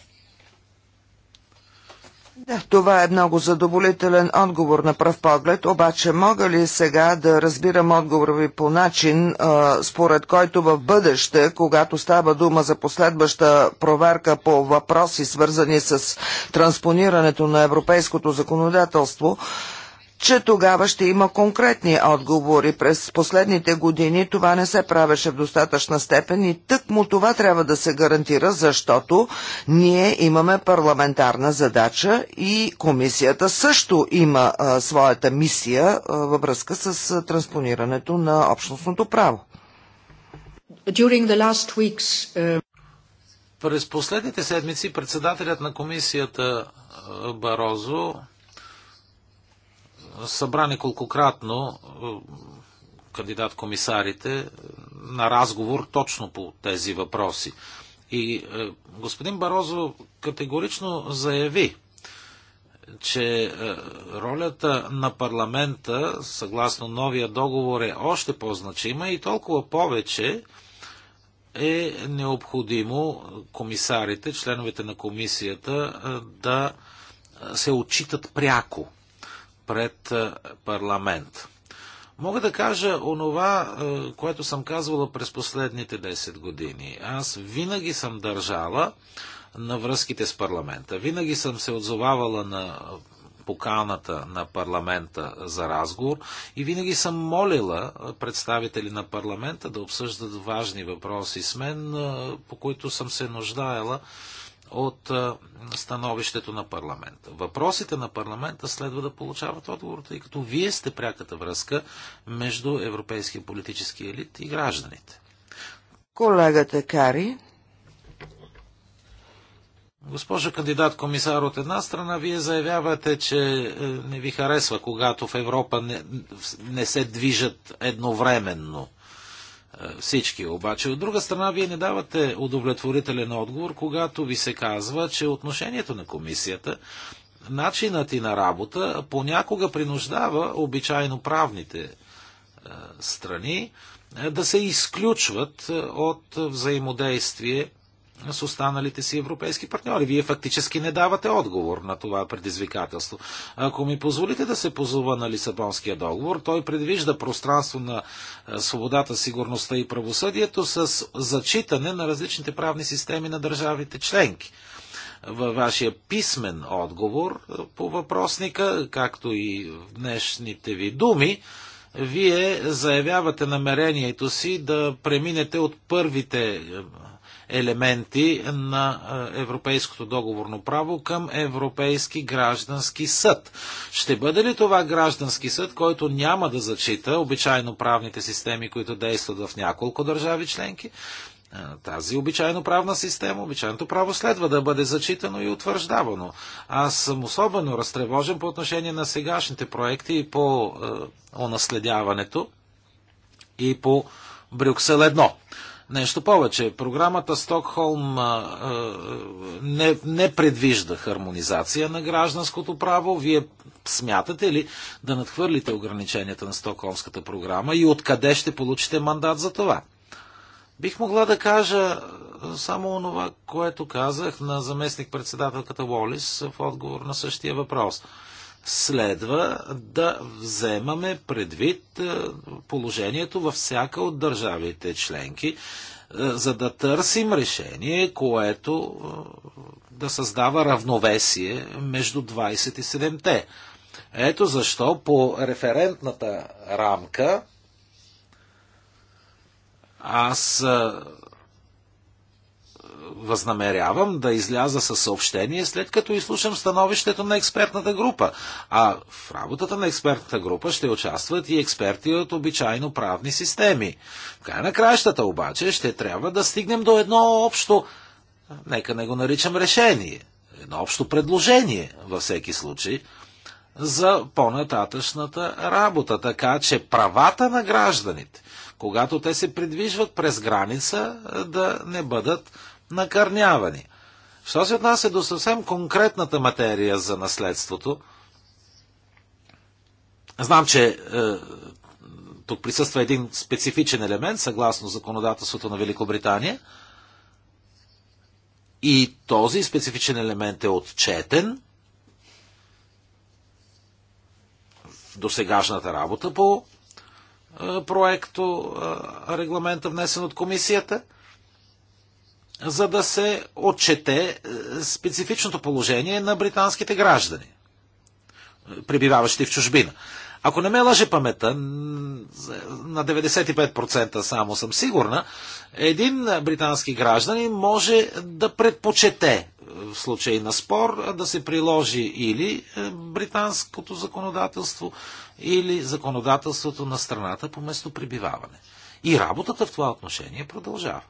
Да, това е много задоволителен отговор на пръв поглед, обаче мога ли сега да разбирам отговора ви по начин, а, според който в бъдеще, когато става дума за последваща проверка по въпроси, свързани с транспонирането на европейското законодателство, че тогава ще има конкретни отговори. През последните години това не се правеше в достатъчна степен и тък му това трябва да се гарантира, защото ние имаме парламентарна задача и комисията също има а, своята мисия а, във връзка с а, транспонирането на общностното право. Uh, През последните седмици председателят на комисията Барозо събра неколкократно е, кандидат-комисарите е, на разговор точно по тези въпроси. И е, господин Барозо категорично заяви, че ролята на парламента, съгласно новия договор, е още по-значима и толкова повече е необходимо комисарите, членовете на комисията да се отчитат пряко пред парламент. Мога да кажа онова, което съм казвала през последните 10 години. Аз винаги съм държала на връзките с парламента. Винаги съм се отзовавала на поканата на парламента за разговор и винаги съм молила представители на парламента да обсъждат важни въпроси с мен, по които съм се нуждаела от становището на парламента. Въпросите на парламента следва да получават отговор, тъй като вие сте пряката връзка между европейския политически елит и гражданите. Колегата Кари. Госпожо кандидат комисар, от една страна вие заявявате, че е, не ви харесва, когато в Европа не, не се движат едновременно всички. Обаче, от друга страна, вие не давате удовлетворителен отговор, когато ви се казва, че отношението на комисията, начинът и на работа понякога принуждава обичайно правните е, страни е, да се изключват е, от взаимодействие с останалите си европейски партньори. Вие фактически не давате отговор на това предизвикателство. Ако ми позволите да се позова на Лисабонския договор, той предвижда пространство на е, свободата, сигурността и правосъдието с зачитане на различните правни системи на държавите членки във вашия писмен отговор е, по въпросника, както и в днешните ви думи, вие заявявате намерението си да преминете от първите е, елементи на е, европейското договорно право към Европейски граждански съд. Ще бъде ли това граждански съд, който няма да зачита обичайно правните системи, които действат в няколко държави членки? Е, тази обичайно правна система, обичайното право следва да бъде зачитано и утвърждавано. Аз съм особено разтревожен по отношение на сегашните проекти и по е, онаследяването и по Брюксел 1. Нещо повече, програмата Стокхолм не, не предвижда хармонизация на гражданското право. Вие смятате ли да надхвърлите ограниченията на Стокхолмската програма и откъде ще получите мандат за това? Бих могла да кажа само онова, което казах на заместник-председателката Волис в отговор на същия въпрос следва да вземаме предвид е, положението във всяка от държавите членки, е, за да търсим решение, което е, да създава равновесие между 27-те. Ето защо по референтната рамка аз възнамерявам да изляза със съобщение, след като изслушам становището на експертната група. А в работата на експертната група ще участват и експерти от обичайно правни системи. В край на краищата обаче ще трябва да стигнем до едно общо, нека не го наричам решение, едно общо предложение във всеки случай, за по-нататъчната работа. Така че правата на гражданите, когато те се придвижват през граница, да не бъдат накърнявани. Що се отнася до съвсем конкретната материя за наследството, знам, че е, тук присъства един специфичен елемент, съгласно законодателството на Великобритания, и този специфичен елемент е отчетен в досегашната работа по е, проекто е, регламента, внесен от комисията за да се отчете е, специфичното положение на британските граждани, прибиваващи в чужбина. Ако не ме лъже памета, на 95% само съм сигурна, един британски гражданин може да предпочете е, в случай на спор да се приложи или е, британското законодателство, или законодателството на страната по местопребиваване. И работата в това отношение продължава.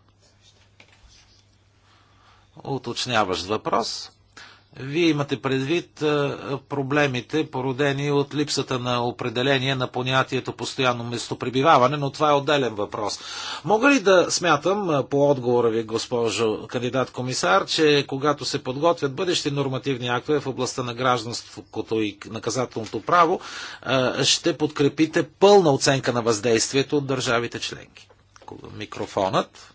Уточняващ въпрос. Вие имате предвид е, проблемите, породени от липсата на определение на понятието постоянно местопребиваване, но това е отделен въпрос. Мога ли да смятам е, по отговора ви, госпожо кандидат-комисар, че когато се подготвят бъдещи нормативни актове в областта на гражданството и наказателното право, е, ще подкрепите пълна оценка на въздействието от държавите членки? Микрофонът.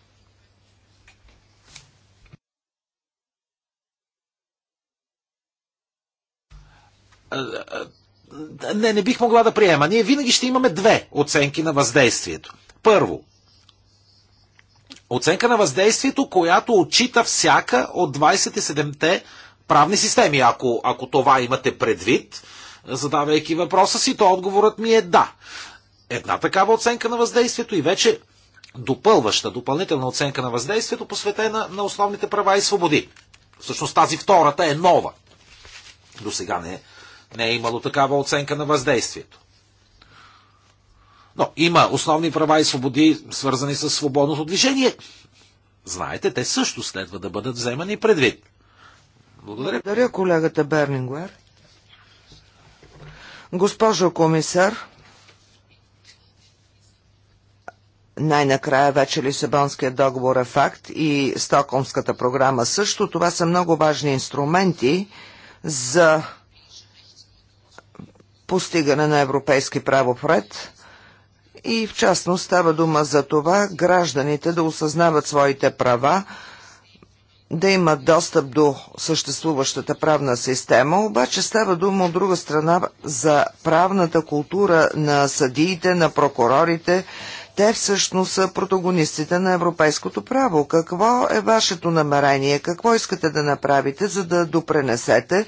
не, не бих могла да приема. Ние винаги ще имаме две оценки на въздействието. Първо, оценка на въздействието, която отчита всяка от 27-те правни системи. Ако, ако това имате предвид, задавайки въпроса си, то отговорът ми е да. Една такава оценка на въздействието и вече допълваща, допълнителна оценка на въздействието, посветена на основните права и свободи. Всъщност тази втората е нова. До сега не е не е имало такава оценка на въздействието. Но има основни права и свободи, свързани с свободното движение. Знаете, те също следва да бъдат вземани предвид. Благодаря. Благодаря колегата Бернингуер. Госпожо комисар, най-накрая вече Лисабонският договор е факт и Стокомската програма също. Това са много важни инструменти за постигане на европейски правов ред и в частност става дума за това гражданите да осъзнават своите права, да имат достъп до съществуващата правна система, обаче става дума от друга страна за правната култура на съдиите, на прокурорите, те всъщност са протагонистите на европейското право. Какво е вашето намерение? Какво искате да направите, за да допренесете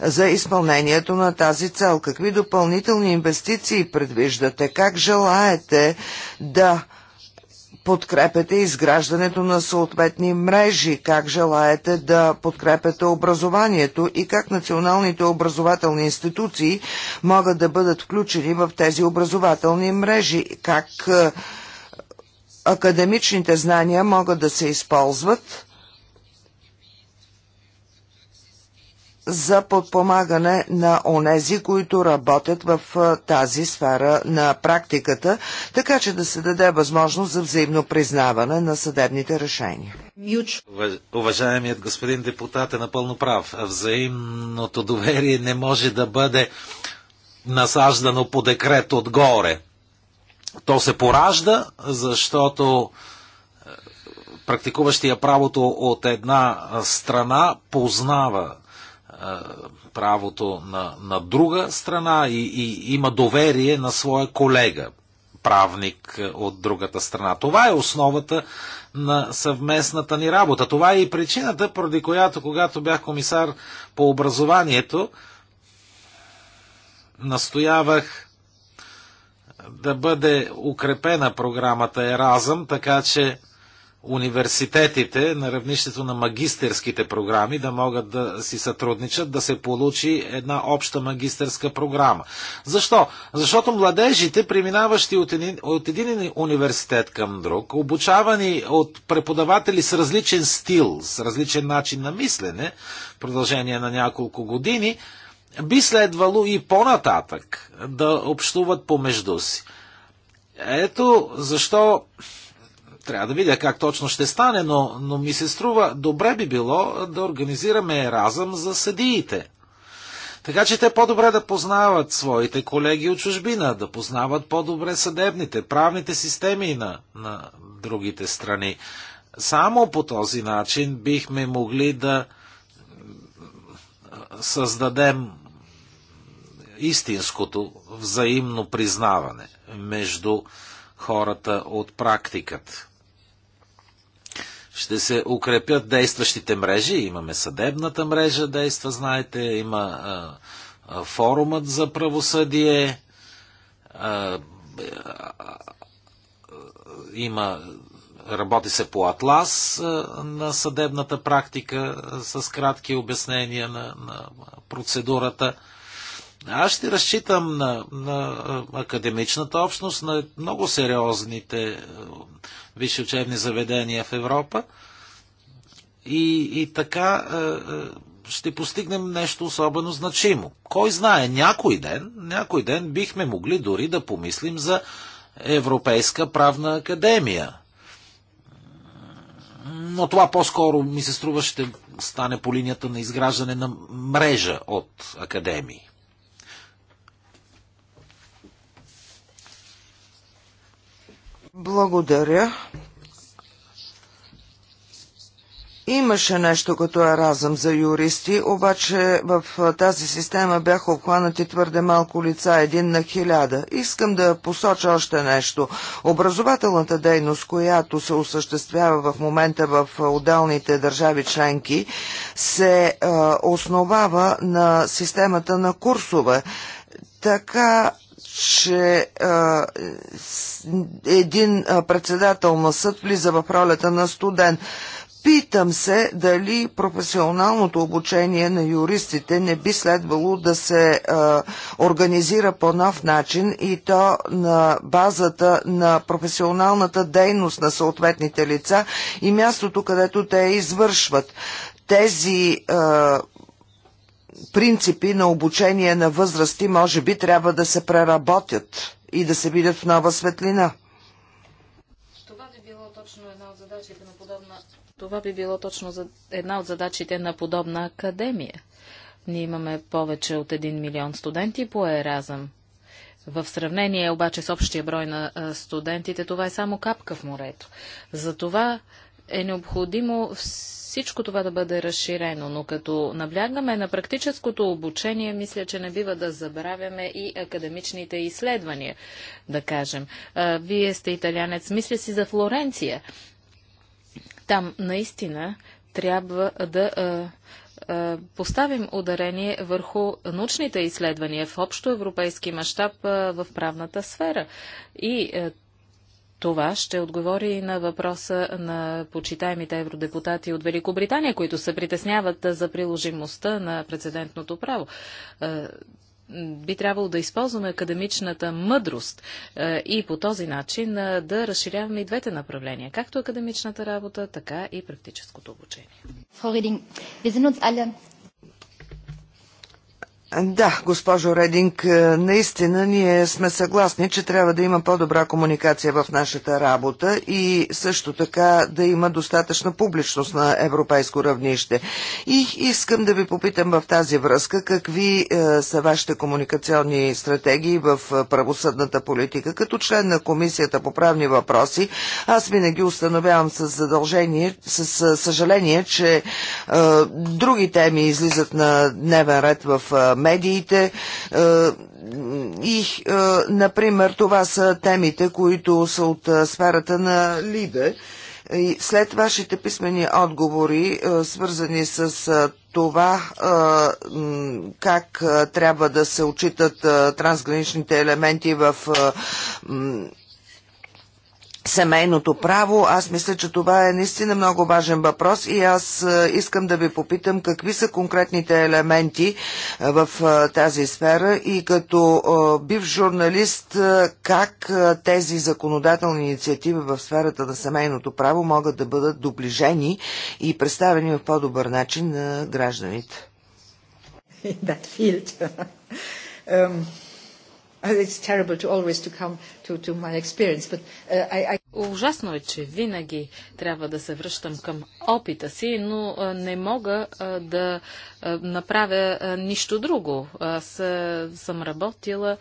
за изпълнението на тази цел? Какви допълнителни инвестиции предвиждате? Как желаете да подкрепяте изграждането на съответни мрежи, как желаете да подкрепяте образованието и как националните образователни институции могат да бъдат включени в тези образователни мрежи, как е, академичните знания могат да се използват за подпомагане на онези, които работят в тази сфера на практиката, така че да се даде възможност за взаимно признаване на съдебните решения. Уважаемият господин депутат е напълно прав. Взаимното доверие не може да бъде насаждано по декрет отгоре. То се поражда, защото е, практикуващия правото от една страна познава е, правото на, на друга страна и, и има доверие на своя колега, правник от другата страна. Това е основата на съвместната ни работа. Това е и причината, поради която, когато бях комисар по образованието, настоявах да бъде укрепена програмата Еразъм, така че университетите на равнището на магистерските програми да могат да си сътрудничат, да се получи една обща магистерска програма. Защо? Защото младежите, преминаващи от един, от един университет към друг, обучавани от преподаватели с различен стил, с различен начин на мислене, в продължение на няколко години, би следвало и по-нататък да общуват помежду си. Ето защо трябва да видя как точно ще стане, но, но ми се струва, добре би било да организираме разъм за съдиите. Така че те по-добре да познават своите колеги от чужбина, да познават по-добре съдебните, правните системи на, на другите страни. Само по този начин бихме могли да създадем истинското взаимно признаване между хората от практиката. Ще се укрепят действащите мрежи. Имаме съдебната мрежа, действа, знаете, има а, форумът за правосъдие, а, а, има работи се по атлас на съдебната практика с кратки обяснения на, на процедурата. Аз ще разчитам на, на академичната общност, на много сериозните висши учебни заведения в Европа. И, и така е, е, ще постигнем нещо особено значимо. Кой знае, някой ден, някой ден бихме могли дори да помислим за Европейска правна академия. Но това по-скоро ми се струва ще стане по линията на изграждане на мрежа от академии. Благодаря. Имаше нещо като разъм за юристи, обаче в тази система бяха обхванати твърде малко лица, един на хиляда. Искам да посоча още нещо. Образователната дейност, която се осъществява в момента в отделните държави членки, се е, основава на системата на курсове. Така че а, един а, председател на съд влиза в ролята на студент. Питам се дали професионалното обучение на юристите не би следвало да се а, организира по нов начин и то на базата на професионалната дейност на съответните лица и мястото, където те извършват. Тези а, принципи на обучение на възрасти може би трябва да се преработят и да се видят в нова светлина. Това би било точно една от задачите на подобна, Това би било точно за... една от задачите на подобна академия. Ние имаме повече от 1 милион студенти по Еразъм. В сравнение обаче с общия брой на студентите, това е само капка в морето. Затова е необходимо всичко това да бъде разширено, но като наблягаме на практическото обучение, мисля, че не бива да забравяме и академичните изследвания, да кажем. вие сте италянец, мисля си за Флоренция. Там наистина трябва да поставим ударение върху научните изследвания в общо европейски мащаб в правната сфера. И това ще отговори и на въпроса на почитаемите евродепутати от Великобритания, които се притесняват за приложимостта на прецедентното право е, би трябвало да използваме академичната мъдрост е, и по този начин е, да разширяваме и двете направления, както академичната работа, така и практическото обучение. Да, госпожо Рединг, е, наистина ние сме съгласни, че трябва да има по-добра комуникация в нашата работа и също така да има достатъчна публичност на европейско равнище. И искам да ви попитам в тази връзка какви е, са вашите комуникационни стратегии в е, правосъдната политика. Като член на Комисията по правни въпроси, аз винаги установявам с задължение, с съжаление, че е, други теми излизат на дневен ред в е, медиите е, и, е, например, това са темите, които са от е, сферата на ЛИДЕ. И след вашите писмени отговори, свързани с това как трябва да се отчитат трансграничните елементи в семейното право. Аз мисля, че това е наистина много важен въпрос и аз е, искам да ви попитам какви са конкретните елементи е, в е, тази сфера и като бив журналист как тези законодателни инициативи в сферата на семейното право могат да бъдат доближени и представени в по-добър начин на гражданите. That field. um... It's terrible to always to come to, to my experience, but uh, I, I Ужасно е, че винаги трябва да се връщам към опита си, но не мога да направя нищо друго. Аз съм работила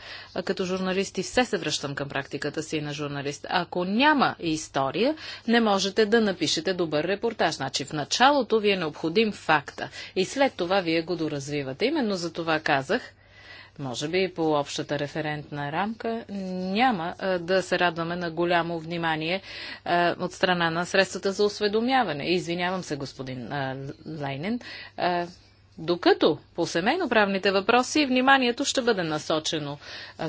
като журналист и все се връщам към практиката си на журналист. Ако няма история, не можете да напишете добър репортаж. Значи в началото ви е необходим факта и след това вие го доразвивате. Именно за това казах, може би по общата референтна рамка, няма да се радваме на голямо внимание от страна на средствата за осведомяване. Извинявам се, господин Лайнен. Докато по семейно-правните въпроси вниманието ще бъде насочено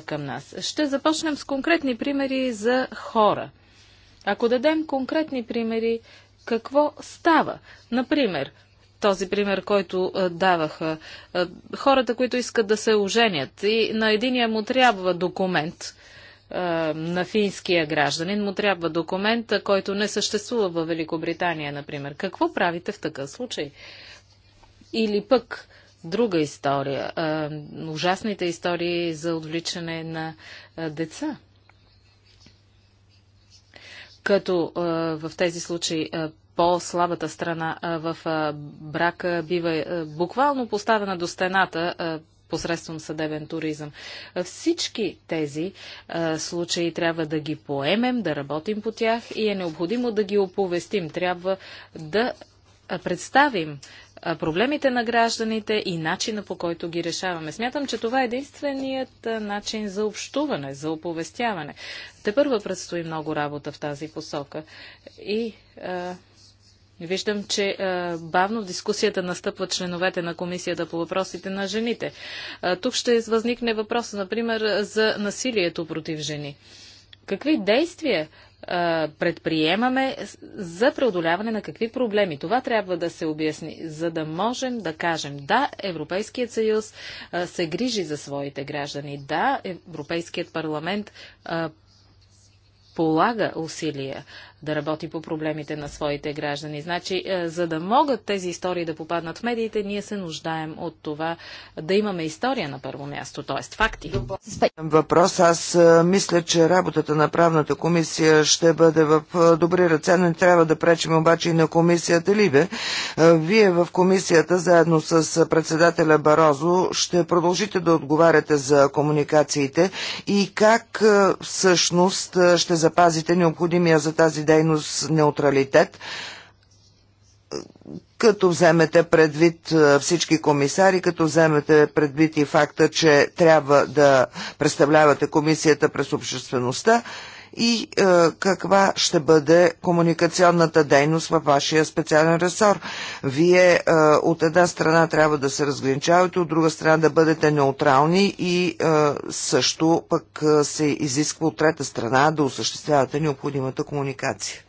към нас. Ще започнем с конкретни примери за хора. Ако дадем конкретни примери, какво става? Например, този пример, който даваха. Хората, които искат да се оженят и на единия му трябва документ, на финския гражданин му трябва документ, който не съществува в Великобритания, например. Какво правите в такъв случай? Или пък друга история, ужасните истории за отвличане на деца като в тези случаи по-слабата страна в брака бива буквално поставена до стената посредством съдебен туризъм. Всички тези а, случаи трябва да ги поемем, да работим по тях и е необходимо да ги оповестим. Трябва да представим проблемите на гражданите и начина по който ги решаваме. Смятам, че това е единственият начин за общуване, за оповестяване. Те първа предстои много работа в тази посока. И а, Виждам, че бавно в дискусията настъпват членовете на комисията по въпросите на жените. тук ще възникне въпрос, например, за насилието против жени. Какви действия предприемаме за преодоляване на какви проблеми? Това трябва да се обясни, за да можем да кажем да, Европейският съюз се грижи за своите граждани, да, Европейският парламент полага усилия да работи по проблемите на своите граждани. Значи, е, за да могат тези истории да попаднат в медиите, ние се нуждаем от това да имаме история на първо място, т.е. факти. Въпрос. Аз е, мисля, че работата на правната комисия ще бъде в е, добри ръце. Не трябва да пречим обаче и на комисията Либе. Вие в комисията, заедно с председателя Барозо, ще продължите да отговаряте за комуникациите и как всъщност ще запазите необходимия за тази дейност неутралитет, като вземете предвид всички комисари, като вземете предвид и факта, че трябва да представлявате комисията през обществеността, и е, каква ще бъде комуникационната дейност във вашия специален ресор. Вие е, от една страна трябва да се разграничавате, от друга страна да бъдете неутрални и е, също пък е, се изисква от трета страна да осъществявате необходимата комуникация.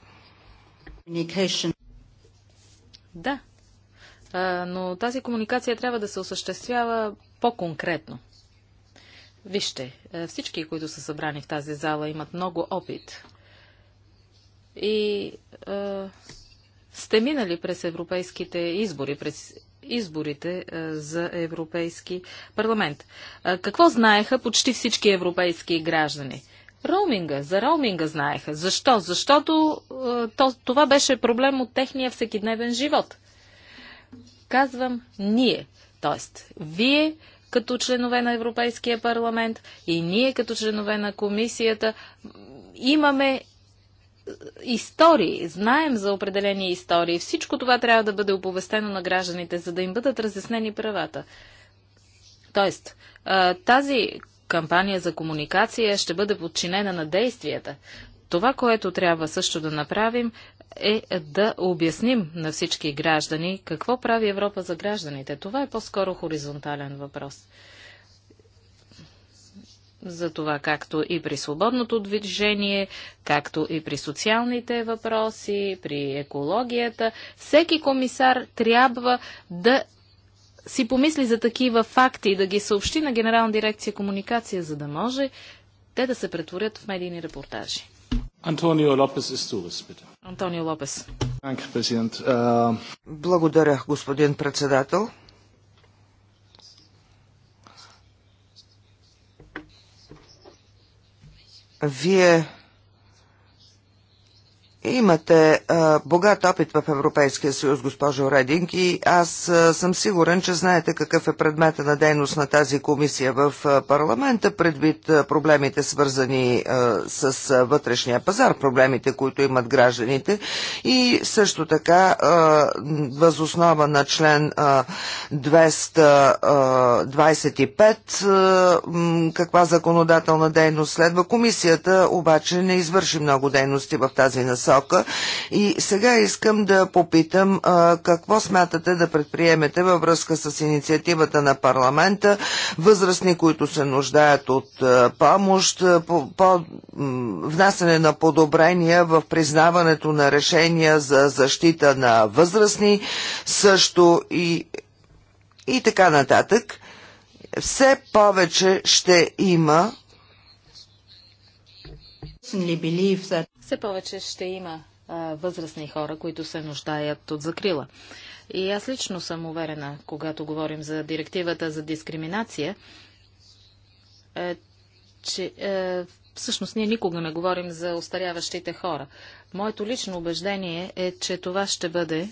Да, но тази комуникация трябва да се осъществява по-конкретно. Вижте, е, всички, които са събрани в тази зала, имат много опит. И е, сте минали през европейските избори, през изборите е, за Европейски парламент. Е, какво знаеха почти всички европейски граждани? Роуминга, за роуминга знаеха. Защо? Защото е, то, това беше проблем от техния всекидневен живот. Казвам ние. Тоест, вие като членове на Европейския парламент и ние като членове на комисията имаме е, истории, знаем за определени истории. Всичко това трябва да бъде оповестено на гражданите, за да им бъдат разяснени правата. Тоест, е, тази кампания за комуникация ще бъде подчинена на действията. Това, което трябва също да направим, е да обясним на всички граждани какво прави Европа за гражданите. Това е по-скоро хоризонтален въпрос. За това, както и при свободното движение, както и при социалните въпроси, при екологията, всеки комисар трябва да си помисли за такива факти и да ги съобщи на Генерална дирекция комуникация, за да може те да се претворят в медийни репортажи. Антонио Лопес Истурис, бите. Антонио Лопес. Благодаря, господин председател. Вие Имате а, богат опит в Европейския съюз, госпожо Рединг, и аз а, съм сигурен, че знаете какъв е предмета на дейност на тази комисия в а, парламента, предвид а, проблемите свързани а, с а, вътрешния пазар, проблемите, които имат гражданите и също така а, възоснова на член а, 225 а, каква законодателна дейност следва. Комисията обаче не извърши много дейности в тази насъщност посока. И сега искам да попитам а, какво смятате да предприемете във връзка с инициативата на парламента, възрастни, които се нуждаят от а, помощ, по, по внасяне на подобрения в признаването на решения за защита на възрастни, също и, и така нататък. Все повече ще има все повече ще има възрастни хора, които се нуждаят от закрила. И аз лично съм уверена, когато говорим за директивата за дискриминация, е, че е, всъщност ние никога не говорим за устаряващите хора. Моето лично убеждение е, че това ще бъде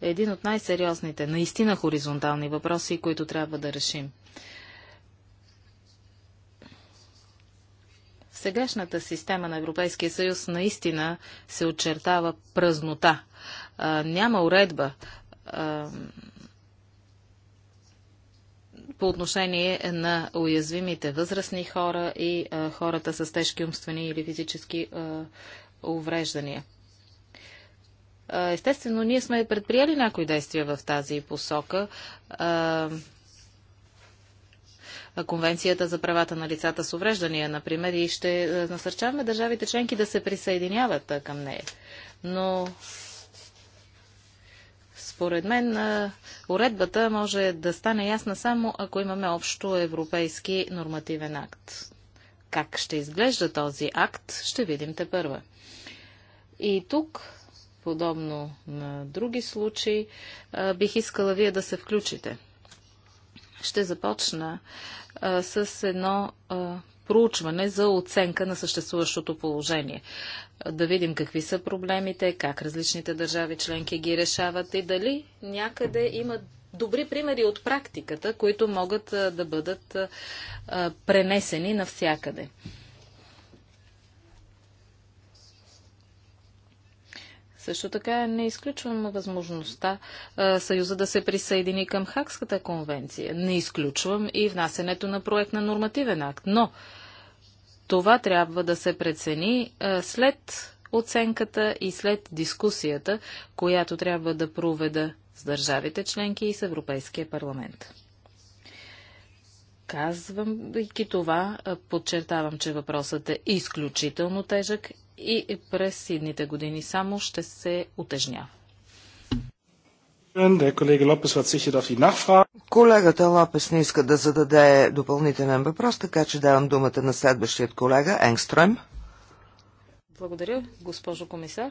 един от най-сериозните, наистина хоризонтални въпроси, които трябва да решим. сегашната система на Европейския съюз наистина се очертава празнота. А, няма уредба а, по отношение на уязвимите възрастни хора и а, хората с тежки умствени или физически увреждания. Естествено, ние сме предприели някои действия в тази посока. Конвенцията за правата на лицата с увреждания, например, и ще е, насърчаваме държавите членки да се присъединяват е, към нея. Но според мен е, уредбата може да стане ясна само ако имаме общо европейски нормативен акт. Как ще изглежда този акт, ще видим те първа. И тук, подобно на други случаи, бих искала вие да се включите – ще започна а, с едно а, проучване за оценка на съществуващото положение. Да видим какви са проблемите, как различните държави членки ги решават и дали някъде има добри примери от практиката, които могат а, да бъдат а, пренесени навсякъде. Също така не изключвам възможността а, Съюза да се присъедини към Хакската конвенция. Не изключвам и внасенето на проект на нормативен акт. Но това трябва да се прецени а, след оценката и след дискусията, която трябва да проведа с държавите членки и с Европейския парламент. Казвамки това, подчертавам, че въпросът е изключително тежък и през идните години само ще се утежнява. Колегата Лопес не иска да зададе допълнителен въпрос, така че давам думата на следващият колега Енгстрем. Благодаря, госпожо комисар.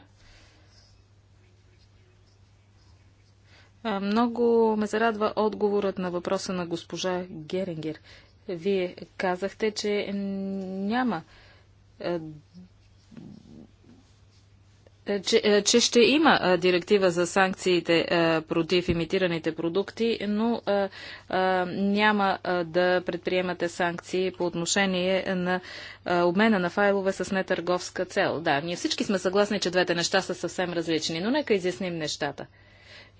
Много ме зарадва отговорът на въпроса на госпожа Герингер. Вие казахте, че няма е, че, е, че ще има е, директива за санкциите против имитираните продукти, но няма да предприемате санкции по отношение на обмена на файлове с нетърговска цел. Да, ние всички сме съгласни, че двете неща са съвсем различни, но нека изясним нещата.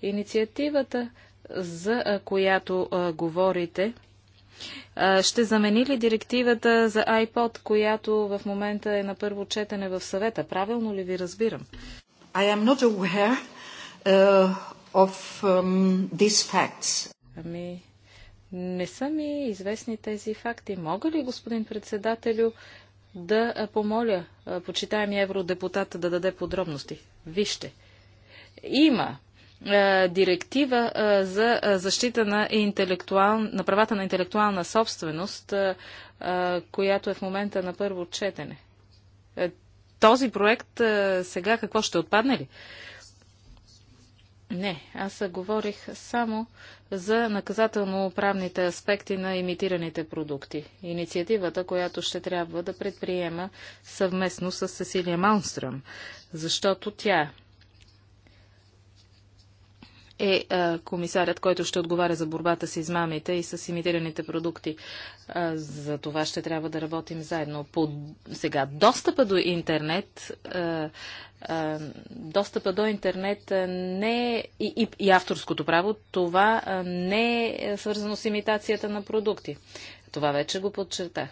Инициативата, за която говорите, ще замени ли директивата за iPod, която в момента е на първо четене в съвета? Правилно ли ви разбирам? I am not aware uh, of um, these facts. Ами, не са ми известни тези факти. Мога ли, господин председателю, да помоля почитаем евродепутата да даде подробности? Вижте, има е, директива е, за защита на, интелектуал... на правата на интелектуална собственост, е, която е в момента на първо четене. Този проект сега какво ще отпадне ли? Не, аз говорих само за наказателно-правните аспекти на имитираните продукти. Инициативата, която ще трябва да предприема съвместно с Сесилия Малмстръм, защото тя е комисарят, който ще отговаря за борбата с измамите и с имитираните продукти. За това ще трябва да работим заедно. По... Сега, достъпа до интернет достъпа до интернет не е, и, и, и авторското право, това не е свързано с имитацията на продукти. Това вече го подчертах.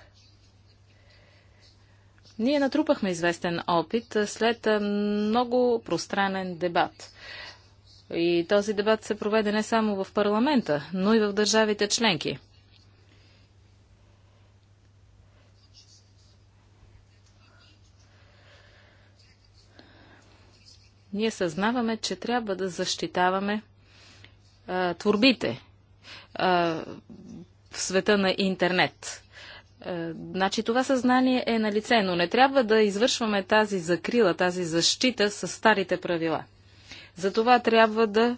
Ние натрупахме известен опит след много пространен дебат. И този дебат се проведе не само в парламента, но и в държавите членки. Ние съзнаваме, че трябва да защитаваме а, творбите а, в света на интернет. А, значи това съзнание е на лице, но не трябва да извършваме тази закрила, тази защита с старите правила. Затова трябва да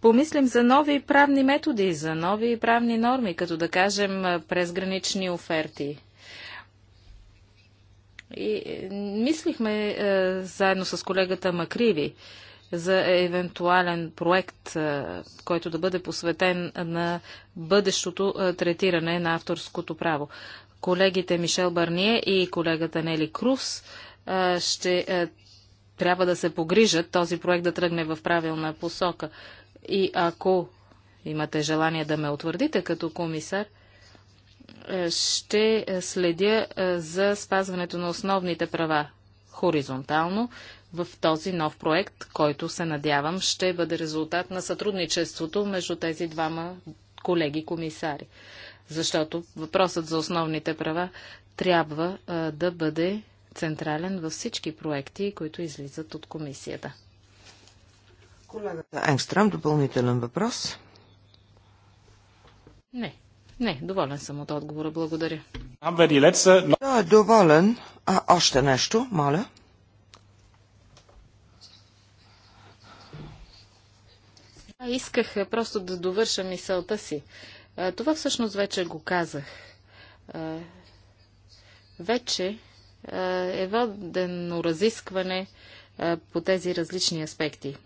помислим за нови правни методи, за нови правни норми, като да кажем презгранични оферти. И е, мислихме е, заедно с колегата Макриви за евентуален проект, е, който да бъде посветен на бъдещото е, третиране на авторското право. Колегите Мишел Барние и колегата Нели Крус е, ще трябва да се погрижат този проект да тръгне в правилна посока. И ако имате желание да ме утвърдите като комисар, ще следя за спазването на основните права хоризонтално в този нов проект, който се надявам ще бъде резултат на сътрудничеството между тези двама колеги комисари. Защото въпросът за основните права трябва да бъде централен във всички проекти, които излизат от комисията. Колегата Енгстрам, допълнителен въпрос. Не, не, доволен съм от отговора, благодаря. Да, е доволен. А още нещо, моля. А, исках просто да довърша мисълта си. това всъщност вече го казах. вече е, е водено разискване е, по тези различни аспекти.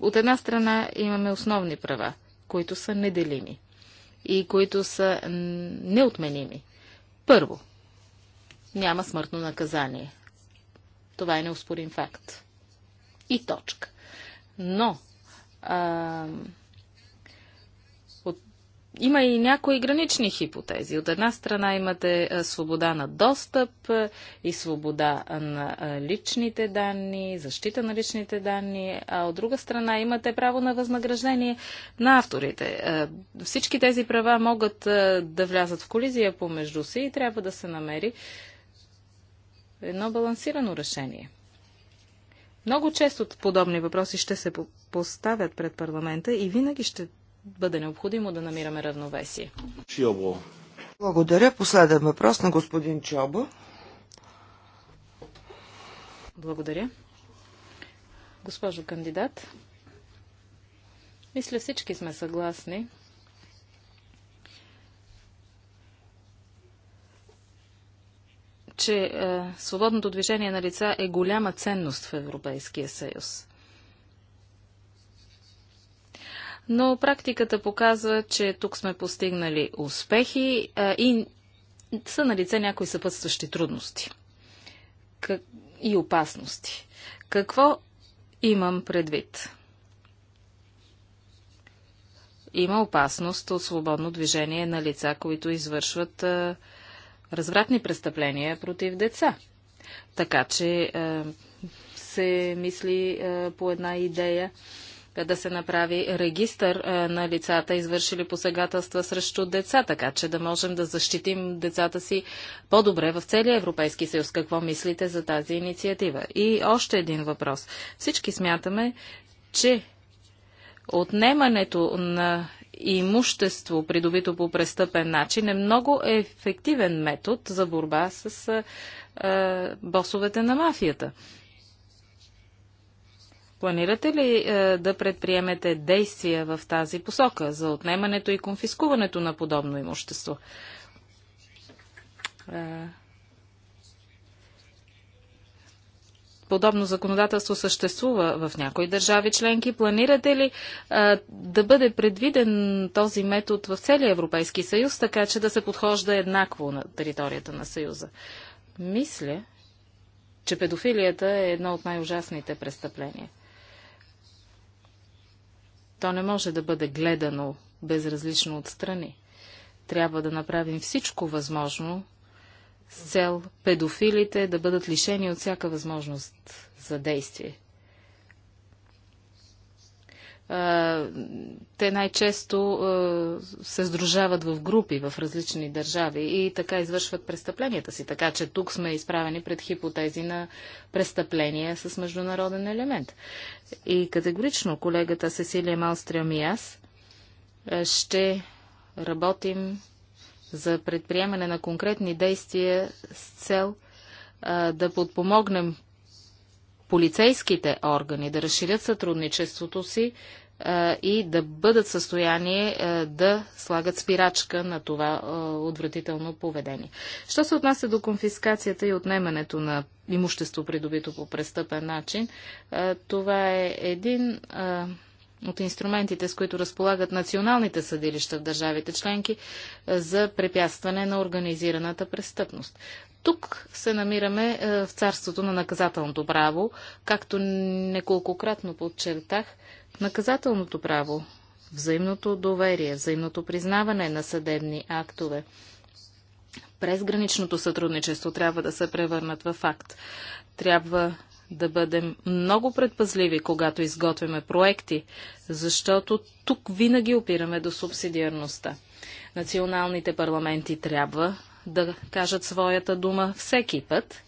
От една страна имаме основни права, които са неделими и които са неотменими. Първо, няма смъртно наказание. Това е неоспорим факт. И точка. Но а, има и някои гранични хипотези. От една страна имате свобода на достъп и свобода на личните данни, защита на личните данни, а от друга страна имате право на възнаграждение на авторите. Всички тези права могат да влязат в колизия помежду си и трябва да се намери едно балансирано решение. Много често подобни въпроси ще се поставят пред парламента и винаги ще бъде необходимо да намираме равновесие. Чиобо. Благодаря. Последен въпрос на господин Чобо. Благодаря. Госпожо кандидат, мисля всички сме съгласни, че е, свободното движение на лица е голяма ценност в Европейския съюз. но практиката показва, че тук сме постигнали успехи а, и са на лице някои съпътстващи трудности как... и опасности. Какво имам предвид? Има опасност от свободно движение на лица, които извършват а, развратни престъпления против деца. Така че а, се мисли а, по една идея да се направи регистър на лицата, извършили посегателства срещу деца, така че да можем да защитим децата си по-добре в целия Европейски съюз. Какво мислите за тази инициатива? И още един въпрос. Всички смятаме, че отнемането на имущество, придобито по престъпен начин, е много ефективен метод за борба с а, босовете на мафията. Планирате ли е, да предприемете действия в тази посока за отнемането и конфискуването на подобно имущество? Е, подобно законодателство съществува в някои държави членки. Планирате ли е, да бъде предвиден този метод в целия Европейски съюз, така че да се подхожда еднакво на територията на съюза? Мисля, че педофилията е едно от най-ужасните престъпления. То не може да бъде гледано безразлично отстрани. Трябва да направим всичко възможно с цел педофилите да бъдат лишени от всяка възможност за действие те най-често се сдружават в групи в различни държави и така извършват престъпленията си. Така че тук сме изправени пред хипотези на престъпления с международен елемент. И категорично колегата Сесилия Малстрям и аз ще работим за предприемане на конкретни действия с цел да подпомогнем полицейските органи да разширят сътрудничеството си а, е, и да бъдат в състояние а, е, да слагат спирачка на това а, е, отвратително поведение. Що се отнася до конфискацията и отнемането на имущество, придобито по престъпен начин, това е един от инструментите, с които разполагат националните съдилища в държавите членки е, за препятстване на организираната престъпност. Тук се намираме е, в царството на наказателното право, както неколкократно подчертах, наказателното право, взаимното доверие, взаимното признаване на съдебни актове, през граничното сътрудничество трябва да се превърнат в факт. Трябва да бъдем много предпазливи, когато изготвяме проекти, защото тук винаги опираме до субсидиарността. Националните парламенти трябва да кажат своята дума всеки път.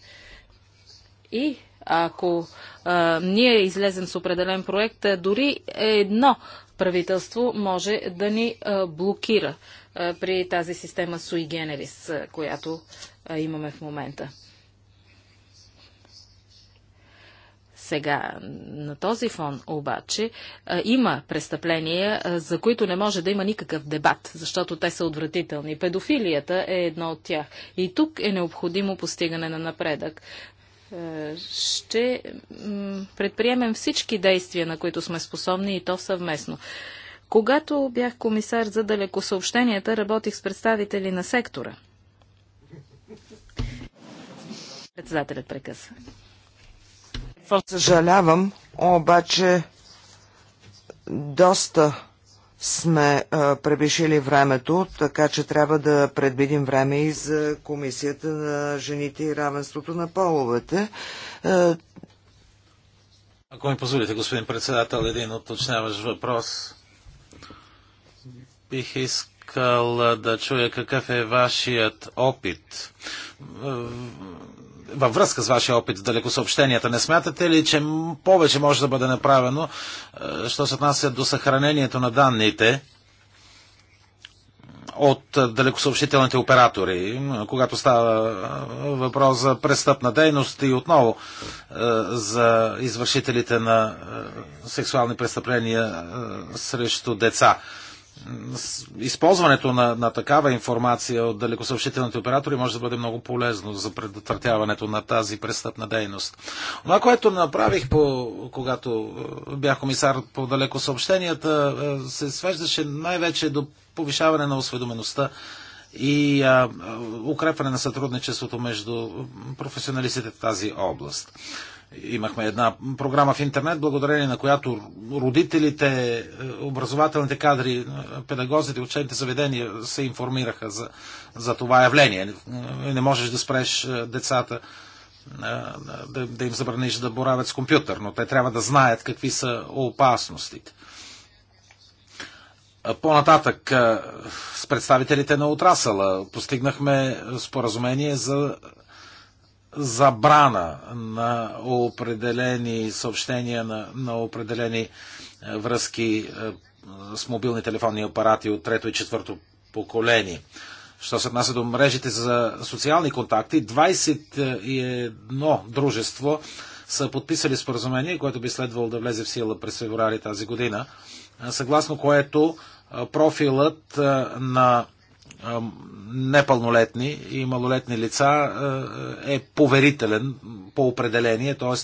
И ако а, ние излезем с определен проект, дори едно правителство може да ни а, блокира а, при тази система Sui Generis, а, която а, имаме в момента. Сега, на този фон обаче има престъпления, за които не може да има никакъв дебат, защото те са отвратителни. Педофилията е едно от тях. И тук е необходимо постигане на напредък ще предприемем всички действия, на които сме способни и то съвместно. Когато бях комисар за далекосъобщенията, работих с представители на сектора. Председателят прекъсва. Съжалявам, обаче доста сме а, е, превишили времето, така че трябва да предвидим време и за Комисията на жените и равенството на половете. А... Е, Ако ми позволите, господин председател, един уточняваш въпрос. Бих искал е, да чуя какъв е вашият опит във връзка с вашия опит с далекосъобщенията, не смятате ли, че повече може да бъде направено, е, що се отнася до съхранението на данните от далекосъобщителните оператори, когато става е, въпрос за престъпна дейност и отново е, за извършителите на сексуални престъпления срещу деца? използването на, на такава информация от далекосъобщителните оператори може да бъде много полезно за предотвратяването на тази престъпна дейност. Това, което направих, по, когато е, бях комисар по далекосъобщенията, е, се свеждаше най-вече до повишаване на осведомеността и а, е, укрепване на сътрудничеството между професионалистите в тази област. Имахме една програма в интернет, благодарение на която родителите, е, образователните кадри, е, педагозите, учените заведения се информираха за, за това явление. Е, не можеш да спреш децата да, да им забраниш да боравят с компютър, но те трябва да знаят какви са опасностите. По-нататък с представителите на отрасъла постигнахме споразумение за забрана на определени съобщения, на, на определени е, връзки е, с мобилни телефонни апарати от трето и четвърто поколение. Що се отнася до мрежите за социални контакти, 21 дружество са подписали споразумение, което би следвало да влезе в сила през феврари тази година, съгласно което е, профилът на непълнолетни и малолетни лица е поверителен по определение, т.е.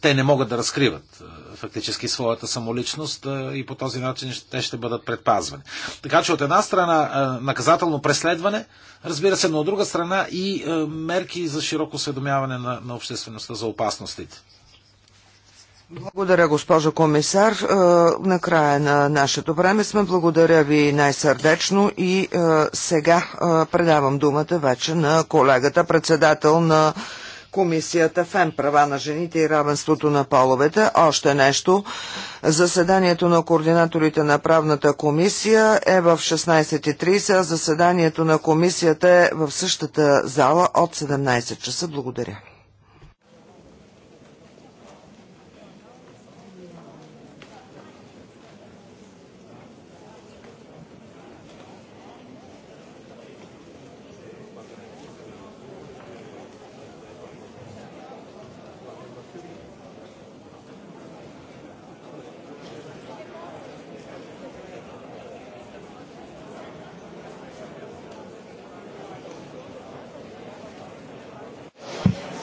те не могат да разкриват фактически своята самоличност и по този начин те ще бъдат предпазвани. Така че от една страна наказателно преследване, разбира се, но от друга страна и мерки за широко осведомяване на, на обществеността за опасностите. Благодаря, госпожо комисар. Е, накрая на нашето време сме. Благодаря ви най-сърдечно и е, сега е, предавам думата вече на колегата, председател на Комисията ФЕМ права на жените и равенството на половете. Още нещо. Заседанието на координаторите на правната комисия е в 16.30, а заседанието на комисията е в същата зала от 17 часа. Благодаря.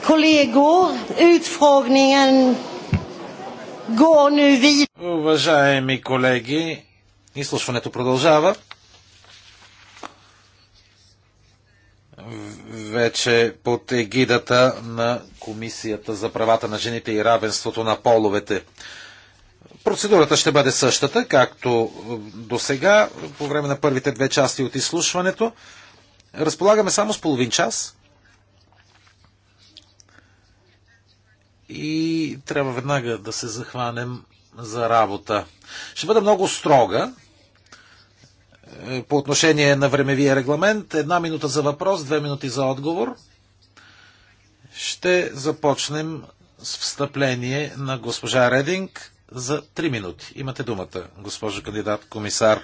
Kollegor, utfrågningen går nu vid. Уважаеми колеги, изслушването продължава. Вече под егидата на Комисията за правата на жените и равенството на половете. Процедурата ще бъде същата, както до сега, по време на първите две части от изслушването. Разполагаме само с половин час, и трябва веднага да се захванем за работа. Ще бъда много строга е, по отношение на времевия регламент. Една минута за въпрос, две минути за отговор. Ще започнем с встъпление на госпожа Рединг за три минути. Имате думата, госпожо кандидат комисар.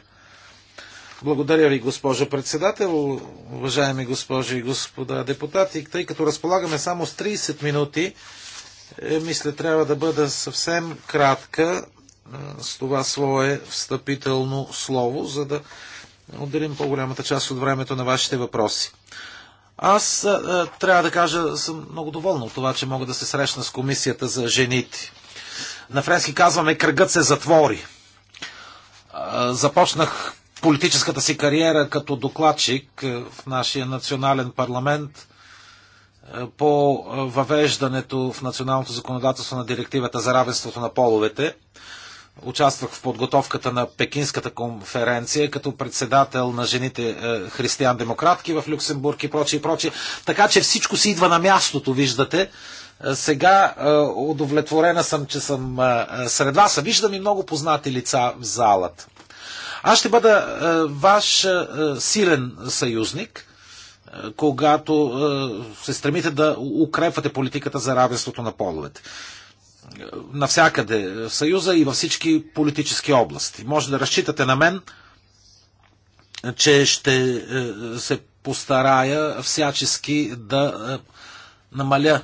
Благодаря ви, госпожо председател, уважаеми госпожи и господа депутати. Тъй като разполагаме само с 30 минути, е, мисля, трябва да бъда съвсем кратка е, с това свое встъпително слово, за да отделим по-голямата част от времето на вашите въпроси. Аз е, трябва да кажа, съм много доволна от това, че мога да се срещна с комисията за жените. На френски казваме кръгът се затвори. Започнах политическата си кариера като докладчик в нашия национален парламент е, по въвеждането в националното законодателство на директивата за равенството на половете. Участвах в подготовката на Пекинската конференция като председател на жените е, християн-демократки в Люксембург и прочие и прочие. Така че всичко си идва на мястото, виждате. Е, сега удовлетворена съм, че съм сред вас. Виждам и много познати лица в залата. Аз ще бъда ваш силен съюзник – когато се стремите да укрепвате политиката за равенството на половете. Навсякъде е, в Съюза и във всички политически области. Може да разчитате на мен, че ще е, се постарая всячески да е, намаля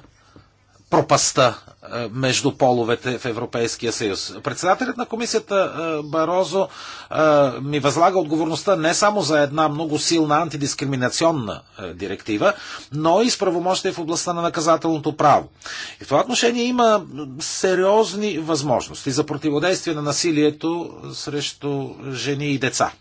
пропаста е, между половете в Европейския съюз. Председателят на комисията е, Барозо е, ми възлага отговорността не само за една много силна антидискриминационна директива, но и с правомощие в областта на наказателното право. И в това отношение има сериозни възможности за противодействие на насилието срещу жени и деца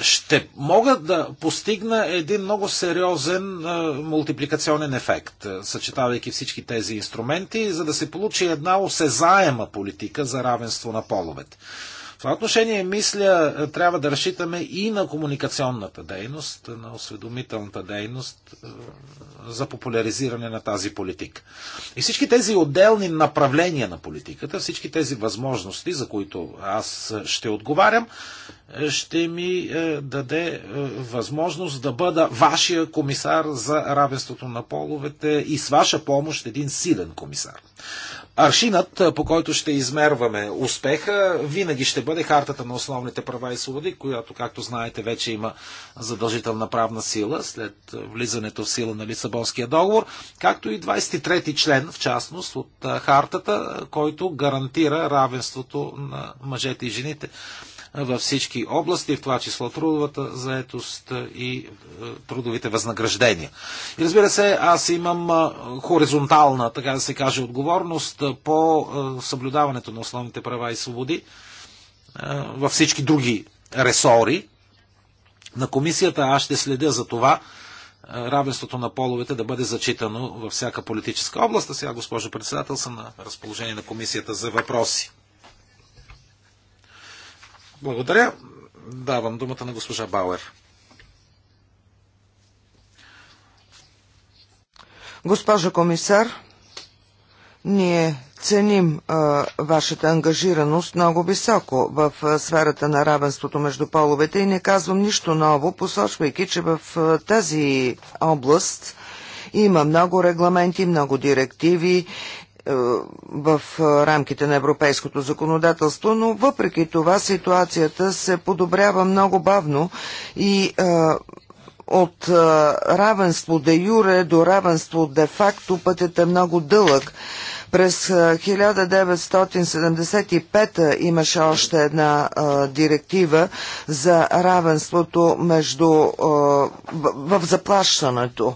ще мога да постигна един много сериозен мултипликационен ефект, съчетавайки всички тези инструменти, за да се получи една осезаема политика за равенство на половете това отношение, мисля, е, трябва да разчитаме и на комуникационната дейност, на осведомителната дейност е, за популяризиране на тази политика. И всички тези отделни направления на политиката, всички тези възможности, за които аз ще отговарям, е, ще ми даде възможност да бъда вашия комисар за равенството на половете и с ваша помощ един силен комисар. Аршинът, по който ще измерваме успеха, винаги ще бъде хартата на основните права и свободи, която, както знаете, вече има задължителна правна сила след влизането в сила на Лисабонския договор, както и 23-ти член, в частност, от хартата, който гарантира равенството на мъжете и жените във всички области, в това число трудовата заетост и е, трудовите възнаграждения. И разбира се, аз имам е, хоризонтална, така да се каже, отговорност е, по съблюдаването на основните права и свободи във всички други ресори на комисията. Аз ще следя за това равенството на половете да бъде зачитано във всяка политическа област. А сега, госпожо председател, съм на разположение на комисията за въпроси. Благодаря. Давам думата на госпожа Бауер. Госпожа комисар, ние ценим а, вашата ангажираност много високо в а, сферата на равенството между половете и не казвам нищо ново, посочвайки, че в а, тази област има много регламенти, много директиви, е, в рамките на европейското законодателство, но въпреки това ситуацията се подобрява много бавно и е, от е, равенство де юре до равенство де факто пътят е много дълъг. През 1975 имаше още една а, директива за равенството между, а, в заплащането.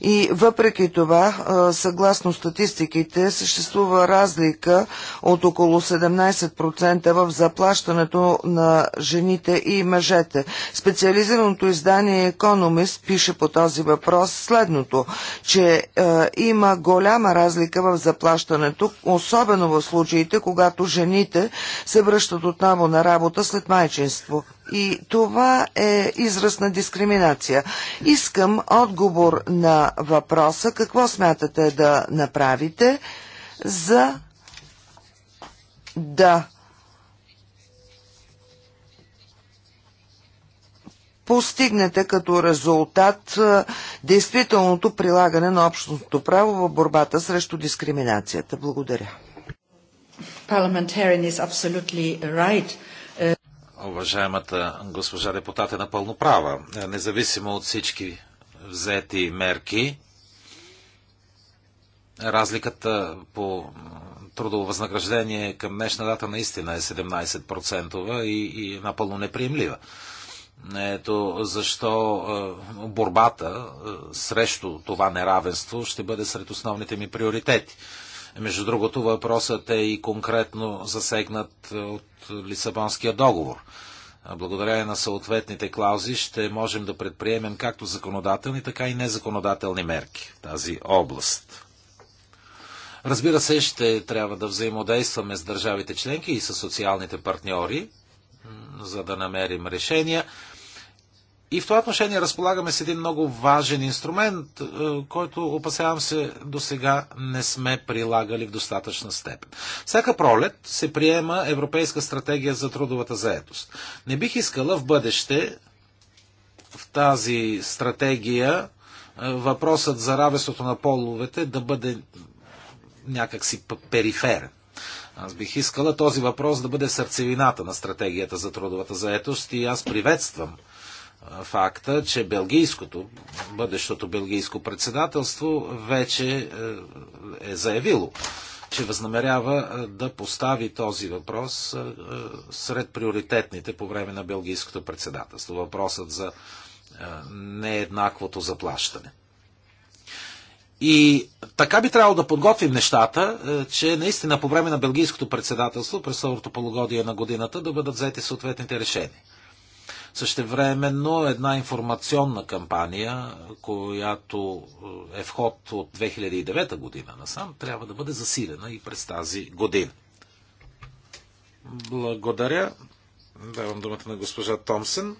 И въпреки това, съгласно статистиките, съществува разлика от около 17% в заплащането на жените и мъжете. Специализираното издание Economist пише по този въпрос следното, че има голяма разлика в заплащането, особено в случаите, когато жените се връщат отново на работа след майчинство. И това е израз на дискриминация. Искам отговор на въпроса какво смятате да направите за да постигнете като резултат действителното прилагане на общностното право в борбата срещу дискриминацията. Благодаря. Parliamentarian is absolutely right уважаемата госпожа депутат е напълно права. Е, независимо от всички взети мерки, разликата по трудово възнаграждение към днешна дата наистина е 17% и, и е напълно неприемлива. Ето защо е, борбата срещу това неравенство ще бъде сред основните ми приоритети. Между другото, въпросът е и конкретно засегнат от Лисабонския договор. Благодарение на съответните клаузи ще можем да предприемем както законодателни, така и незаконодателни мерки в тази област. Разбира се, ще трябва да взаимодействаме с държавите членки и с социалните партньори, за да намерим решения. И в това отношение разполагаме с един много важен инструмент, е, който, опасявам се, до сега не сме прилагали в достатъчна степен. Всяка пролет се приема Европейска стратегия за трудовата заедост. Не бих искала в бъдеще в тази стратегия е, въпросът за равенството на половете да бъде някакси периферен. Аз бих искала този въпрос да бъде сърцевината на стратегията за трудовата заетост и аз приветствам факта, че белгийското, бъдещото белгийско председателство вече е, е заявило, че възнамерява е, да постави този въпрос е, сред приоритетните по време на белгийското председателство. Въпросът за нееднаквото заплащане. И така би трябвало да подготвим нещата, че наистина по време на белгийското председателство през второто полугодие на годината да бъдат взети съответните решения. Същевременно една информационна кампания, която е вход от 2009 година насам, трябва да бъде засилена и през тази година. Благодаря. Давам думата на госпожа Томсен.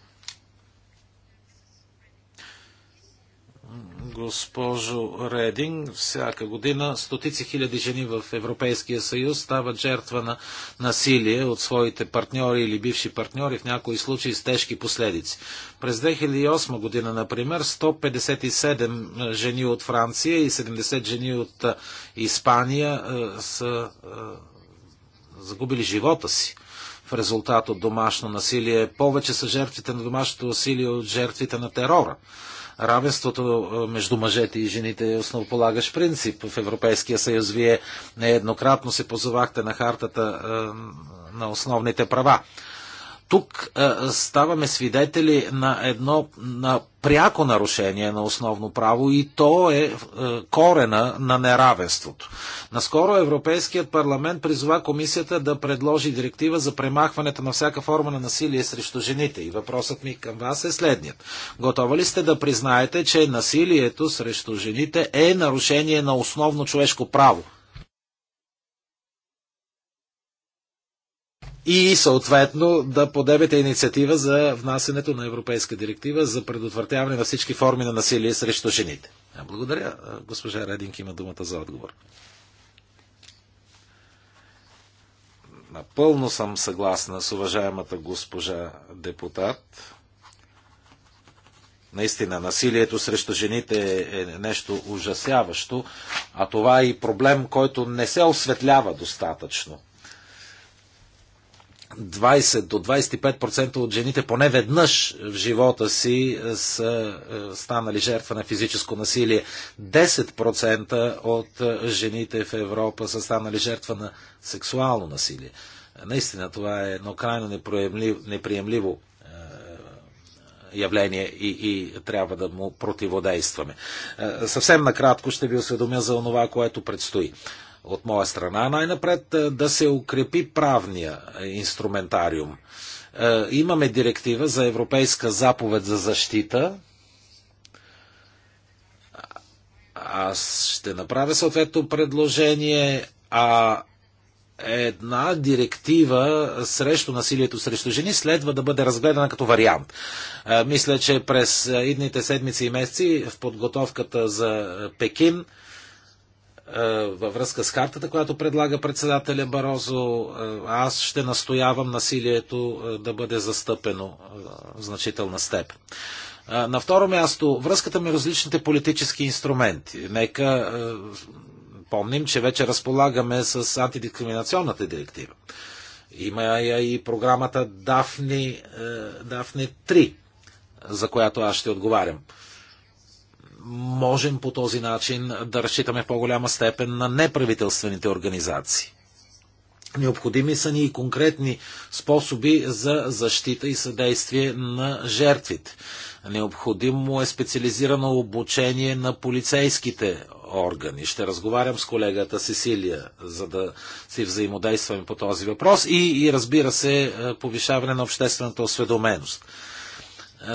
госпожо Рединг, всяка година стотици хиляди жени в Европейския съюз стават жертва на насилие от своите партньори или бивши партньори, в някои случаи с тежки последици. През 2008 година, например, 157 жени от Франция и 70 жени от Испания са загубили живота си в резултат от домашно насилие. Повече са жертвите на домашното насилие от жертвите на терора. Равенството между мъжете и жените е основополагащ принцип в Европейския съюз. Вие нееднократно се позовахте на хартата на основните права тук е, ставаме свидетели на едно на пряко нарушение на основно право и то е, е корена на неравенството. Наскоро Европейският парламент призова комисията да предложи директива за премахването на всяка форма на насилие срещу жените. И въпросът ми към вас е следният. Готова ли сте да признаете, че насилието срещу жените е нарушение на основно човешко право? и съответно да подебете инициатива за внасенето на Европейска директива за предотвратяване на всички форми на насилие срещу жените. Благодаря. Госпожа Рединг има думата за отговор. Напълно съм съгласна с уважаемата госпожа депутат. Наистина, насилието срещу жените е нещо ужасяващо, а това е и проблем, който не се осветлява достатъчно. 20 до 25% от жените поне веднъж в живота си е, са е, станали жертва на физическо насилие. 10% от е, жените в Европа са станали жертва на сексуално насилие. Наистина това е едно крайно неприемливо, неприемливо явление и, и трябва да му противодействаме. Съвсем накратко ще ви осведомя за това, което предстои от моя страна най-напред е, да се укрепи правния инструментариум. Е, имаме директива за Европейска заповед за защита. Аз ще направя съответно предложение, а една директива срещу насилието срещу жени следва да бъде разгледана като вариант. Е, мисля, че през идните седмици и месеци в подготовката за Пекин във връзка с хартата, която предлага председателя Барозо, аз ще настоявам насилието да бъде застъпено в значителна степен. На второ място, връзката ми е различните политически инструменти. Нека помним, че вече разполагаме с антидискриминационната директива. Има я и програмата Дафни, Дафни 3, за която аз ще отговарям можем по този начин да разчитаме в по-голяма степен на неправителствените организации. Необходими са ни и конкретни способи за защита и съдействие на жертвите. Необходимо е специализирано обучение на полицейските органи. Ще разговарям с колегата Сесилия, за да си взаимодействаме по този въпрос и, и разбира се, е, повишаване на обществената осведоменост.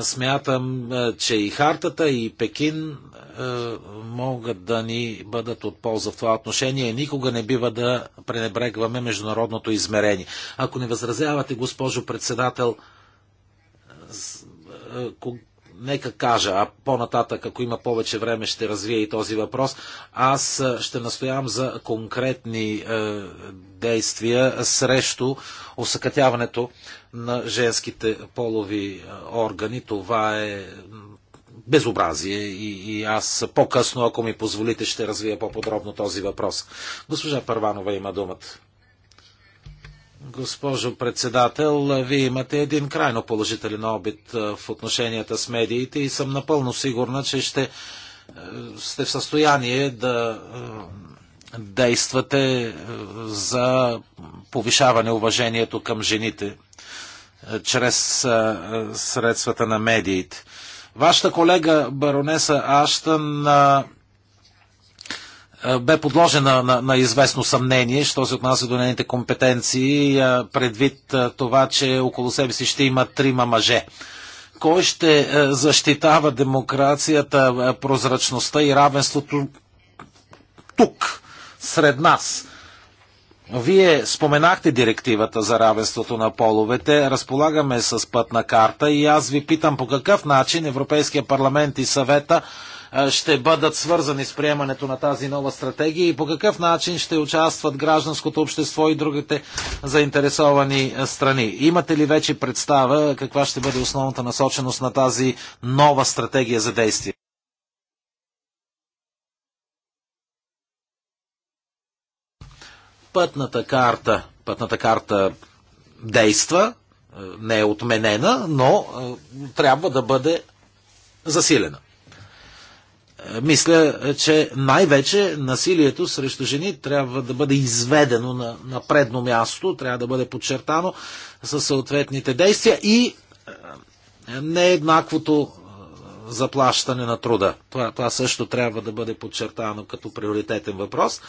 Смятам, че и Хартата, и Пекин могат да ни бъдат от полза в това отношение. Никога не бива да пренебрегваме международното измерение. Ако не възразявате, госпожо председател, нека кажа, а по-нататък, ако има повече време, ще развия и този въпрос. Аз ще настоявам за конкретни е, действия срещу осъкътяването на женските полови е, органи. Това е безобразие и, и аз по-късно, ако ми позволите, ще развия по-подробно този въпрос. Госпожа Първанова има думата. Госпожо председател, вие имате един крайно положителен обид в отношенията с медиите и съм напълно сигурна, че ще сте в състояние да действате за повишаване уважението към жените чрез средствата на медиите. Вашата колега баронеса Аштън е, бе подложена на, на известно съмнение, що се отнася до нейните компетенции, е, предвид е, това, че около себе си ще има трима мъже. Кой ще защитава демокрацията, прозрачността и равенството тук, сред нас? Вие споменахте директивата за равенството на половете, разполагаме с пътна карта и аз ви питам по какъв начин Европейския парламент и съвета ще бъдат свързани с приемането на тази нова стратегия и по какъв начин ще участват гражданското общество и другите заинтересовани страни. Имате ли вече представа каква ще бъде основната насоченост на тази нова стратегия за действие? Пътната карта, пътната карта действа, не е отменена, но трябва да бъде засилена мисля, че най-вече насилието срещу жени трябва да бъде изведено на, на предно място, трябва да бъде подчертано със съответните действия и е, нееднаквото е, заплащане на труда. Това, това също трябва да бъде подчертано като приоритетен въпрос.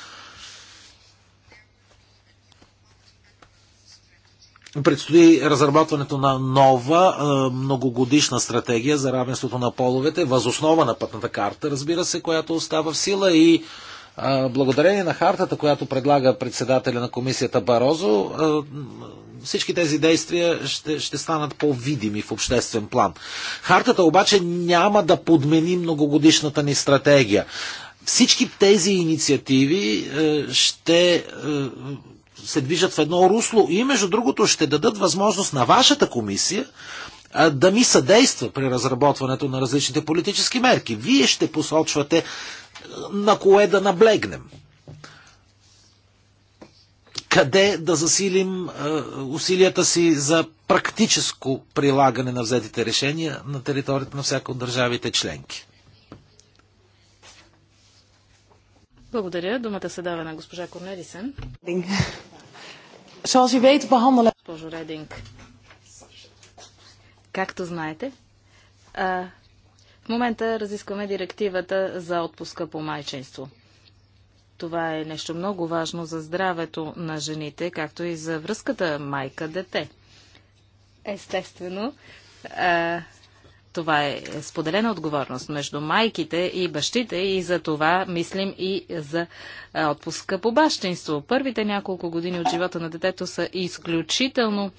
Предстои разработването на нова многогодишна стратегия за равенството на половете, възоснова на пътната карта, разбира се, която остава в сила и благодарение на хартата, която предлага председателя на комисията Барозо, всички тези действия ще, ще станат по-видими в обществен план. Хартата обаче няма да подмени многогодишната ни стратегия. Всички тези инициативи ще се движат в едно русло и между другото ще дадат възможност на вашата комисия да ми съдейства при разработването на различните политически мерки. Вие ще посочвате на кое да наблегнем. Къде да засилим усилията си за практическо прилагане на взетите решения на територията на всяка от държавите членки. Благодаря. Думата се дава на госпожа Корнелисен. Zoals u weet behandelen... Госпожо Рединг, както знаете, а, в момента разискваме директивата за отпуска по майчинство. Това е нещо много важно за здравето на жените, както и за връзката майка-дете. Естествено, а, това е споделена отговорност между майките и бащите и за това мислим и за отпуска по бащинство. Първите няколко години от живота на детето са изключително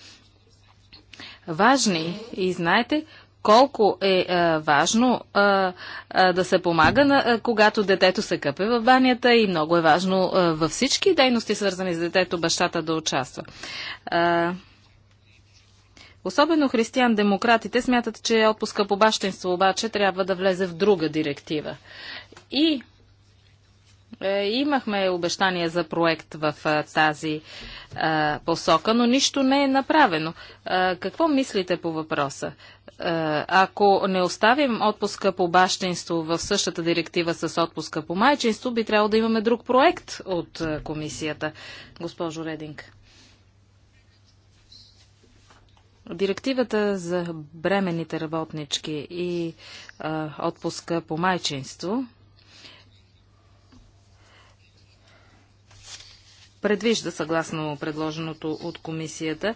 важни и знаете колко е а, важно а, а, да се помага, на, а, когато детето се къпе в банята и много е важно а, във всички дейности, свързани с детето, бащата да участва. А, Особено християн-демократите смятат, че отпуска по бащенство обаче трябва да влезе в друга директива. И е, Имахме обещания за проект в е, тази е, посока, но нищо не е направено. Е, какво мислите по въпроса? Е, ако не оставим отпуска по бащинство в същата директива с отпуска по майчинство, би трябвало да имаме друг проект от е, комисията, госпожо Рединг. Директивата за бременните работнички и а, отпуска по майчинство предвижда, съгласно предложеното от комисията,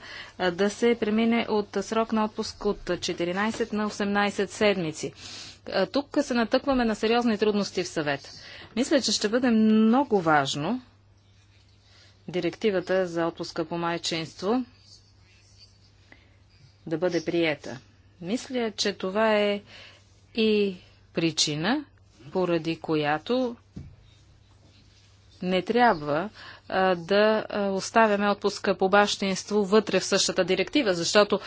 да се премине от срок на отпуск от 14 на 18 седмици. Тук се натъкваме на сериозни трудности в съвет. Мисля, че ще бъде много важно директивата за отпуска по майчинство да бъде приета. Мисля, че това е и причина, поради която не трябва а, да оставяме отпуска по бащинство вътре в същата директива, защото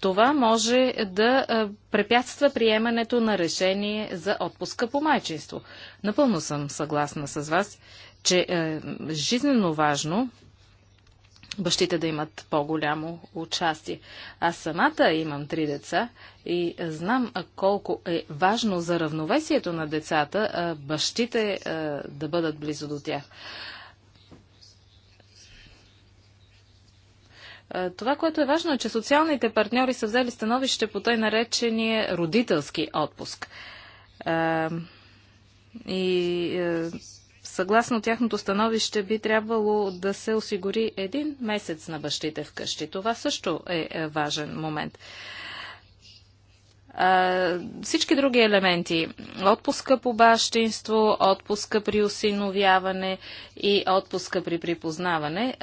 това може да препятства приемането на решение за отпуска по майчинство. Напълно съм съгласна с вас, че е жизненно важно бащите да имат по-голямо участие. Аз самата имам три деца и знам колко е важно за равновесието на децата бащите да бъдат близо до тях. Това, което е важно е, че социалните партньори са взели становище по той наречения родителски отпуск. И Съгласно тяхното становище би трябвало да се осигури един месец на бащите вкъщи. Това също е, е важен момент. всички други елементи отпуска по бащинство, отпуска при осиновяване и отпуска при припознаване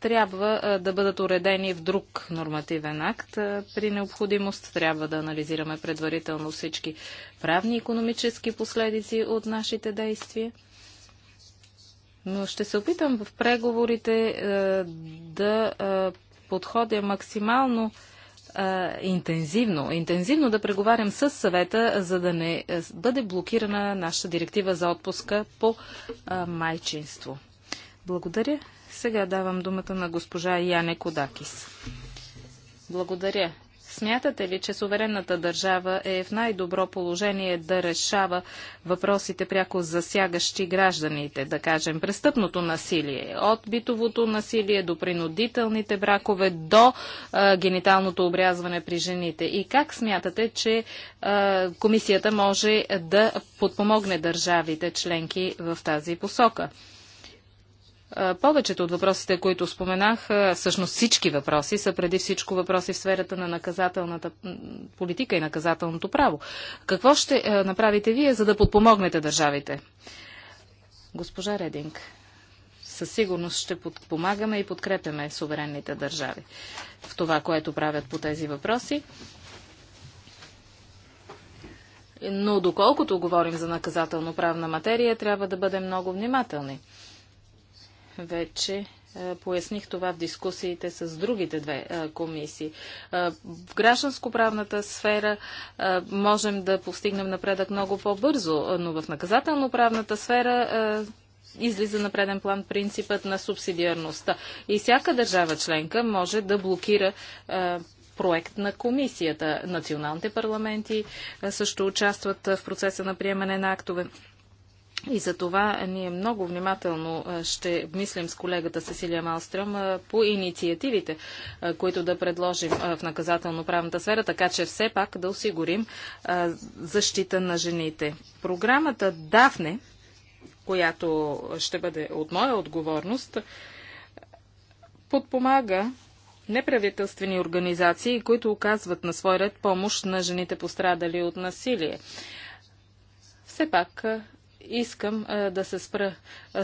трябва да бъдат уредени в друг нормативен акт. При необходимост трябва да анализираме предварително всички правни и економически последици от нашите действия но ще се опитам в преговорите а, е, да а, е, подходя максимално а, е, интензивно. Интензивно да преговарям с съвета, за да не бъде блокирана нашата директива за отпуска по майчинство. Благодаря. Сега давам думата на госпожа Яне Кодакис. Благодаря, Смятате ли, че суверенната държава е в най-добро положение да решава въпросите пряко засягащи гражданите, да кажем престъпното насилие, от битовото насилие до принудителните бракове, до а, гениталното обрязване при жените? И как смятате, че а, комисията може да подпомогне държавите членки в тази посока? Повечето от въпросите, които споменах, всъщност всички въпроси, са преди всичко въпроси в сферата на наказателната политика и наказателното право. Какво ще направите вие, за да подпомогнете държавите? Госпожа Рединг, със сигурност ще подпомагаме и подкрепяме суверенните държави в това, което правят по тези въпроси. Но доколкото говорим за наказателно-правна материя, трябва да бъдем много внимателни. Вече поясних това в дискусиите с другите две комисии. в гражданско-правната сфера можем да постигнем напредък много по-бързо, но в наказателно-правната сфера излиза на преден план принципът на субсидиарността. И всяка държава членка може да блокира проект на комисията. Националните парламенти също участват в процеса на приемане на актове. И за това ние много внимателно ще мислим с колегата Сесилия Малстрем по инициативите, които да предложим в наказателно-правната сфера, така че все пак да осигурим защита на жените. Програмата Дафне, която ще бъде от моя отговорност, подпомага неправителствени организации, които оказват на свой ред помощ на жените пострадали от насилие. Все пак Искам да се спра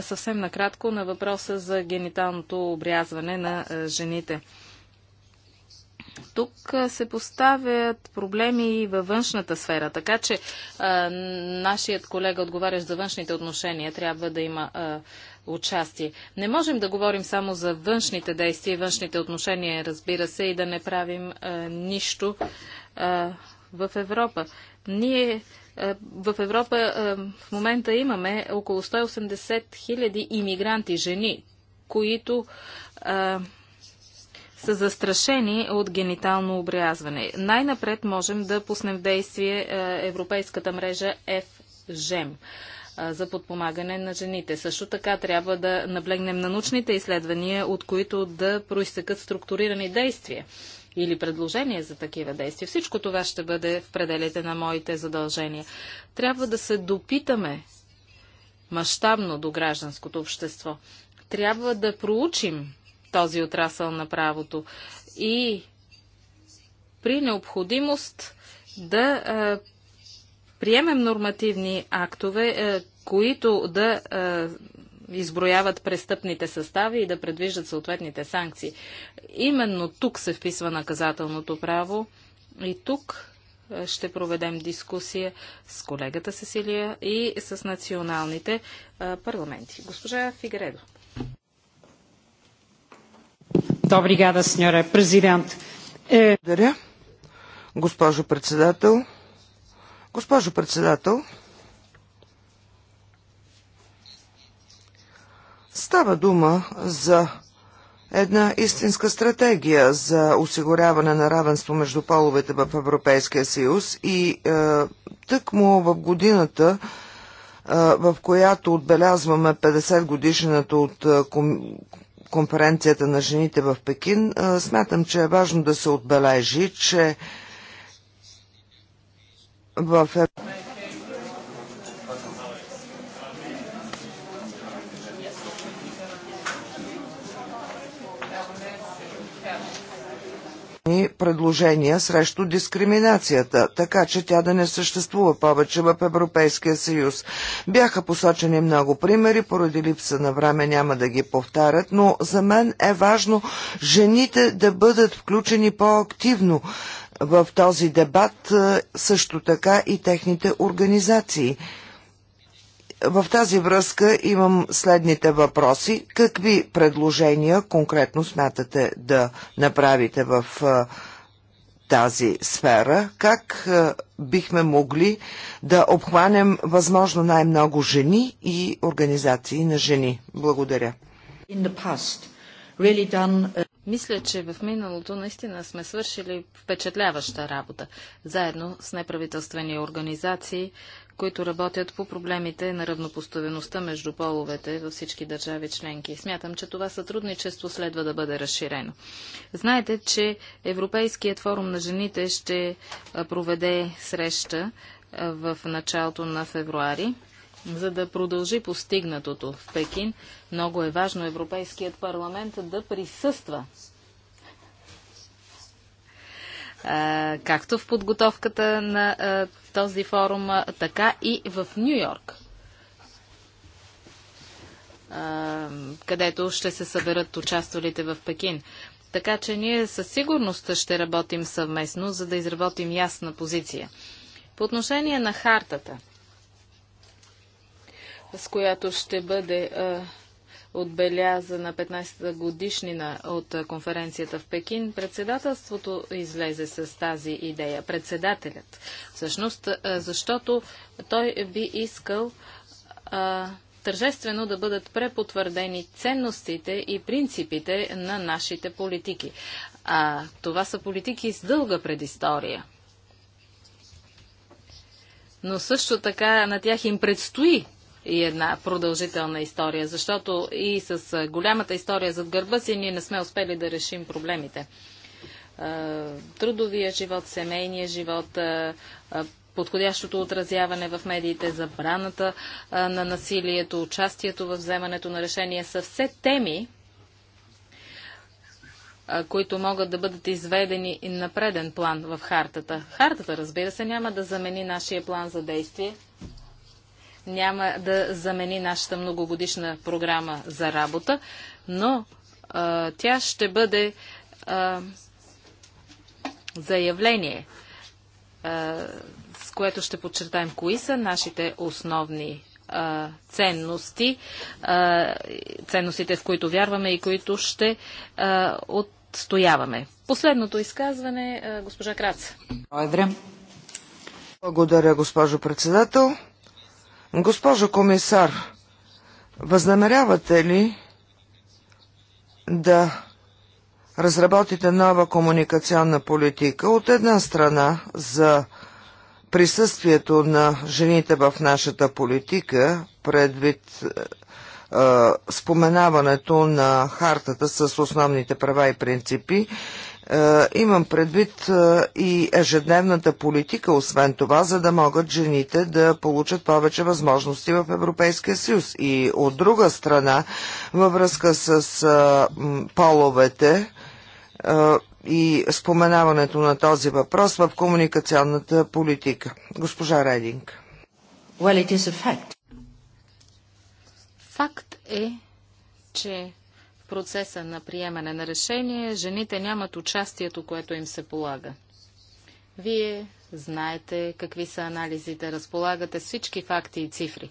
съвсем накратко на въпроса за гениталното обрязване на жените. Тук се поставят проблеми и във външната сфера, така че а, нашият колега, отговарящ за външните отношения, трябва да има а, участие. Не можем да говорим само за външните действия и външните отношения, разбира се, и да не правим а, нищо а, в Европа. Ние е, в Европа е, в момента имаме около 180 хиляди иммигранти жени, които е, са застрашени от генитално обрязване. Най-напред можем да пуснем в действие европейската мрежа FGEM за подпомагане на жените. Също така трябва да наблегнем на научните изследвания, от които да проистъкат структурирани действия или предложения за такива действия. Всичко това ще бъде в пределите на моите задължения. Трябва да се допитаме мащабно до гражданското общество. Трябва да проучим този отрасъл на правото и при необходимост да приемем нормативни актове, които да а, изброяват престъпните състави и да предвиждат съответните санкции. Именно тук се вписва наказателното право и тук ще проведем дискусия с колегата Сесилия и с националните парламенти. Госпожа Фигредо. гада, сеньора президент. Е, Благодаря. Госпожо председател. Госпожо председател, Става дума за една истинска стратегия за осигуряване на равенство между половете в Европейския съюз и е, тъкмо в годината, е, в която отбелязваме 50 годишната от е, конференцията на жените в Пекин, е, смятам, че е важно да се отбележи, че в Европейския конкретни предложения срещу дискриминацията, така че тя да не съществува повече в Европейския съюз. Бяха посочени много примери, поради липса на време няма да ги повтарят, но за мен е важно жените да бъдат включени по-активно в този дебат, също така и техните организации в тази връзка имам следните въпроси. Какви предложения конкретно смятате да направите в тази сфера? Как бихме могли да обхванем възможно най-много жени и организации на жени? Благодаря. Really done... Мисля, че в миналото наистина сме свършили впечатляваща работа, заедно с неправителствени организации, които работят по проблемите на равнопоставеността между половете във всички държави членки. Смятам, че това сътрудничество следва да бъде разширено. Знаете, че Европейският форум на жените ще проведе среща в началото на февруари. За да продължи постигнатото в Пекин, много е важно Европейският парламент да присъства както в подготовката на този форум, така и в Нью Йорк, където ще се съберат участвалите в Пекин. Така че ние със сигурност ще работим съвместно, за да изработим ясна позиция. По отношение на хартата, с която ще бъде отбеляза на 15-та годишнина от конференцията в Пекин, председателството излезе с тази идея. Председателят. Всъщност, защото той би искал а, тържествено да бъдат препотвърдени ценностите и принципите на нашите политики. А това са политики с дълга предистория. Но също така на тях им предстои и една продължителна история, защото и с голямата история зад гърба си ние не сме успели да решим проблемите. Трудовия живот, семейния живот, подходящото отразяване в медиите, забраната на насилието, участието в вземането на решения са все теми, които могат да бъдат изведени на преден план в хартата. Хартата, разбира се, няма да замени нашия план за действие, няма да замени нашата многогодишна програма за работа, но а, тя ще бъде а, заявление, а, с което ще подчертаем кои са нашите основни ценности, ценностите, в които вярваме и които ще отстояваме. Последното изказване, госпожа Краца. Благодаря, госпожо председател. Госпожо комисар, възнамерявате ли да разработите нова комуникационна политика от една страна за присъствието на жените в нашата политика, предвид споменаването на хартата с основните права и принципи е, имам предвид е, и ежедневната политика, освен това, за да могат жените да получат повече възможности в Европейския съюз. И от друга страна, във връзка с е, половете, и споменаването на този въпрос в комуникационната политика. Госпожа Рейдинг. Well, it is a fact. Факт е, че процеса на приемане на решение, жените нямат участието, което им се полага. Вие знаете какви са анализите, разполагате всички факти и цифри.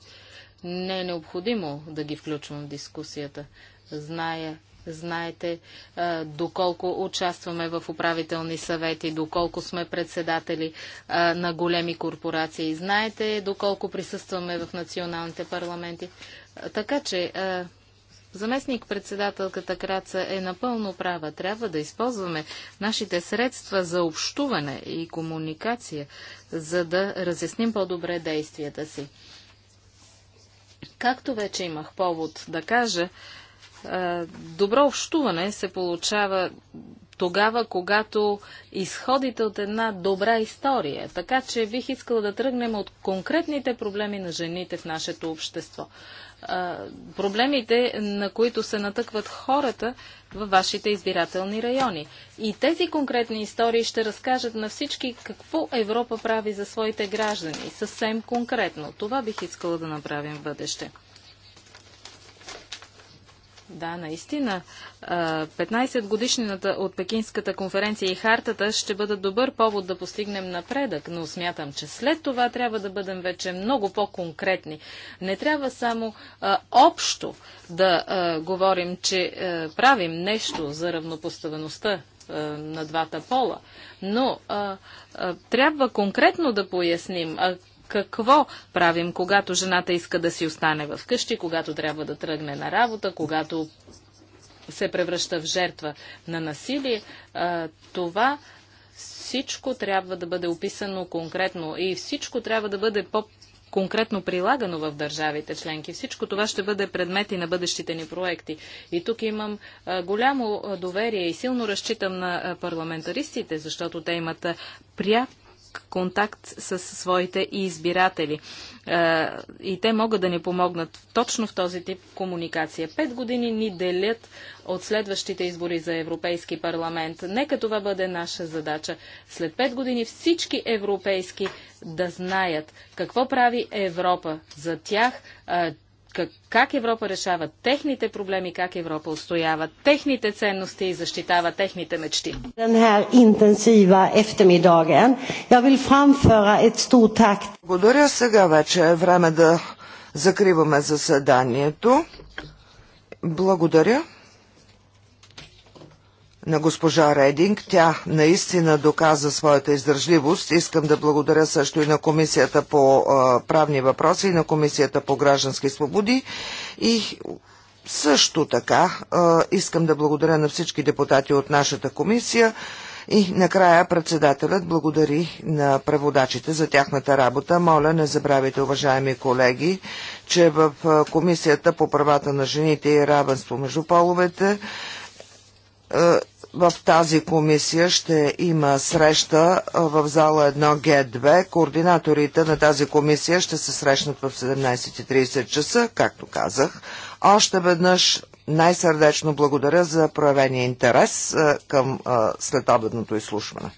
Не е необходимо да ги включвам в дискусията. Зная, знаете доколко участваме в управителни съвети, доколко сме председатели на големи корпорации, знаете доколко присъстваме в националните парламенти. така че Заместник-председателката Краца е напълно права. Трябва да използваме нашите средства за общуване и комуникация, за да разясним по-добре действията си. Както вече имах повод да кажа, добро общуване се получава тогава, когато изходите от една добра история. Така че бих искала да тръгнем от конкретните проблеми на жените в нашето общество проблемите, на които се натъкват хората във вашите избирателни райони. И тези конкретни истории ще разкажат на всички какво Европа прави за своите граждани. Съвсем конкретно. Това бих искала да направим в бъдеще. Да, наистина. 15 годишнината от Пекинската конференция и хартата ще бъдат добър повод да постигнем напредък, но смятам, че след това трябва да бъдем вече много по-конкретни. Не трябва само а, общо да а, говорим, че а, правим нещо за равнопоставеността на двата пола. Но а, а, трябва конкретно да поясним а, какво правим, когато жената иска да си остане в къщи, когато трябва да тръгне на работа, когато се превръща в жертва на насилие. Това всичко трябва да бъде описано конкретно и всичко трябва да бъде по конкретно прилагано в държавите членки. Всичко това ще бъде предмети на бъдещите ни проекти. И тук имам голямо доверие и силно разчитам на парламентаристите, защото те имат пряк контакт с своите избиратели. Е, и те могат да ни помогнат точно в този тип комуникация. Пет години ни делят от следващите избори за Европейски парламент. Нека това бъде наша задача. След пет години всички европейски да знаят какво прави Европа за тях, е, как, как Европа решава техните проблеми, как Европа устоява техните ценности и защитава техните мечти. Благодаря сега вече е време да закриваме заседанието. Благодаря на госпожа Рединг. Тя наистина доказа своята издържливост. Искам да благодаря също и на Комисията по правни въпроси и на Комисията по граждански свободи. И също така искам да благодаря на всички депутати от нашата комисия. И накрая председателят благодари на преводачите за тяхната работа. Моля, не забравяйте, уважаеми колеги, че в Комисията по правата на жените и равенство между половете в тази комисия ще има среща в зала 1Г2. Координаторите на тази комисия ще се срещнат в 17.30 часа, както казах. Още веднъж най-сърдечно благодаря за проявения интерес към следобедното изслушване.